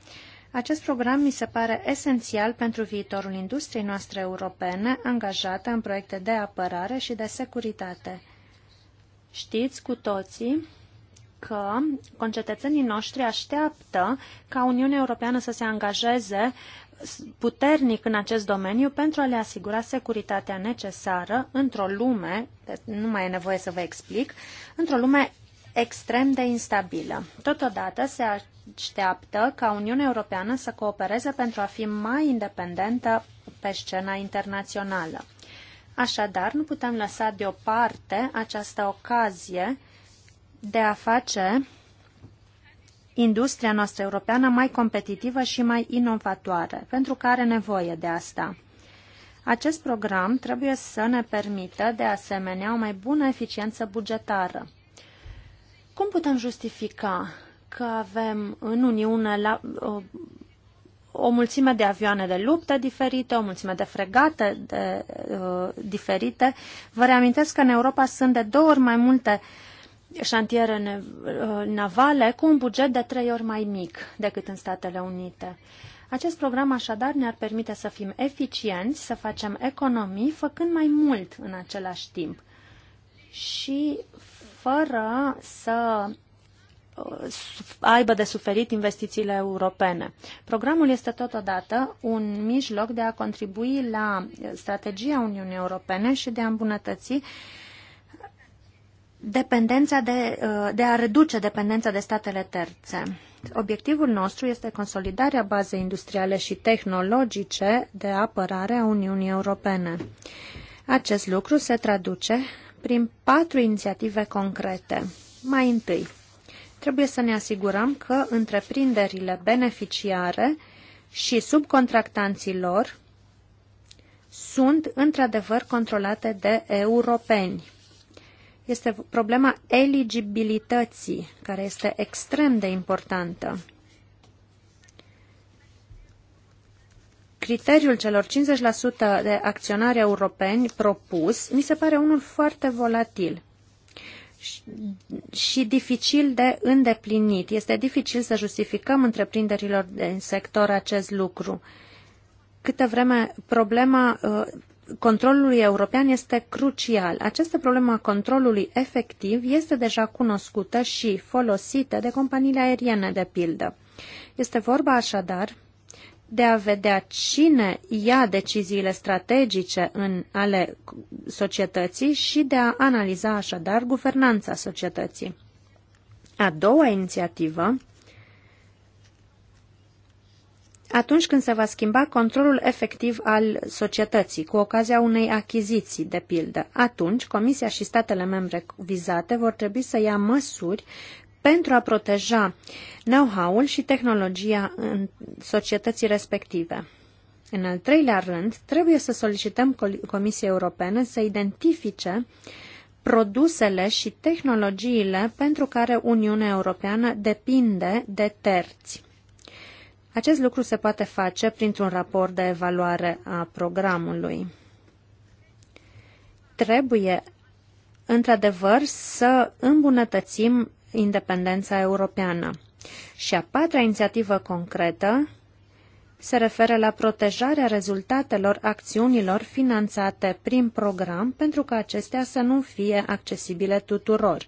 Acest program mi se pare esențial pentru viitorul industriei noastre europene, angajată în proiecte de apărare și de securitate. Știți cu toții că concetățenii noștri așteaptă ca Uniunea Europeană să se angajeze puternic în acest domeniu pentru a le asigura securitatea necesară într-o lume, nu mai e nevoie să vă explic, într-o lume extrem de instabilă. Totodată se așteaptă ca Uniunea Europeană să coopereze pentru a fi mai independentă pe scena internațională. Așadar, nu putem lăsa deoparte această ocazie de a face industria noastră europeană mai competitivă și mai inovatoare, pentru că are nevoie de asta. Acest program trebuie să ne permită, de asemenea, o mai bună eficiență bugetară. Cum putem justifica că avem în Uniune la, o, o mulțime de avioane de luptă diferite, o mulțime de fregate de, uh, diferite? Vă reamintesc că în Europa sunt de două ori mai multe uh, șantiere uh, navale cu un buget de trei ori mai mic decât în Statele Unite. Acest program așadar ne-ar permite să fim eficienți, să facem economii, făcând mai mult în același timp și fără să uh, aibă de suferit investițiile europene. Programul este totodată un mijloc de a contribui la strategia Uniunii Europene și de a îmbunătăți uh, dependența de, uh, de a reduce dependența de statele terțe. Obiectivul nostru este consolidarea bazei industriale și tehnologice de apărare a Uniunii Europene. Acest lucru se traduce prin patru inițiative concrete. Mai întâi, trebuie să ne asigurăm că întreprinderile beneficiare și subcontractanții lor sunt într-adevăr controlate de europeni este problema eligibilității, care este extrem de importantă. Criteriul celor 50% de acționari europeni propus mi se pare unul foarte volatil și dificil de îndeplinit. Este dificil să justificăm întreprinderilor din sector acest lucru. Câte vreme problema uh, controlului european este crucial. Această problemă a controlului efectiv este deja cunoscută și folosită de companiile aeriene, de pildă. Este vorba așadar de a vedea cine ia deciziile strategice în ale societății și de a analiza așadar guvernanța societății. A doua inițiativă atunci când se va schimba controlul efectiv al societății, cu ocazia unei achiziții, de pildă. Atunci, Comisia și statele membre vizate vor trebui să ia măsuri pentru a proteja know-how-ul și tehnologia în societății respective. În al treilea rând, trebuie să solicităm Comisiei Europene să identifice produsele și tehnologiile pentru care Uniunea Europeană depinde de terți. Acest lucru se poate face printr-un raport de evaluare a programului. Trebuie, într-adevăr, să îmbunătățim independența europeană. Și a patra inițiativă concretă se referă la protejarea rezultatelor acțiunilor finanțate prin program pentru ca acestea să nu fie accesibile tuturor.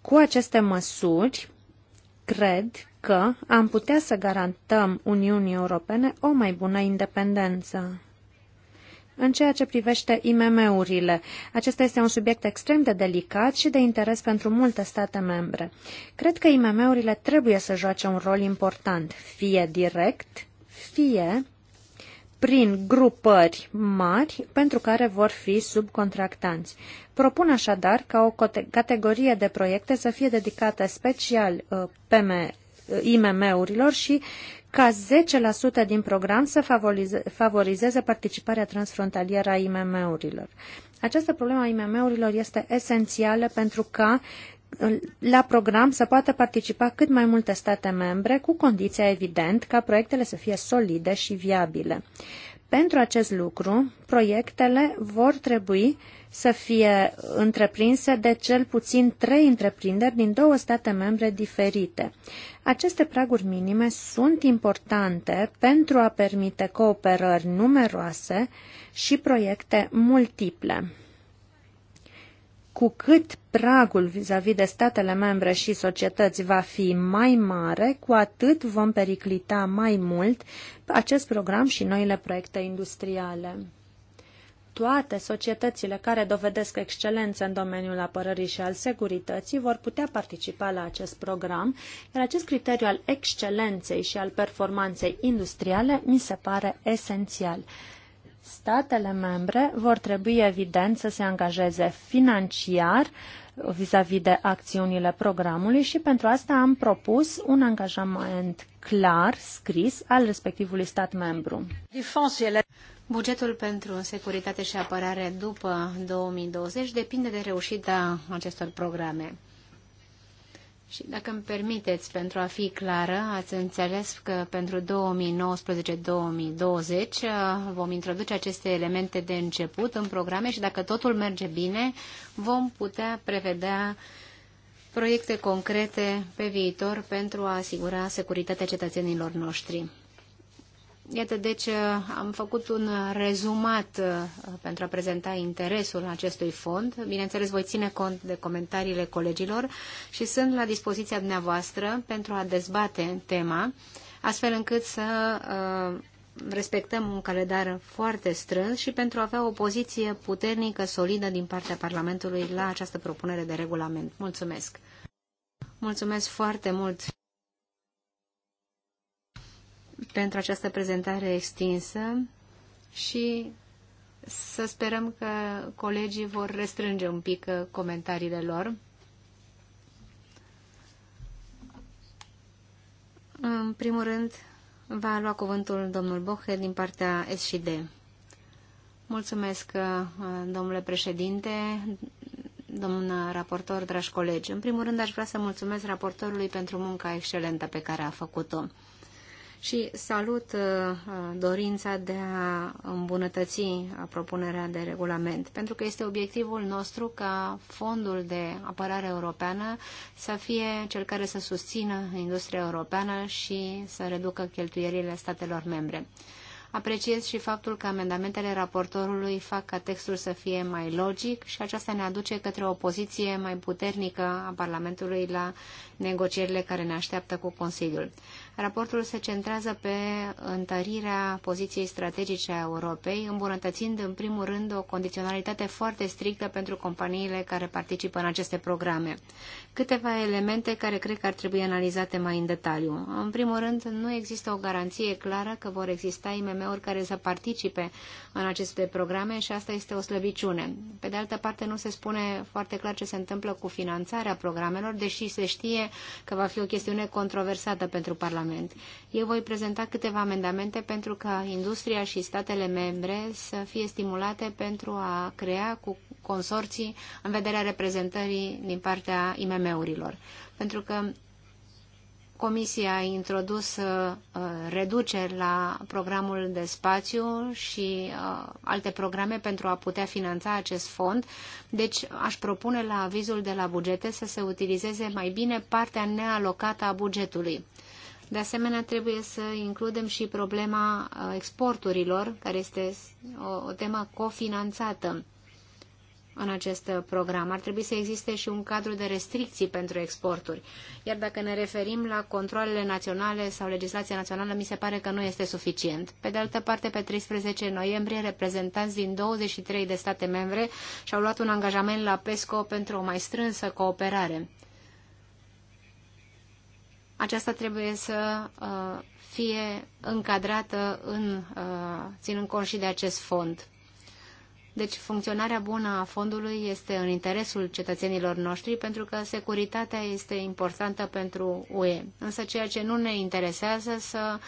Cu aceste măsuri, cred că am putea să garantăm Uniunii Europene o mai bună independență. În ceea ce privește IMM-urile, acesta este un subiect extrem de delicat și de interes pentru multe state membre. Cred că IMM-urile trebuie să joace un rol important, fie direct, fie prin grupări mari pentru care vor fi subcontractanți. Propun așadar ca o categorie de proiecte să fie dedicată special uh, PME Uh, IMM-urilor și ca 10% din program să favorizeze participarea transfrontalieră a IMM-urilor. Această problemă a IMM-urilor este esențială pentru ca uh, la program să poată participa cât mai multe state membre, cu condiția evident ca proiectele să fie solide și viabile. Pentru acest lucru, proiectele vor trebui să fie întreprinse de cel puțin trei întreprinderi din două state membre diferite. Aceste praguri minime sunt importante pentru a permite cooperări numeroase și proiecte multiple cu cât pragul vis-a-vis -vis de statele membre și societăți va fi mai mare, cu atât vom periclita mai mult acest program și noile proiecte industriale. Toate societățile care dovedesc excelență în domeniul apărării și al securității vor putea participa la acest program, iar acest criteriu al excelenței și al performanței industriale mi se pare esențial. Statele membre vor trebui, evident, să se angajeze financiar vis-a-vis -vis de acțiunile programului și pentru asta am propus un angajament clar, scris, al respectivului stat membru. Bugetul pentru securitate și apărare după 2020 depinde de reușita acestor programe. Și dacă îmi permiteți, pentru a fi clară, ați înțeles că pentru 2019-2020 uh, vom introduce aceste elemente de început în programe și dacă totul merge bine, vom putea prevedea proiecte concrete pe viitor pentru a asigura securitatea cetățenilor noștri. Iată, deci uh, am făcut un rezumat uh, pentru a prezenta interesul acestui fond. Bineînțeles, voi ține cont de comentariile colegilor și sunt la dispoziția dumneavoastră pentru a dezbate tema, astfel încât să uh, respectăm un calendar foarte strâns și pentru a avea o poziție puternică, solidă din partea Parlamentului la această propunere de regulament. Mulțumesc! Mulțumesc foarte mult! pentru această prezentare extinsă și să sperăm că colegii vor restrânge un pic uh, comentariile lor. În primul rând, va lua cuvântul domnul Bohe din partea SD. Mulțumesc, uh, domnule președinte, domnul raportor, dragi colegi. În primul rând, aș vrea să mulțumesc raportorului pentru munca excelentă pe care a făcut-o și salut uh, uh, dorința de a îmbunătăți uh, propunerea de regulament, pentru că este obiectivul nostru ca fondul de apărare europeană să fie cel care să susțină industria europeană și să reducă cheltuierile statelor membre. Apreciez și faptul că amendamentele raportorului fac ca textul să fie mai logic și aceasta ne aduce către o poziție mai puternică a Parlamentului la negocierile care ne așteaptă cu Consiliul. Raportul se centrează pe întărirea poziției strategice a Europei, îmbunătățind în primul rând o condiționalitate foarte strictă pentru companiile care participă în aceste programe. Câteva elemente care cred că ar trebui analizate mai în detaliu. În primul rând, nu există o garanție clară că vor exista IMM-uri care să participe în aceste programe și asta este o slăbiciune. Pe de altă parte, nu se spune foarte clar ce se întâmplă cu finanțarea programelor, deși se știe că va fi o chestiune controversată pentru Parlament. Parlament. Eu voi prezenta câteva amendamente pentru ca industria și statele membre să fie stimulate pentru a crea cu consorții în vederea reprezentării din partea IMM-urilor. Pentru că Comisia a introdus uh, reduceri la programul de spațiu și uh, alte programe pentru a putea finanța acest fond. Deci aș propune la avizul de la bugete să se utilizeze mai bine partea nealocată a bugetului. De asemenea, trebuie să includem și problema uh, exporturilor, care este o, o temă cofinanțată în acest program. Ar trebui să existe și un cadru de restricții pentru exporturi. Iar dacă ne referim la controlele naționale sau legislația națională, mi se pare că nu este suficient. Pe de altă parte, pe 13 noiembrie, reprezentanți din 23 de state membre și-au luat un angajament la PESCO pentru o mai strânsă cooperare aceasta trebuie să uh, fie încadrată în, uh, ținând cont și de acest fond. Deci funcționarea bună a fondului este în interesul cetățenilor noștri pentru că securitatea este importantă pentru UE. Însă ceea ce nu ne interesează să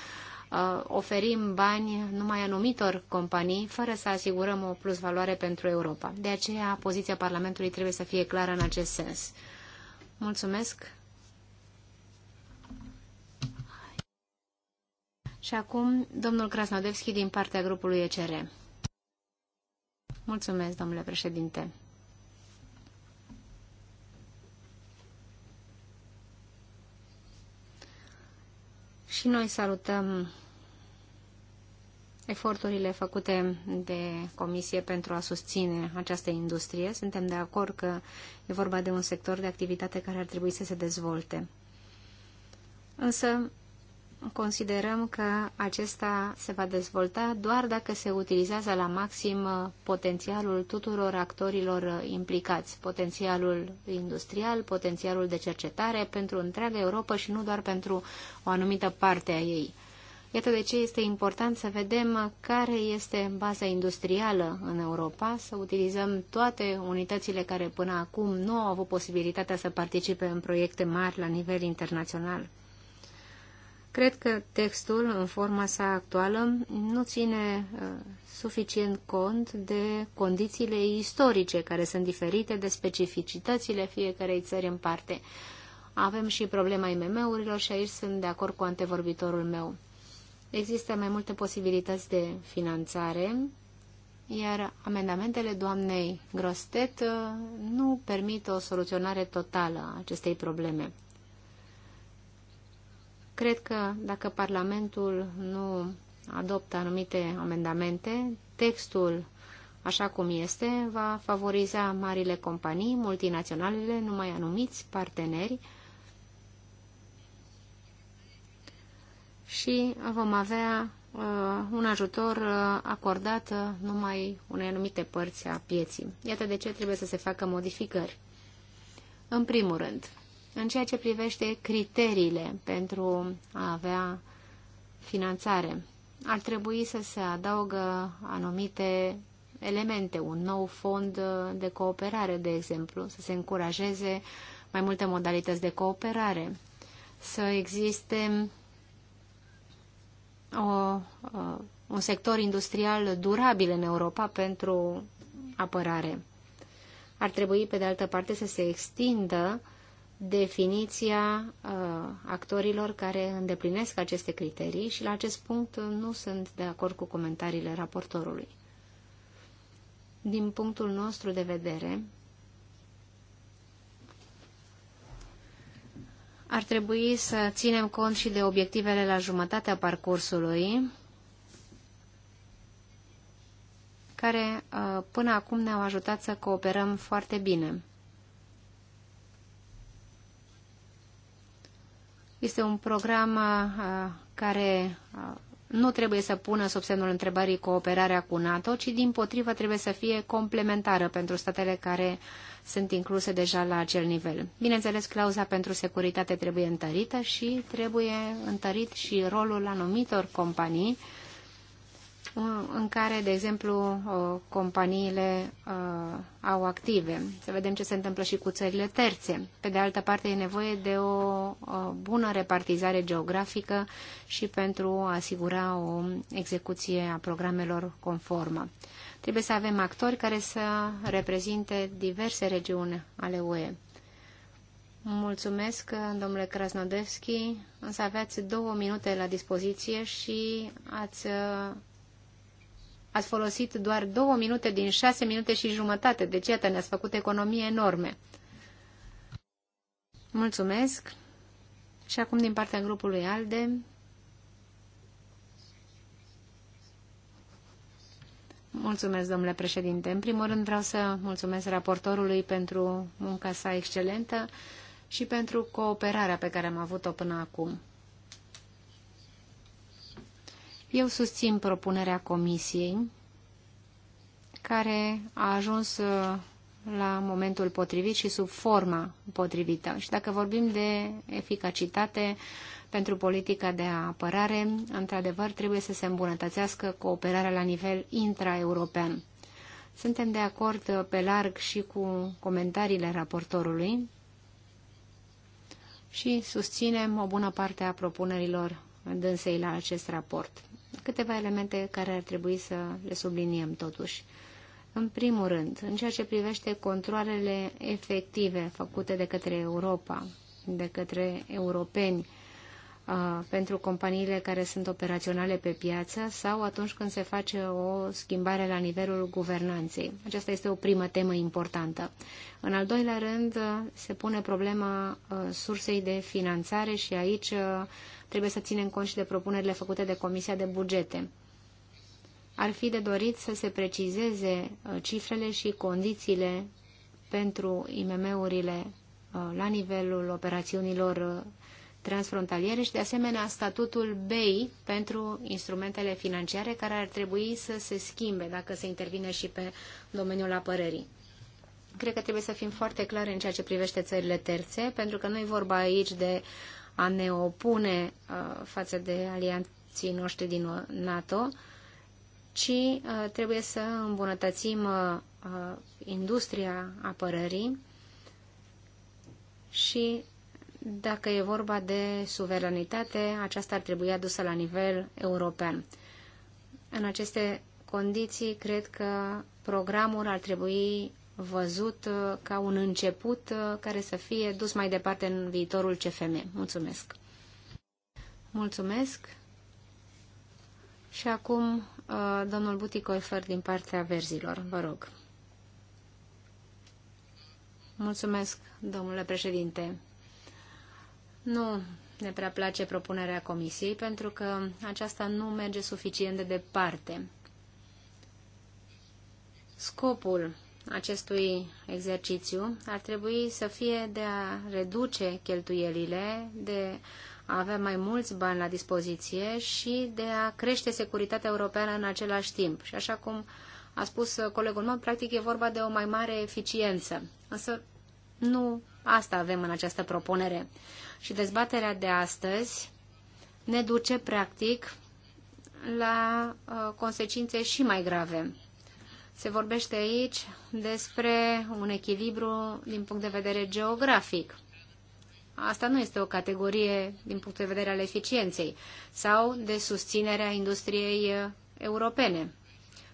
uh, oferim bani numai anumitor companii fără să asigurăm o plusvaloare pentru Europa. De aceea poziția Parlamentului trebuie să fie clară în acest sens. Mulțumesc. Și acum, domnul Krasnodevski din partea grupului ECR. Mulțumesc, domnule președinte. Și noi salutăm eforturile făcute de Comisie pentru a susține această industrie. Suntem de acord că e vorba de un sector de activitate care ar trebui să se dezvolte. Însă, considerăm că acesta se va dezvolta doar dacă se utilizează la maxim potențialul tuturor actorilor implicați, potențialul industrial, potențialul de cercetare pentru întreaga Europa și nu doar pentru o anumită parte a ei. Iată de ce este important să vedem care este baza industrială în Europa, să utilizăm toate unitățile care până acum nu au avut posibilitatea să participe în proiecte mari la nivel internațional. Cred că textul, în forma sa actuală, nu ține uh, suficient cont de condițiile istorice care sunt diferite de specificitățile fiecarei țări în parte. Avem și problema IMM-urilor și aici sunt de acord cu antevorbitorul meu. Există mai multe posibilități de finanțare, iar amendamentele doamnei Grostet uh, nu permit o soluționare totală a acestei probleme. Cred că dacă Parlamentul nu adoptă anumite amendamente, textul așa cum este, va favoriza marile companii, multinaționalele, numai anumiți parteneri și vom avea uh, un ajutor uh, acordat uh, numai unei anumite părți a pieții. Iată de ce trebuie să se facă modificări. În primul rând, în ceea ce privește criteriile pentru a avea finanțare. Ar trebui să se adaugă anumite elemente, un nou fond de cooperare, de exemplu, să se încurajeze mai multe modalități de cooperare, să existe o, un sector industrial durabil în Europa pentru apărare. Ar trebui, pe de altă parte, să se extindă uh, definiția uh, actorilor care îndeplinesc aceste criterii și la acest punct nu sunt de acord cu comentariile raportorului. Din punctul nostru de vedere, ar trebui să ținem cont și de obiectivele la jumătatea parcursului, care uh, până acum ne-au ajutat să cooperăm foarte bine. Este un program care nu trebuie să pună sub semnul întrebării cooperarea cu NATO, ci din potrivă trebuie să fie complementară pentru statele care sunt incluse deja la acel nivel. Bineînțeles, clauza pentru securitate trebuie întărită și trebuie întărit și rolul anumitor companii uh, Uh, în care, de exemplu, uh, companiile uh, au active. Să vedem ce se întâmplă și cu țările terțe. Pe de altă parte, e nevoie de o bună repartizare geografică și pentru a asigura o execuție a programelor conformă. Trebuie să avem actori care să reprezinte diverse regiuni ale UE. Mulțumesc, domnule Krasnodevski, însă aveați două minute la dispoziție și ați Ați folosit doar două minute din șase minute și jumătate, deci iată, ne-ați făcut economie enorme. Mulțumesc. Și acum din partea grupului ALDE. Mulțumesc, domnule președinte. În primul rând vreau să mulțumesc raportorului pentru munca sa excelentă și pentru cooperarea pe care am avut-o până acum. Eu susțin propunerea comisiei care a ajuns uh, la momentul potrivit și sub forma potrivită. Și dacă vorbim de eficacitate pentru politica de apărare, într-adevăr trebuie să se îmbunătățească cooperarea la nivel intraeuropean. Suntem de acord uh, pe larg și cu comentariile raportorului și susținem o bună parte a propunerilor dânsei la acest raport câteva elemente care ar trebui să le subliniem totuși. În primul rând, în ceea ce privește controlele efective făcute de către Europa, de către europeni, pentru companiile care sunt operaționale pe piață sau atunci când se face o schimbare la nivelul guvernanței. Aceasta este o primă temă importantă. În al doilea rând, se pune problema sursei de finanțare și aici trebuie să ținem cont și de propunerile făcute de Comisia de Bugete. Ar fi de dorit să se precizeze cifrele și condițiile pentru IMM-urile la nivelul operațiunilor transfrontaliere și, de asemenea, statutul BEI pentru instrumentele financiare care ar trebui să se schimbe dacă se intervine și pe domeniul apărării. Cred că trebuie să fim foarte clari în ceea ce privește țările terțe, pentru că nu e vorba aici de a ne opune uh, față de alianții noștri din NATO, ci uh, trebuie să îmbunătățim uh, uh industria apărării și dacă e vorba de suveranitate, aceasta ar trebui adusă la nivel european. În aceste condiții, cred că programul ar trebui văzut uh, ca un început uh, care să fie dus mai departe în viitorul CFM. Mulțumesc! Mulțumesc! Și acum, uh, domnul Buticoifer din partea verzilor, vă rog. Mulțumesc, domnule președinte. Nu ne prea place propunerea comisiei pentru că aceasta nu merge suficient de departe. Scopul acestui exercițiu ar trebui să fie de a reduce cheltuielile, de a avea mai mulți bani la dispoziție și de a crește securitatea europeană în același timp. Și așa cum a spus colegul meu, practic e vorba de o mai mare eficiență. Însă nu Asta avem în această propunere. Și dezbaterea de astăzi ne duce, practic, la uh, consecințe și mai grave. Se vorbește aici despre un echilibru din punct de vedere geografic. Asta nu este o categorie din punct de vedere al eficienței sau de susținerea industriei uh, europene.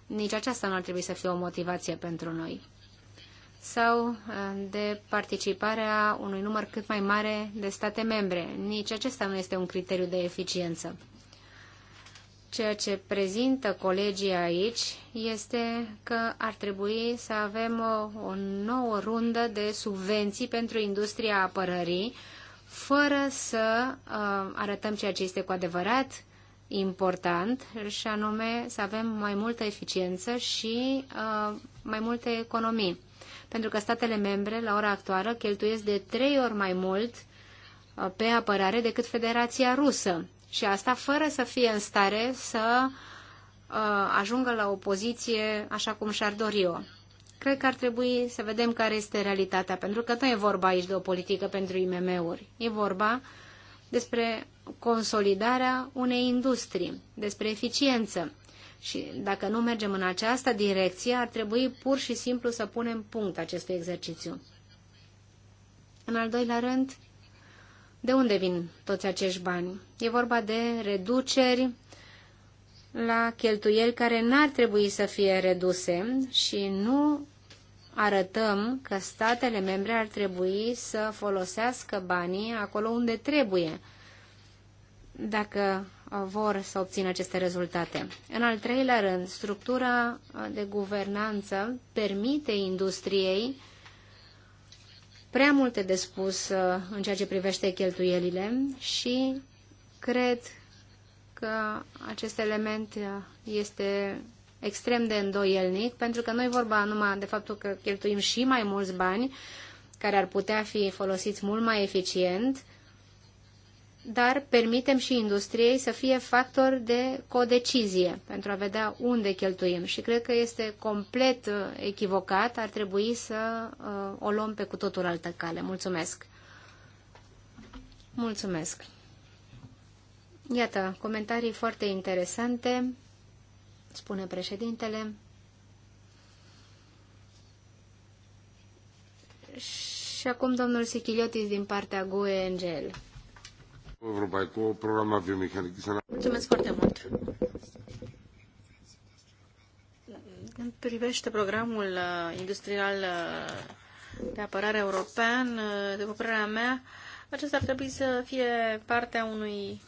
Nici aceasta nu ar trebui să fie o motivație pentru noi sau uh, de participarea unui număr cât mai mare de state membre. Nici acesta nu este un criteriu de eficiență. Ceea ce prezintă colegii aici este că ar trebui să avem o, o nouă rundă de subvenții pentru industria apărării, fără să uh, arătăm ceea ce este cu adevărat important, și anume să avem mai multă eficiență și uh, mai multe economii pentru că statele membre, la ora actuală, cheltuiesc de trei ori mai mult uh, pe apărare decât Federația Rusă. Și asta fără să fie în stare să uh, ajungă la o poziție așa cum și-ar dori eu. Cred că ar trebui să vedem care este realitatea, pentru că nu e vorba aici de o politică pentru IMM-uri. E vorba despre consolidarea unei industrii, despre eficiență. Și dacă nu mergem în această direcție, ar trebui pur și simplu să punem punct acestui exercițiu. În al doilea rând, de unde vin toți acești bani? E vorba de reduceri la cheltuieli care n-ar trebui să fie reduse și nu arătăm că statele membre ar trebui să folosească banii acolo unde trebuie. Dacă vor să obțină aceste rezultate. În al treilea rând, structura de guvernanță permite industriei prea multe de spus uh, în ceea ce privește cheltuielile și cred că acest element uh, este extrem de îndoielnic, pentru că nu e vorba numai de faptul că cheltuim și mai mulți bani, care ar putea fi folosiți mult mai eficient, dar permitem și industriei să fie factor de codecizie pentru a vedea unde cheltuim. Și cred că este complet uh, echivocat, ar trebui să uh, o luăm pe cu totul altă cale. Mulțumesc! Mulțumesc! Iată, comentarii foarte interesante, spune președintele. Și acum domnul Sichiliotis din partea GUE-NGL. Mulțumesc foarte mult. Când privește programul uh, industrial uh, de apărare european, uh, după părerea mea, acesta ar trebui să fie partea unui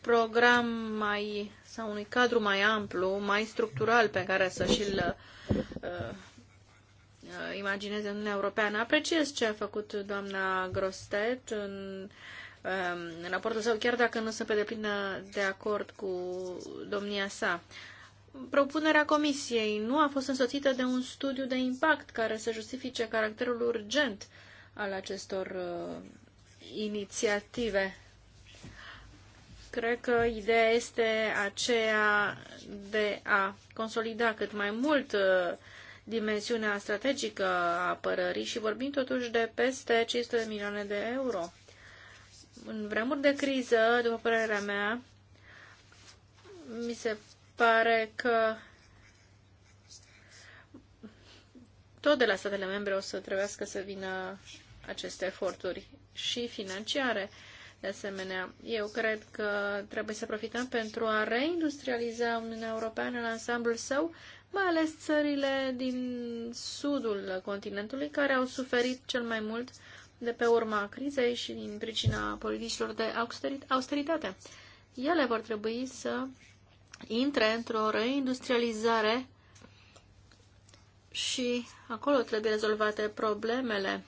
program mai sau unui cadru mai amplu, mai structural pe care să și-l uh, imagineze în Uniunea Europeană. Apreciez ce a făcut doamna Grostet în uh, Um, în raportul său, chiar dacă nu sunt pe deplin de acord cu domnia sa. Propunerea comisiei nu a fost însoțită de un studiu de impact care să justifice caracterul urgent al acestor uh, inițiative. Cred că ideea este aceea de a consolida cât mai mult uh, dimensiunea strategică a apărării și vorbim totuși de peste 500 de milioane de euro în vremuri de criză, după părerea mea, mi se pare că tot de la statele membre o să trebuiască să vină aceste eforturi și financiare. De asemenea, eu cred că trebuie să profităm pentru a reindustrializa Uniunea Europeană în ansamblul său, mai ales țările din sudul continentului care au suferit cel mai mult uh, de pe urma crizei și din pricina politicilor de austeritate. Ele vor trebui să intre într-o reindustrializare și acolo trebuie rezolvate problemele.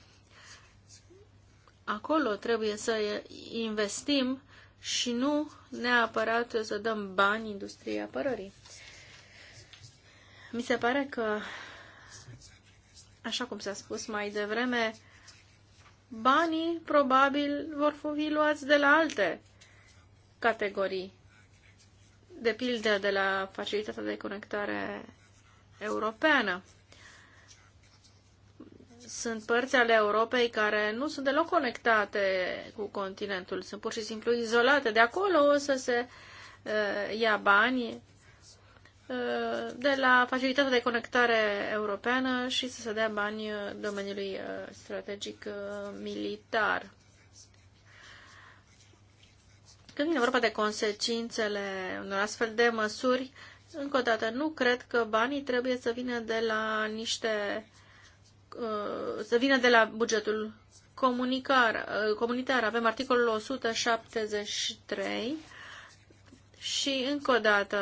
Acolo trebuie să investim și nu neapărat să dăm bani industriei apărării. Mi se pare că, așa cum s-a spus mai devreme, banii probabil vor fi luați de la alte categorii. De pildă de la Facilitatea de Conectare Europeană. Sunt părți ale Europei care nu sunt deloc conectate cu continentul, sunt pur și simplu izolate. De acolo o să se eh, ia bani de la Facilitatea de Conectare Europeană și să se dea bani domeniului uh, strategic uh, militar. Când vine vorba de consecințele unor astfel de măsuri, încă o dată, nu cred că banii trebuie să vină de la niște uh, să vină de la bugetul comunicar, comunitar. Avem articolul 173 și, încă o dată,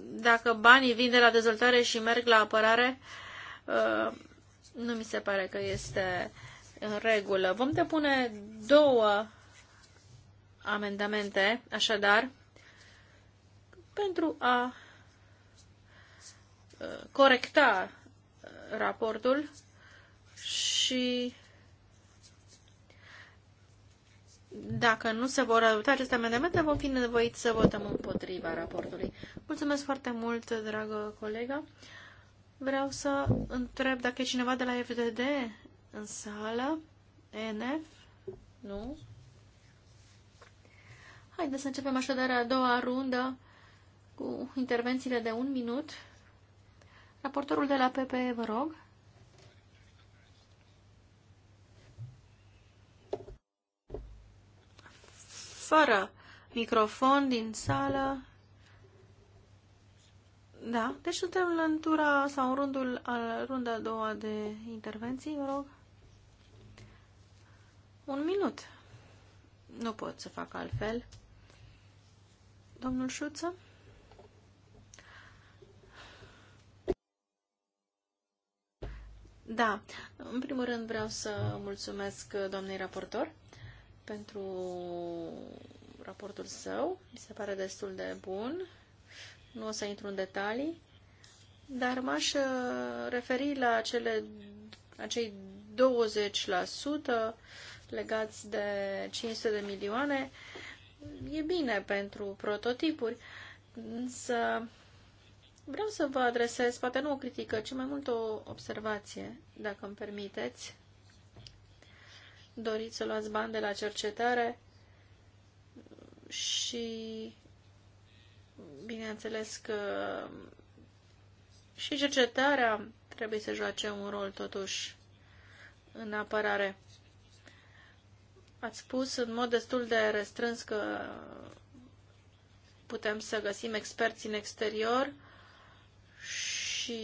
dacă banii vin de la dezvoltare și merg la apărare, uh, nu mi se pare că este în regulă. Vom depune două amendamente, așadar, pentru a uh, corecta uh, raportul și dacă nu se vor adopta aceste amendamente, vom fi nevoiți să votăm împotriva raportului. Mulțumesc foarte mult, dragă colegă. Vreau să întreb dacă e cineva de la FDD în sală, ENF, nu? Haideți să începem așadar a doua rundă cu intervențiile de un minut. Raportorul de la PPE, vă rog. fără microfon din sală. Da, deci suntem în tura sau în rândul, al, runda a doua de intervenții, vă rog. Un minut. Nu pot să fac altfel. Domnul Șuță? Da, în primul rând vreau să mulțumesc doamnei raportor pentru raportul său. Mi se pare destul de bun. Nu o să intru în detalii, dar m-aș uh, referi la cele, acei 20% legați de 500 de milioane. E bine pentru prototipuri, însă vreau să vă adresez, poate nu o critică, ci mai mult o observație, dacă îmi permiteți doriți să luați bani de la cercetare și bineînțeles că și cercetarea trebuie să joace un rol totuși în apărare. Ați spus în mod destul de restrâns că putem să găsim experți în exterior și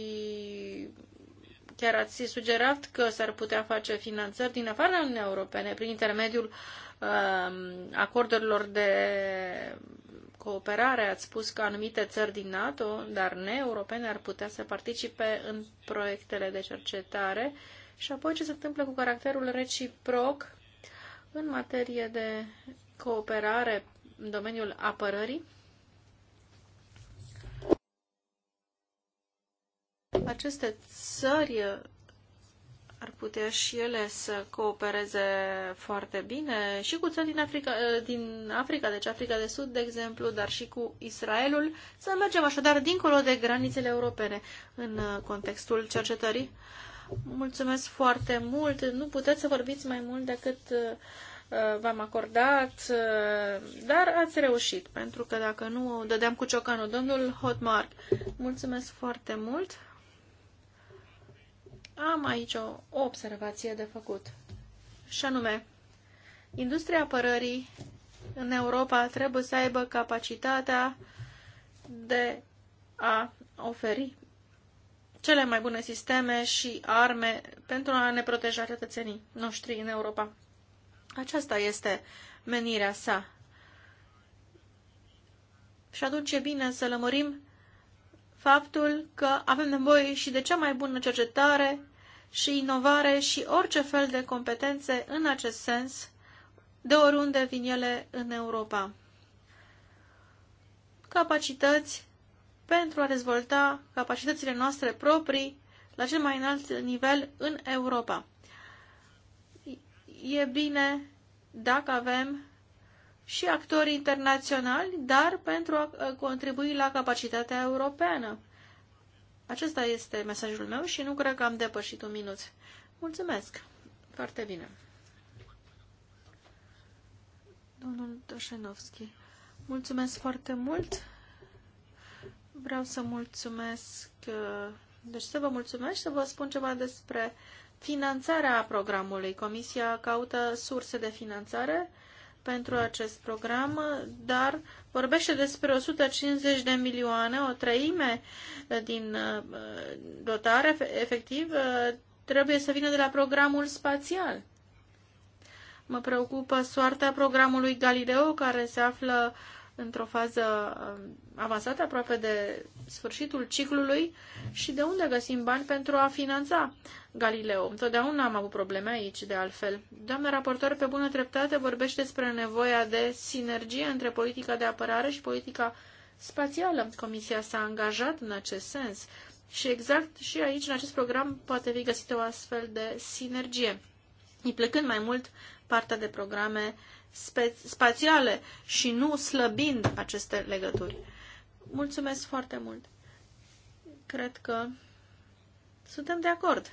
Chiar ați sugerat că s-ar putea face finanțări din afara Uniunii Europene prin intermediul um, acordurilor de cooperare. Ați spus că anumite țări din NATO, dar ne-europene, ar putea să participe în proiectele de cercetare. Și apoi ce se întâmplă cu caracterul reciproc în materie de cooperare în domeniul apărării? Aceste țări uh, ar putea și ele să coopereze foarte bine și cu țări din Africa, uh, din Africa, deci Africa de Sud, de exemplu, dar și cu Israelul, să mergem așadar dincolo de granițele europene în uh, contextul cercetării. Mulțumesc foarte mult! Nu puteți să vorbiți mai mult decât v-am acordat, dar ați reușit, pentru că dacă nu, dădeam cu ciocanul. Domnul Hotmark, mulțumesc foarte mult! Am aici o, observație de făcut. Și anume, industria apărării în Europa trebuie să aibă capacitatea de a oferi cele mai bune sisteme și arme pentru a ne proteja cetățenii noștri în Europa. Aceasta este menirea sa. Și atunci e bine să lămurim faptul că avem nevoie și de cea mai bună cercetare și inovare și orice fel de competențe în acest sens, de oriunde vin ele în Europa. Capacități pentru a dezvolta capacitățile noastre proprii la cel mai înalt nivel în Europa. E bine dacă avem și actori internaționali, dar pentru a contribui la capacitatea europeană. Acesta este mesajul meu și nu cred că am depășit un minut. Mulțumesc! Foarte bine! Domnul Toșenovski, mulțumesc foarte mult! Vreau să mulțumesc, uh, deci să vă mulțumesc și să vă spun ceva despre finanțarea programului. Comisia caută surse de finanțare pentru acest program, dar vorbește despre 150 de milioane, o treime din uh, dotare, efectiv, uh, trebuie să vină de la programul spațial. Mă preocupă soarta programului Galileo, care se află uh, într-o fază um, avansată, aproape de sfârșitul ciclului și de unde găsim bani pentru a finanța Galileo. Întotdeauna am avut probleme aici, de altfel. Doamna raportor, pe bună treptate, vorbește despre nevoia de sinergie între politica de apărare și politica spațială. Comisia s-a angajat în acest sens și exact și aici, în acest program, poate fi găsită o astfel de sinergie, implicând mai mult partea de programe uh, spațiale și nu slăbind aceste legături. Mulțumesc foarte mult! Cred că suntem de acord.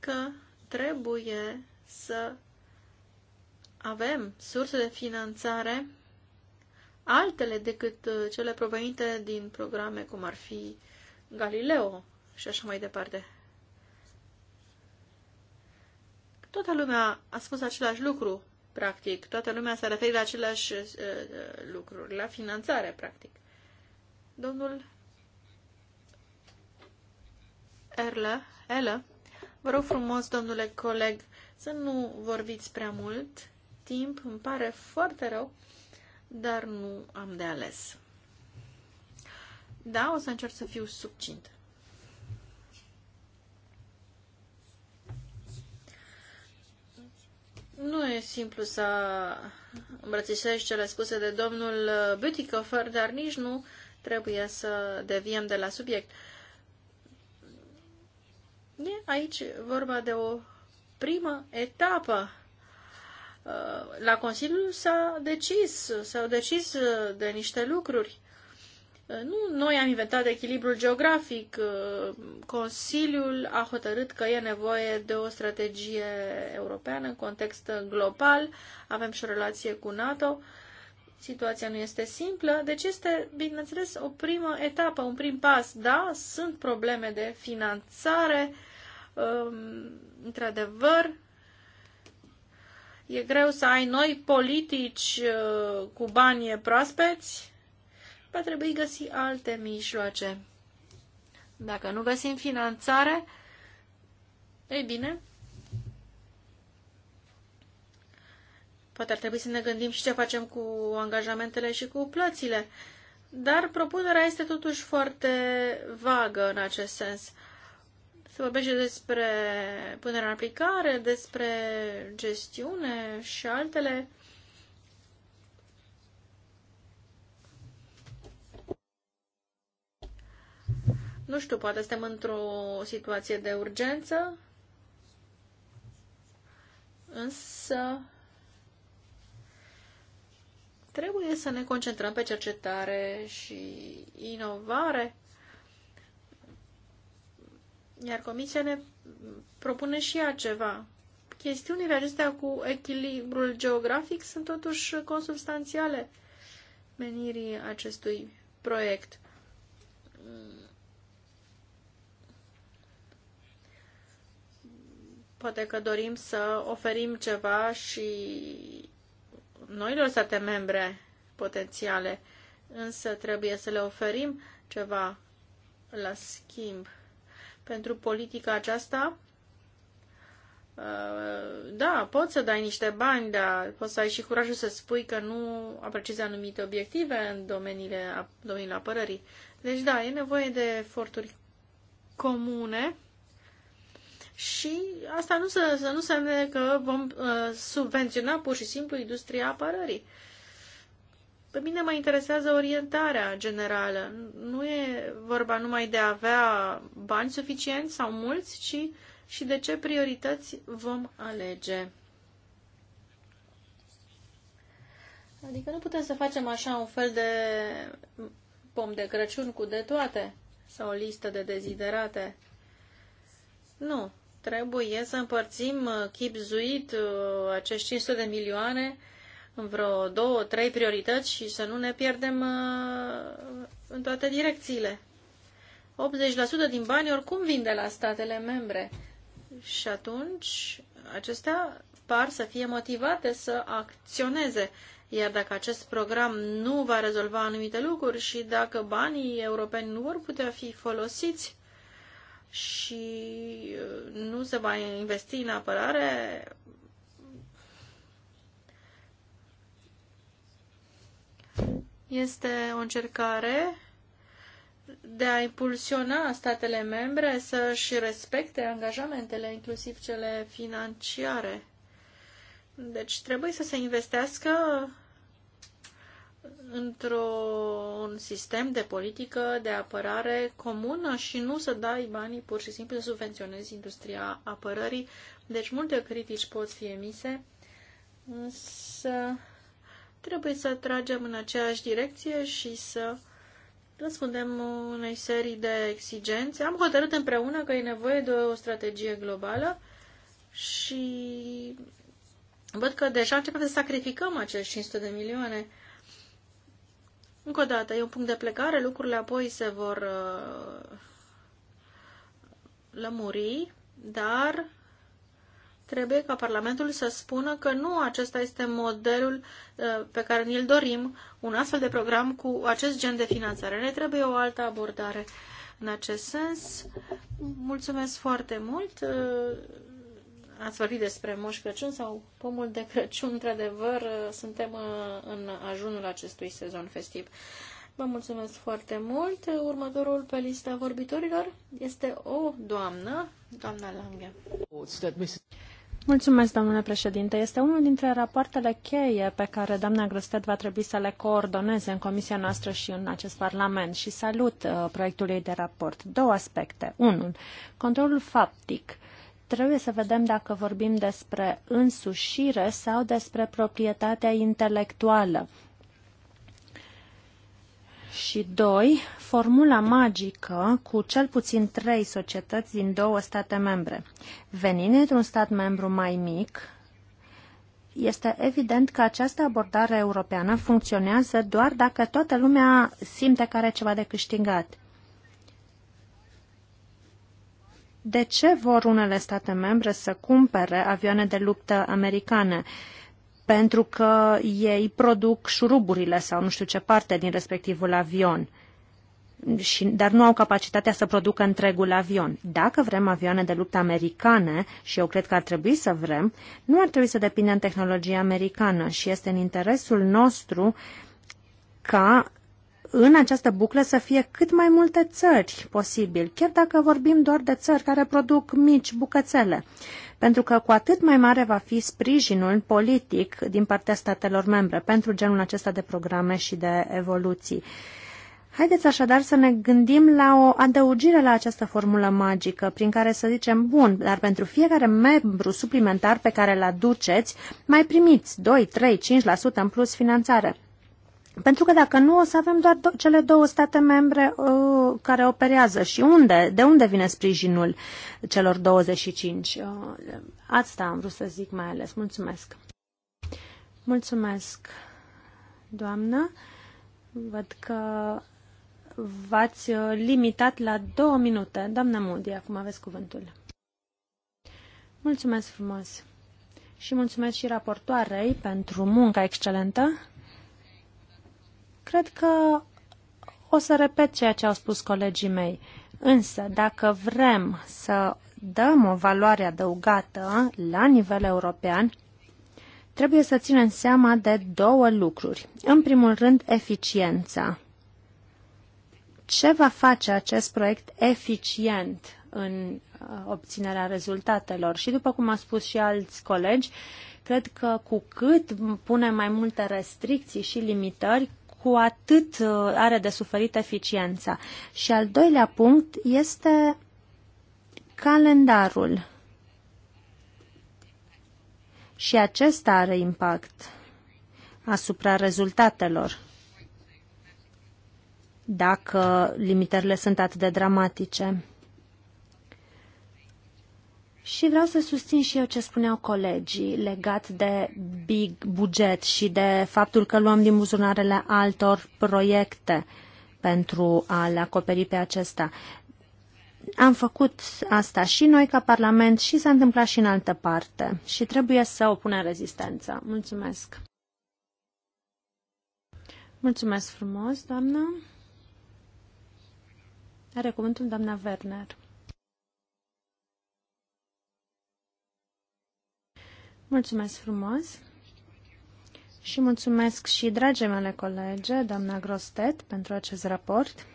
Că trebuie să avem surse de finanțare altele decât uh, cele provenite din programe cum ar fi Galileo și așa mai departe. Toată lumea a spus același lucru, practic. Toată lumea s-a referit la aceleași uh, uh lucruri, la finanțare, practic. Domnul Erlă, Elă, vă rog frumos, domnule coleg, să nu vorbiți prea mult timp. Îmi pare foarte rău, dar nu am de ales. Da, o să încerc să fiu subcintă. Nu e simplu să îmbrățișești cele spuse de domnul Butikofer, dar nici nu trebuie să deviem de la subiect. E aici vorba de o primă etapă. Uh, la Consiliu s-a decis, s-au decis de niște lucruri Uh, nu noi am inventat echilibrul geografic. Uh, Consiliul a hotărât că e nevoie de o strategie europeană în context global. Avem și o relație cu NATO. Situația nu este simplă, deci este, bineînțeles, o primă etapă, un prim pas. Da, sunt probleme de finanțare, um, într-adevăr, e greu să ai noi politici uh, cu bani proaspeți, va trebui găsi alte mijloace. Dacă nu găsim finanțare, ei bine, poate ar trebui să ne gândim și ce facem cu angajamentele și cu plățile. Dar propunerea este totuși foarte vagă în acest sens. Se vorbește despre punerea în aplicare, despre gestiune și altele. Nu știu, poate suntem într-o situație de urgență, însă trebuie să ne concentrăm pe cercetare și inovare. Iar comisia ne propune și ea ceva. Chestiunile acestea cu echilibrul geografic sunt totuși consubstanțiale menirii acestui proiect. Poate că dorim să oferim ceva și noilor state membre potențiale, însă trebuie să le oferim ceva la schimb. Pentru politica aceasta, uh, da, poți să dai niște bani, dar poți să ai și curajul să spui că nu apreciezi anumite obiective în domeniile, domeniul apărării. Deci, da, e nevoie de eforturi comune și asta nu să, să nu semne că vom uh, subvenționa pur și simplu industria apărării. Pe mine mă interesează orientarea generală. Nu e vorba numai de a avea bani suficienți sau mulți, ci și de ce priorități vom alege. Adică nu putem să facem așa un fel de pom de Crăciun cu de toate sau o listă de deziderate. Nu trebuie să împărțim uh, chipzuit uh, acești 500 de milioane în vreo două, trei priorități și să nu ne pierdem uh, în toate direcțiile. 80% din bani oricum vin de la statele membre și atunci acestea par să fie motivate să acționeze. Iar dacă acest program nu va rezolva anumite lucruri și dacă banii europeni nu vor putea fi folosiți și uh, nu se va investi în apărare, este o încercare de a impulsiona statele membre să-și respecte angajamentele, inclusiv cele financiare. Deci trebuie să se investească într-un sistem de politică de apărare comună și nu să dai banii pur și simplu să subvenționezi industria apărării. Deci multe critici pot fi emise, însă trebuie să tragem în aceeași direcție și să răspundem unei serii de exigențe. Am hotărât împreună că e nevoie de o strategie globală și văd că deja începem să sacrificăm acești 500 de milioane încă o dată, e un punct de plecare, lucrurile apoi se vor uh, lămuri, dar trebuie ca Parlamentul să spună că nu acesta este modelul uh, pe care ni-l dorim, un astfel de program cu acest gen de finanțare. Ne trebuie o altă abordare în acest sens. Mulțumesc foarte mult. Uh, ați vorbit despre Moș Crăciun sau pomul de Crăciun. Într-adevăr, suntem uh, în ajunul acestui sezon festiv. Vă mulțumesc foarte mult. Următorul pe lista vorbitorilor este o doamnă, doamna Lange. Mulțumesc, domnule președinte. Este unul dintre rapoartele cheie pe care doamna Grostet va trebui să le coordoneze în comisia noastră și în acest parlament și salut uh, proiectul ei de raport. Două aspecte. Unul, controlul faptic trebuie să vedem dacă vorbim despre însușire sau despre proprietatea intelectuală. Și doi, formula magică cu cel puțin trei societăți din două state membre. Venind într-un stat membru mai mic, este evident că această abordare europeană funcționează doar dacă toată lumea simte că are ceva de câștigat. De ce vor unele state membre să cumpere avioane de luptă americane? Pentru că ei produc șuruburile sau nu știu ce parte din respectivul avion. Și, dar nu au capacitatea să producă întregul avion. Dacă vrem avioane de luptă americane, și eu cred că ar trebui să vrem, nu ar trebui să depindem tehnologia americană și este în interesul nostru ca în această buclă să fie cât mai multe țări posibil, chiar dacă vorbim doar de țări care produc mici bucățele, pentru că cu atât mai mare va fi sprijinul politic din partea statelor membre pentru genul acesta de programe și de evoluții. Haideți așadar să ne gândim la o adăugire la această formulă magică, prin care să zicem, bun, dar pentru fiecare membru suplimentar pe care îl aduceți, mai primiți 2, 3, 5% în plus finanțare. Pentru că dacă nu, o să avem doar do- cele două state membre uh, care operează. Și unde? De unde vine sprijinul celor 25? Uh, asta am vrut să zic mai ales. Mulțumesc. Mulțumesc, doamnă. Văd că v-ați uh, limitat la două minute. Doamna Moody, acum aveți cuvântul. Mulțumesc frumos. Și mulțumesc și raportoarei pentru munca excelentă. Cred că o să repet ceea ce au spus colegii mei. Însă, dacă vrem să dăm o valoare adăugată la nivel european, trebuie să ținem seama de două lucruri. În primul rând, eficiența. Ce va face acest proiect eficient în uh, obținerea rezultatelor? Și după cum a spus și alți colegi, cred că cu cât punem mai multe restricții și limitări, cu atât uh, are de suferit eficiența. Și al doilea punct este calendarul. Și acesta are impact asupra rezultatelor, dacă limitările sunt atât de dramatice. Și vreau să susțin și eu ce spuneau colegii legat de big buget și de faptul că luăm din buzunarele altor proiecte pentru a le acoperi pe acesta. Am făcut asta și noi ca Parlament și s-a întâmplat și în altă parte și trebuie să opunem rezistența. Mulțumesc! Mulțumesc frumos, doamnă! Are cuvântul doamna Werner. Mulțumesc frumos și mulțumesc și drage mele colege, doamna Grostet, pentru acest raport.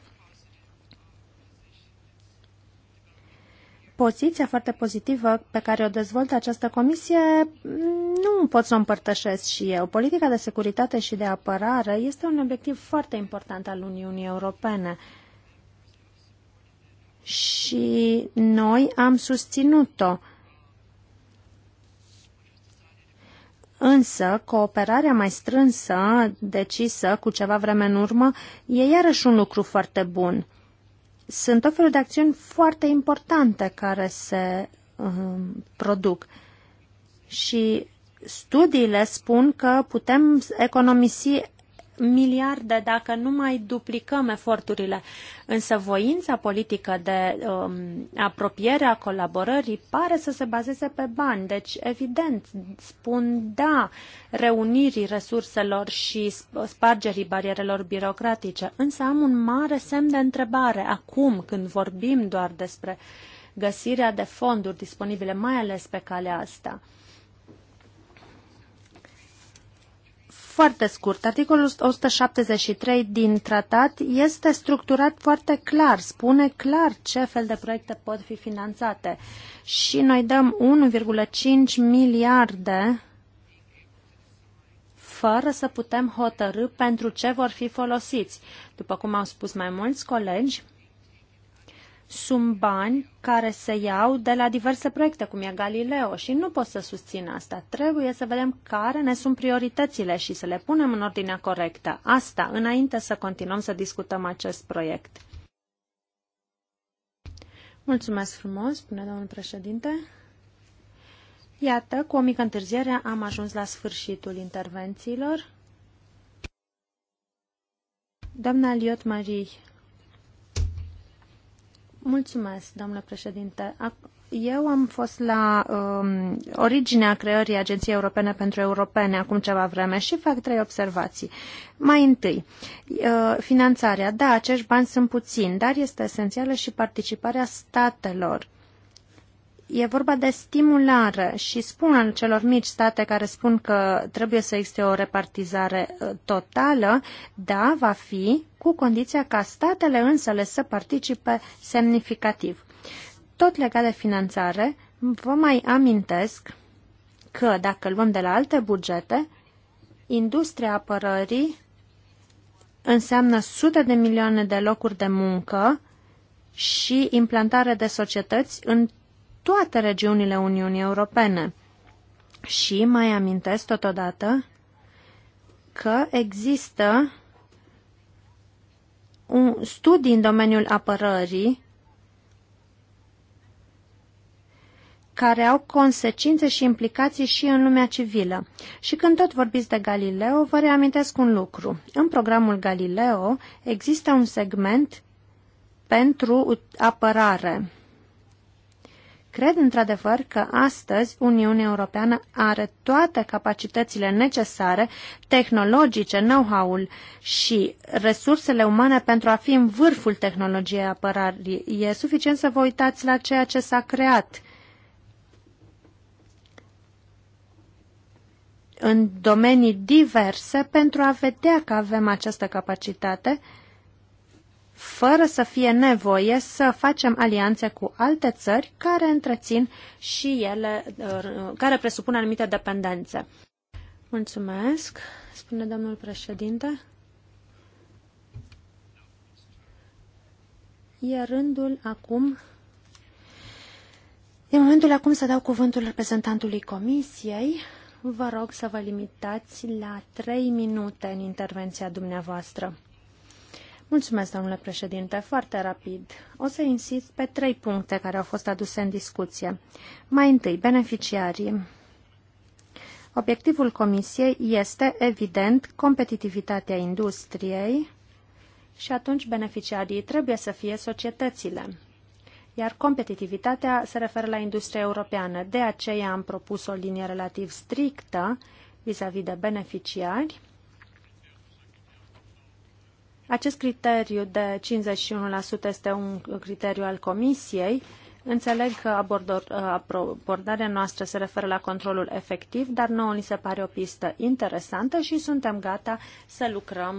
Poziția foarte pozitivă pe care o dezvoltă această comisie nu pot să o împărtășesc și eu. Politica de securitate și de apărare este un obiectiv foarte important al Uniunii Europene și noi am susținut-o Însă, cooperarea mai strânsă, decisă cu ceva vreme în urmă, e iarăși un lucru foarte bun. Sunt o felul de acțiuni foarte importante care se uh, produc. Și studiile spun că putem economisi miliarde dacă nu mai duplicăm eforturile. Însă voința politică de um, apropiere a colaborării pare să se bazeze pe bani. Deci, evident, spun da reunirii resurselor și spargerii barierelor birocratice. Însă am un mare semn de întrebare acum când vorbim doar despre găsirea de fonduri disponibile, mai ales pe calea asta. foarte scurt. Articolul 173 din tratat este structurat foarte clar, spune clar ce fel de proiecte pot fi finanțate și noi dăm 1,5 miliarde fără să putem hotărâ pentru ce vor fi folosiți. După cum au spus mai mulți colegi, sunt bani care se iau de la diverse proiecte, cum e Galileo, și nu pot să susțin asta. Trebuie să vedem care ne sunt prioritățile și să le punem în ordinea corectă. Asta, înainte să continuăm să discutăm acest proiect. Mulțumesc frumos, spune domnul președinte. Iată, cu o mică întârziere am ajuns la sfârșitul intervențiilor. Doamna Liot Marie Mulțumesc, domnule președinte. Eu am fost la um, originea creării Agenției Europene pentru Europene acum ceva vreme și fac trei observații. Mai întâi, uh, finanțarea. Da, acești bani sunt puțini, dar este esențială și participarea statelor E vorba de stimulare și spun celor mici state care spun că trebuie să existe o repartizare uh, totală, da, va fi, cu condiția ca statele însele să participe semnificativ. Tot legat de finanțare, vă mai amintesc că, dacă luăm de la alte bugete, industria apărării înseamnă sute de milioane de locuri de muncă și implantare de societăți în toate regiunile Uniunii Europene. Și mai amintesc totodată că există un studii în domeniul apărării care au consecințe și implicații și în lumea civilă. Și când tot vorbiți de Galileo, vă reamintesc un lucru. În programul Galileo există un segment pentru apărare. Cred într-adevăr că astăzi Uniunea Europeană are toate capacitățile necesare, tehnologice, know-how-ul și resursele umane pentru a fi în vârful tehnologiei apărării. E suficient să vă uitați la ceea ce s-a creat. în domenii diverse pentru a vedea că avem această capacitate fără să fie nevoie să facem alianțe cu alte țări care întrețin și ele, uh, care presupun anumite dependențe. Mulțumesc, spune domnul președinte. E rândul acum. E momentul acum să dau cuvântul reprezentantului Comisiei. Vă rog să vă limitați la trei minute în intervenția dumneavoastră. Mulțumesc, domnule președinte. Foarte rapid. O să insist pe trei puncte care au fost aduse în discuție. Mai întâi, beneficiarii. Obiectivul Comisiei este, evident, competitivitatea industriei și atunci beneficiarii trebuie să fie societățile. Iar competitivitatea se referă la industria europeană. De aceea am propus o linie relativ strictă vis-a-vis -vis de beneficiari acest criteriu de 51% este un criteriu al Comisiei. Înțeleg că uh, abordarea noastră se referă la controlul efectiv, dar nouă ni se pare o pistă interesantă și suntem gata să lucrăm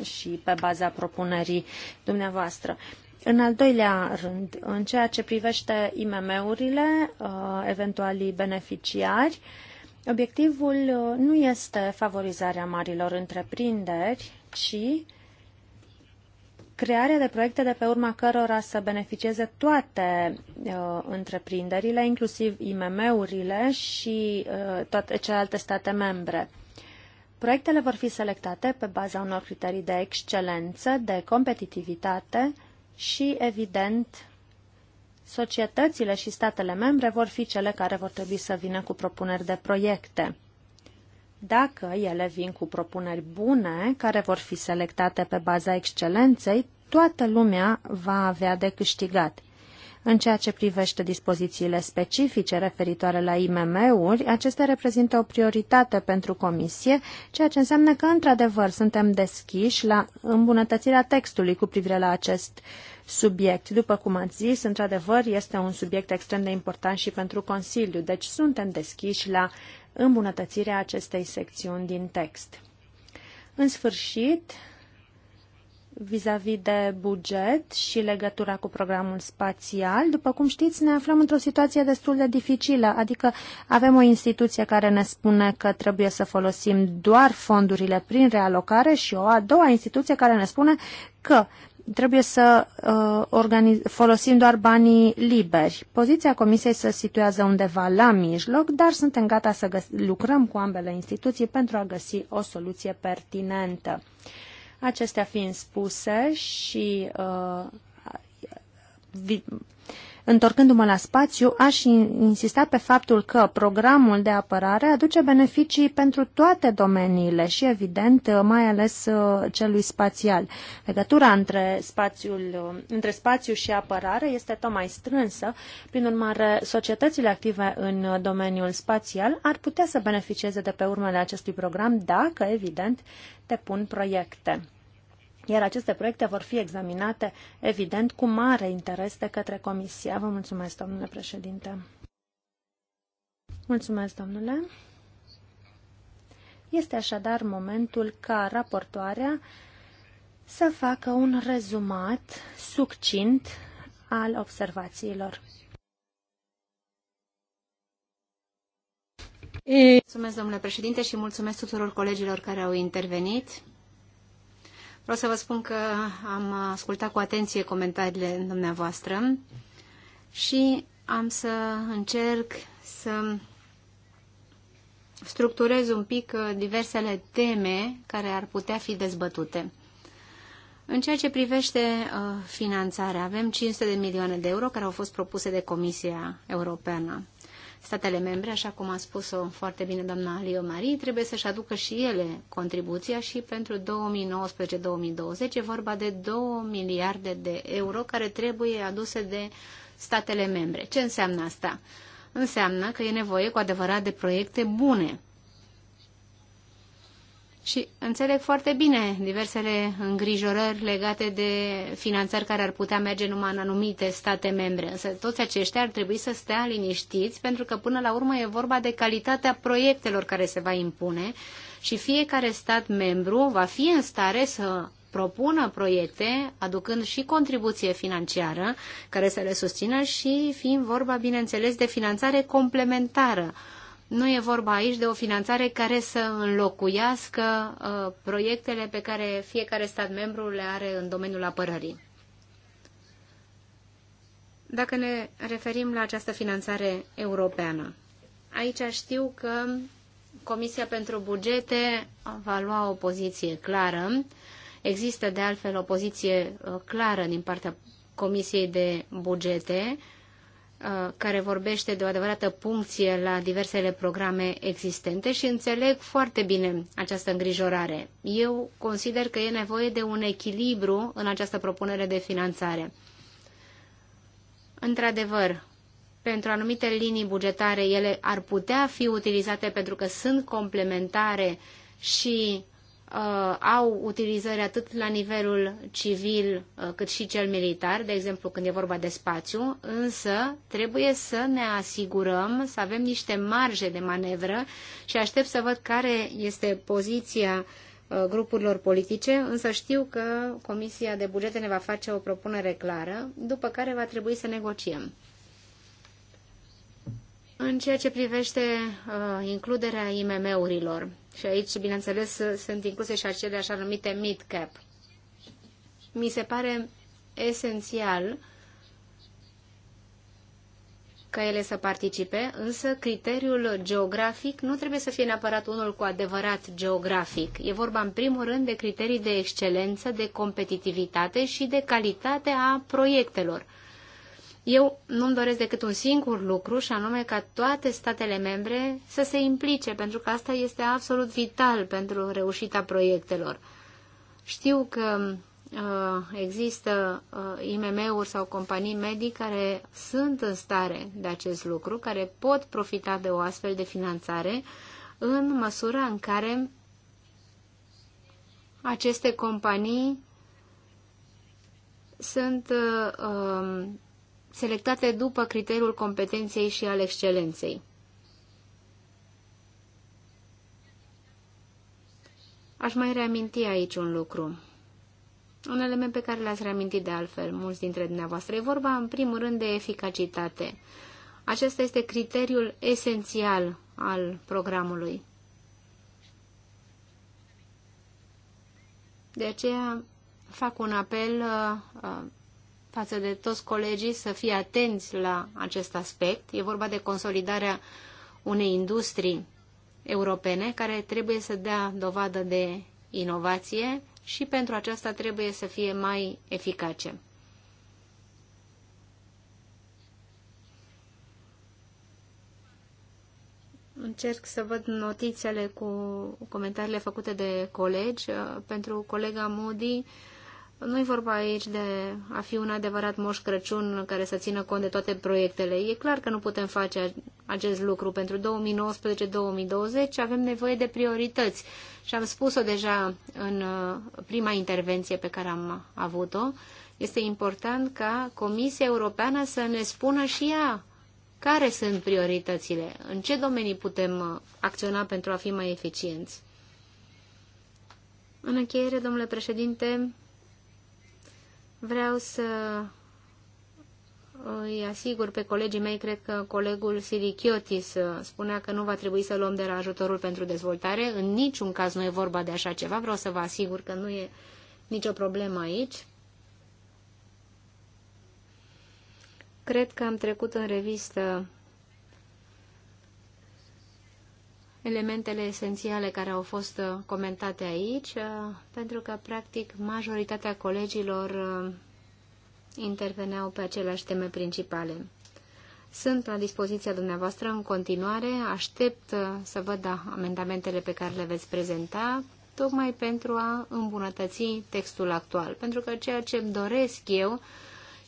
uh, și pe baza propunerii dumneavoastră. În al doilea rând, în ceea ce privește IMM-urile, uh, eventualii beneficiari, obiectivul nu este favorizarea marilor întreprinderi, ci crearea de proiecte de pe urma cărora să beneficieze toate uh, întreprinderile, inclusiv IMM-urile și uh, toate celelalte state membre. Proiectele vor fi selectate pe baza unor criterii de excelență, de competitivitate și, evident, societățile și statele membre vor fi cele care vor trebui să vină cu propuneri de proiecte dacă ele vin cu propuneri bune, care vor fi selectate pe baza excelenței, toată lumea va avea de câștigat. În ceea ce privește dispozițiile specifice referitoare la IMM-uri, acestea reprezintă o prioritate pentru Comisie, ceea ce înseamnă că, într-adevăr, suntem deschiși la îmbunătățirea textului cu privire la acest subiect. După cum ați zis, într-adevăr, este un subiect extrem de important și pentru Consiliu, deci suntem deschiși la îmbunătățirea acestei secțiuni din text. În sfârșit, vis-a-vis -vis de buget și legătura cu programul spațial. După cum știți, ne aflăm într-o situație destul de dificilă, adică avem o instituție care ne spune că trebuie să folosim doar fondurile prin realocare și o a doua instituție care ne spune că trebuie să uh, folosim doar banii liberi. Poziția Comisiei se situează undeva la mijloc, dar suntem gata să lucrăm cu ambele instituții pentru a găsi o soluție pertinentă. Acestea fiind spuse și uh, Întorcându-mă la spațiu, aș insista pe faptul că programul de apărare aduce beneficii pentru toate domeniile și, evident, mai ales uh, celui spațial. Legătura între, spațiul, uh, între spațiu și apărare este tot mai strânsă, prin urmare, societățile active în uh, domeniul spațial ar putea să beneficieze de pe urmele acestui program dacă, evident, depun proiecte iar aceste proiecte vor fi examinate, evident, cu mare interes de către Comisia. Vă mulțumesc, domnule președinte. Mulțumesc, domnule. Este așadar momentul ca raportoarea să facă un rezumat succint al observațiilor. Mulțumesc, domnule președinte, și mulțumesc tuturor colegilor care au intervenit. Vreau să vă spun că am ascultat cu atenție comentariile dumneavoastră și am să încerc să structurez un pic uh, diversele teme care ar putea fi dezbătute. În ceea ce privește uh, finanțarea, avem 500 de milioane de euro care au fost propuse de Comisia Europeană statele membre, așa cum a spus-o foarte bine doamna Leo Marie, trebuie să-și aducă și ele contribuția și pentru 2019-2020 e vorba de 2 miliarde de euro care trebuie aduse de statele membre. Ce înseamnă asta? Înseamnă că e nevoie cu adevărat de proiecte bune și înțeleg foarte bine diversele îngrijorări legate de finanțări care ar putea merge numai în anumite state membre, însă toți aceștia ar trebui să stea liniștiți, pentru că până la urmă e vorba de calitatea proiectelor care se va impune și fiecare stat membru va fi în stare să propună proiecte, aducând și contribuție financiară care să le susțină și fiind vorba, bineînțeles, de finanțare complementară nu e vorba aici de o finanțare care să înlocuiască uh, proiectele pe care fiecare stat membru le are în domeniul apărării. Dacă ne referim la această finanțare europeană, aici știu că Comisia pentru Bugete va lua o poziție clară. Există de altfel o poziție uh, clară din partea Comisiei de Bugete uh, Uh, care vorbește de o adevărată puncție la diversele programe existente și înțeleg foarte bine această îngrijorare. Eu consider că e nevoie de un echilibru în această propunere de finanțare. Într-adevăr, pentru anumite linii bugetare, ele ar putea fi utilizate pentru că sunt complementare și uh, au utilizări atât la nivelul civil uh, cât și cel militar, de exemplu când e vorba de spațiu, însă trebuie să ne asigurăm să avem niște marje de manevră și aștept să văd care este poziția uh, grupurilor politice, însă știu că Comisia de Bugete ne va face o propunere clară, după care va trebui să negociem. În ceea ce privește uh, includerea IMM-urilor, și aici, bineînțeles, sunt incluse și acele așa numite mid-cap, mi se pare esențial ca ele să participe, însă criteriul geografic nu trebuie să fie neapărat unul cu adevărat geografic. E vorba în primul rând de criterii de excelență, de competitivitate și de calitate a proiectelor. Eu nu-mi doresc decât un singur lucru și anume ca toate statele membre să se implice, pentru că asta este absolut vital pentru reușita proiectelor. Știu că uh, există uh, IMM-uri sau companii medii care sunt în stare de acest lucru, care pot profita de o astfel de finanțare în măsura în care aceste companii sunt uh, um, selectate după criteriul competenței și al excelenței. Aș mai reaminti aici un lucru. Un element pe care l-ați reamintit de altfel, mulți dintre dumneavoastră. E vorba, în primul rând, de eficacitate. Acesta este criteriul esențial al programului. De aceea fac un apel uh, uh față de toți colegii să fie atenți la acest aspect. E vorba de consolidarea unei industrii europene care trebuie să dea dovadă de inovație și pentru aceasta trebuie să fie mai eficace. Încerc să văd notițele cu comentariile făcute de colegi. Pentru colega Moody, nu e vorba aici de a fi un adevărat moș Crăciun care să țină cont de toate proiectele. E clar că nu putem face acest lucru. Pentru 2019-2020 avem nevoie de priorități. Și am spus-o deja în uh, prima intervenție pe care am avut-o. Este important ca Comisia Europeană să ne spună și ea care sunt prioritățile, în ce domenii putem uh, acționa pentru a fi mai eficienți. În încheiere, domnule președinte, Vreau să îi asigur pe colegii mei, cred că colegul Sirichiotis uh, spunea că nu va trebui să luăm de la ajutorul pentru dezvoltare. În niciun caz nu e vorba de așa ceva. Vreau să vă asigur că nu e nicio problemă aici. Cred că am trecut în revistă elementele esențiale care au fost uh, comentate aici, uh, pentru că, practic, majoritatea colegilor uh, interveneau pe aceleași teme principale. Sunt la dispoziția dumneavoastră în continuare, aștept să văd da, amendamentele pe care le veți prezenta, tocmai pentru a îmbunătăți textul actual, pentru că ceea ce îmi doresc eu,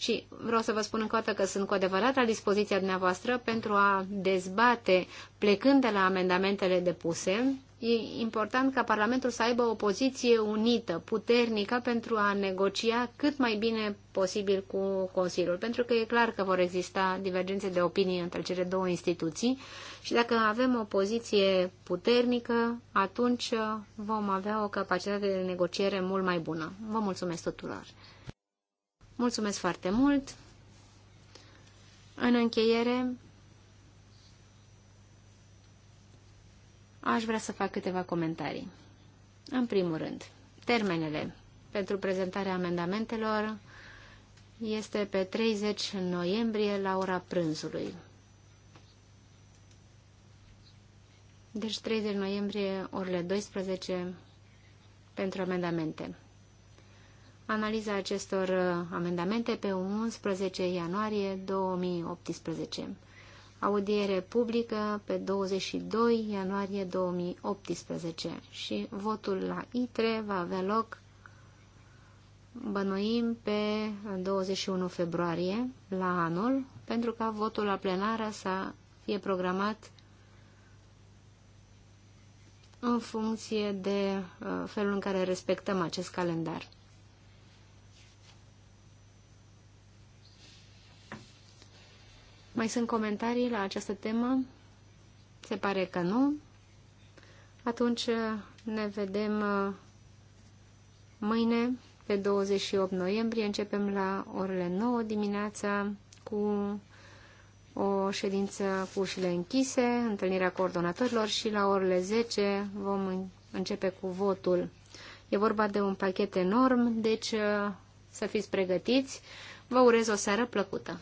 și vreau să vă spun încă o dată că sunt cu adevărat la dispoziția dumneavoastră pentru a dezbate, plecând de la amendamentele depuse, E important ca Parlamentul să aibă o poziție unită, puternică, pentru a negocia cât mai bine posibil cu Consiliul, pentru că e clar că vor exista divergențe de opinie între cele două instituții și dacă avem o poziție puternică, atunci uh, vom avea o capacitate de negociere mult mai bună. Vă mulțumesc tuturor! Mulțumesc foarte mult! În încheiere, aș vrea să fac câteva comentarii. În primul rând, termenele pentru prezentarea amendamentelor este pe 30 noiembrie la ora prânzului. Deci 30 noiembrie, orele 12, pentru amendamente analiza acestor uh, amendamente pe 11 ianuarie 2018. Audiere publică pe 22 ianuarie 2018 și votul la ITRE va avea loc, bănuim, pe 21 februarie la anul, pentru ca votul la plenară să fie programat în funcție de uh, felul în care respectăm acest calendar. Mai sunt comentarii la această temă? Se pare că nu. Atunci uh, ne vedem uh, mâine, pe 28 noiembrie. Începem la orele 9 dimineața cu o ședință cu ușile închise, întâlnirea coordonatorilor și la orele 10 vom începe cu votul. E vorba de un pachet enorm, deci uh, să fiți pregătiți. Vă urez o seară plăcută!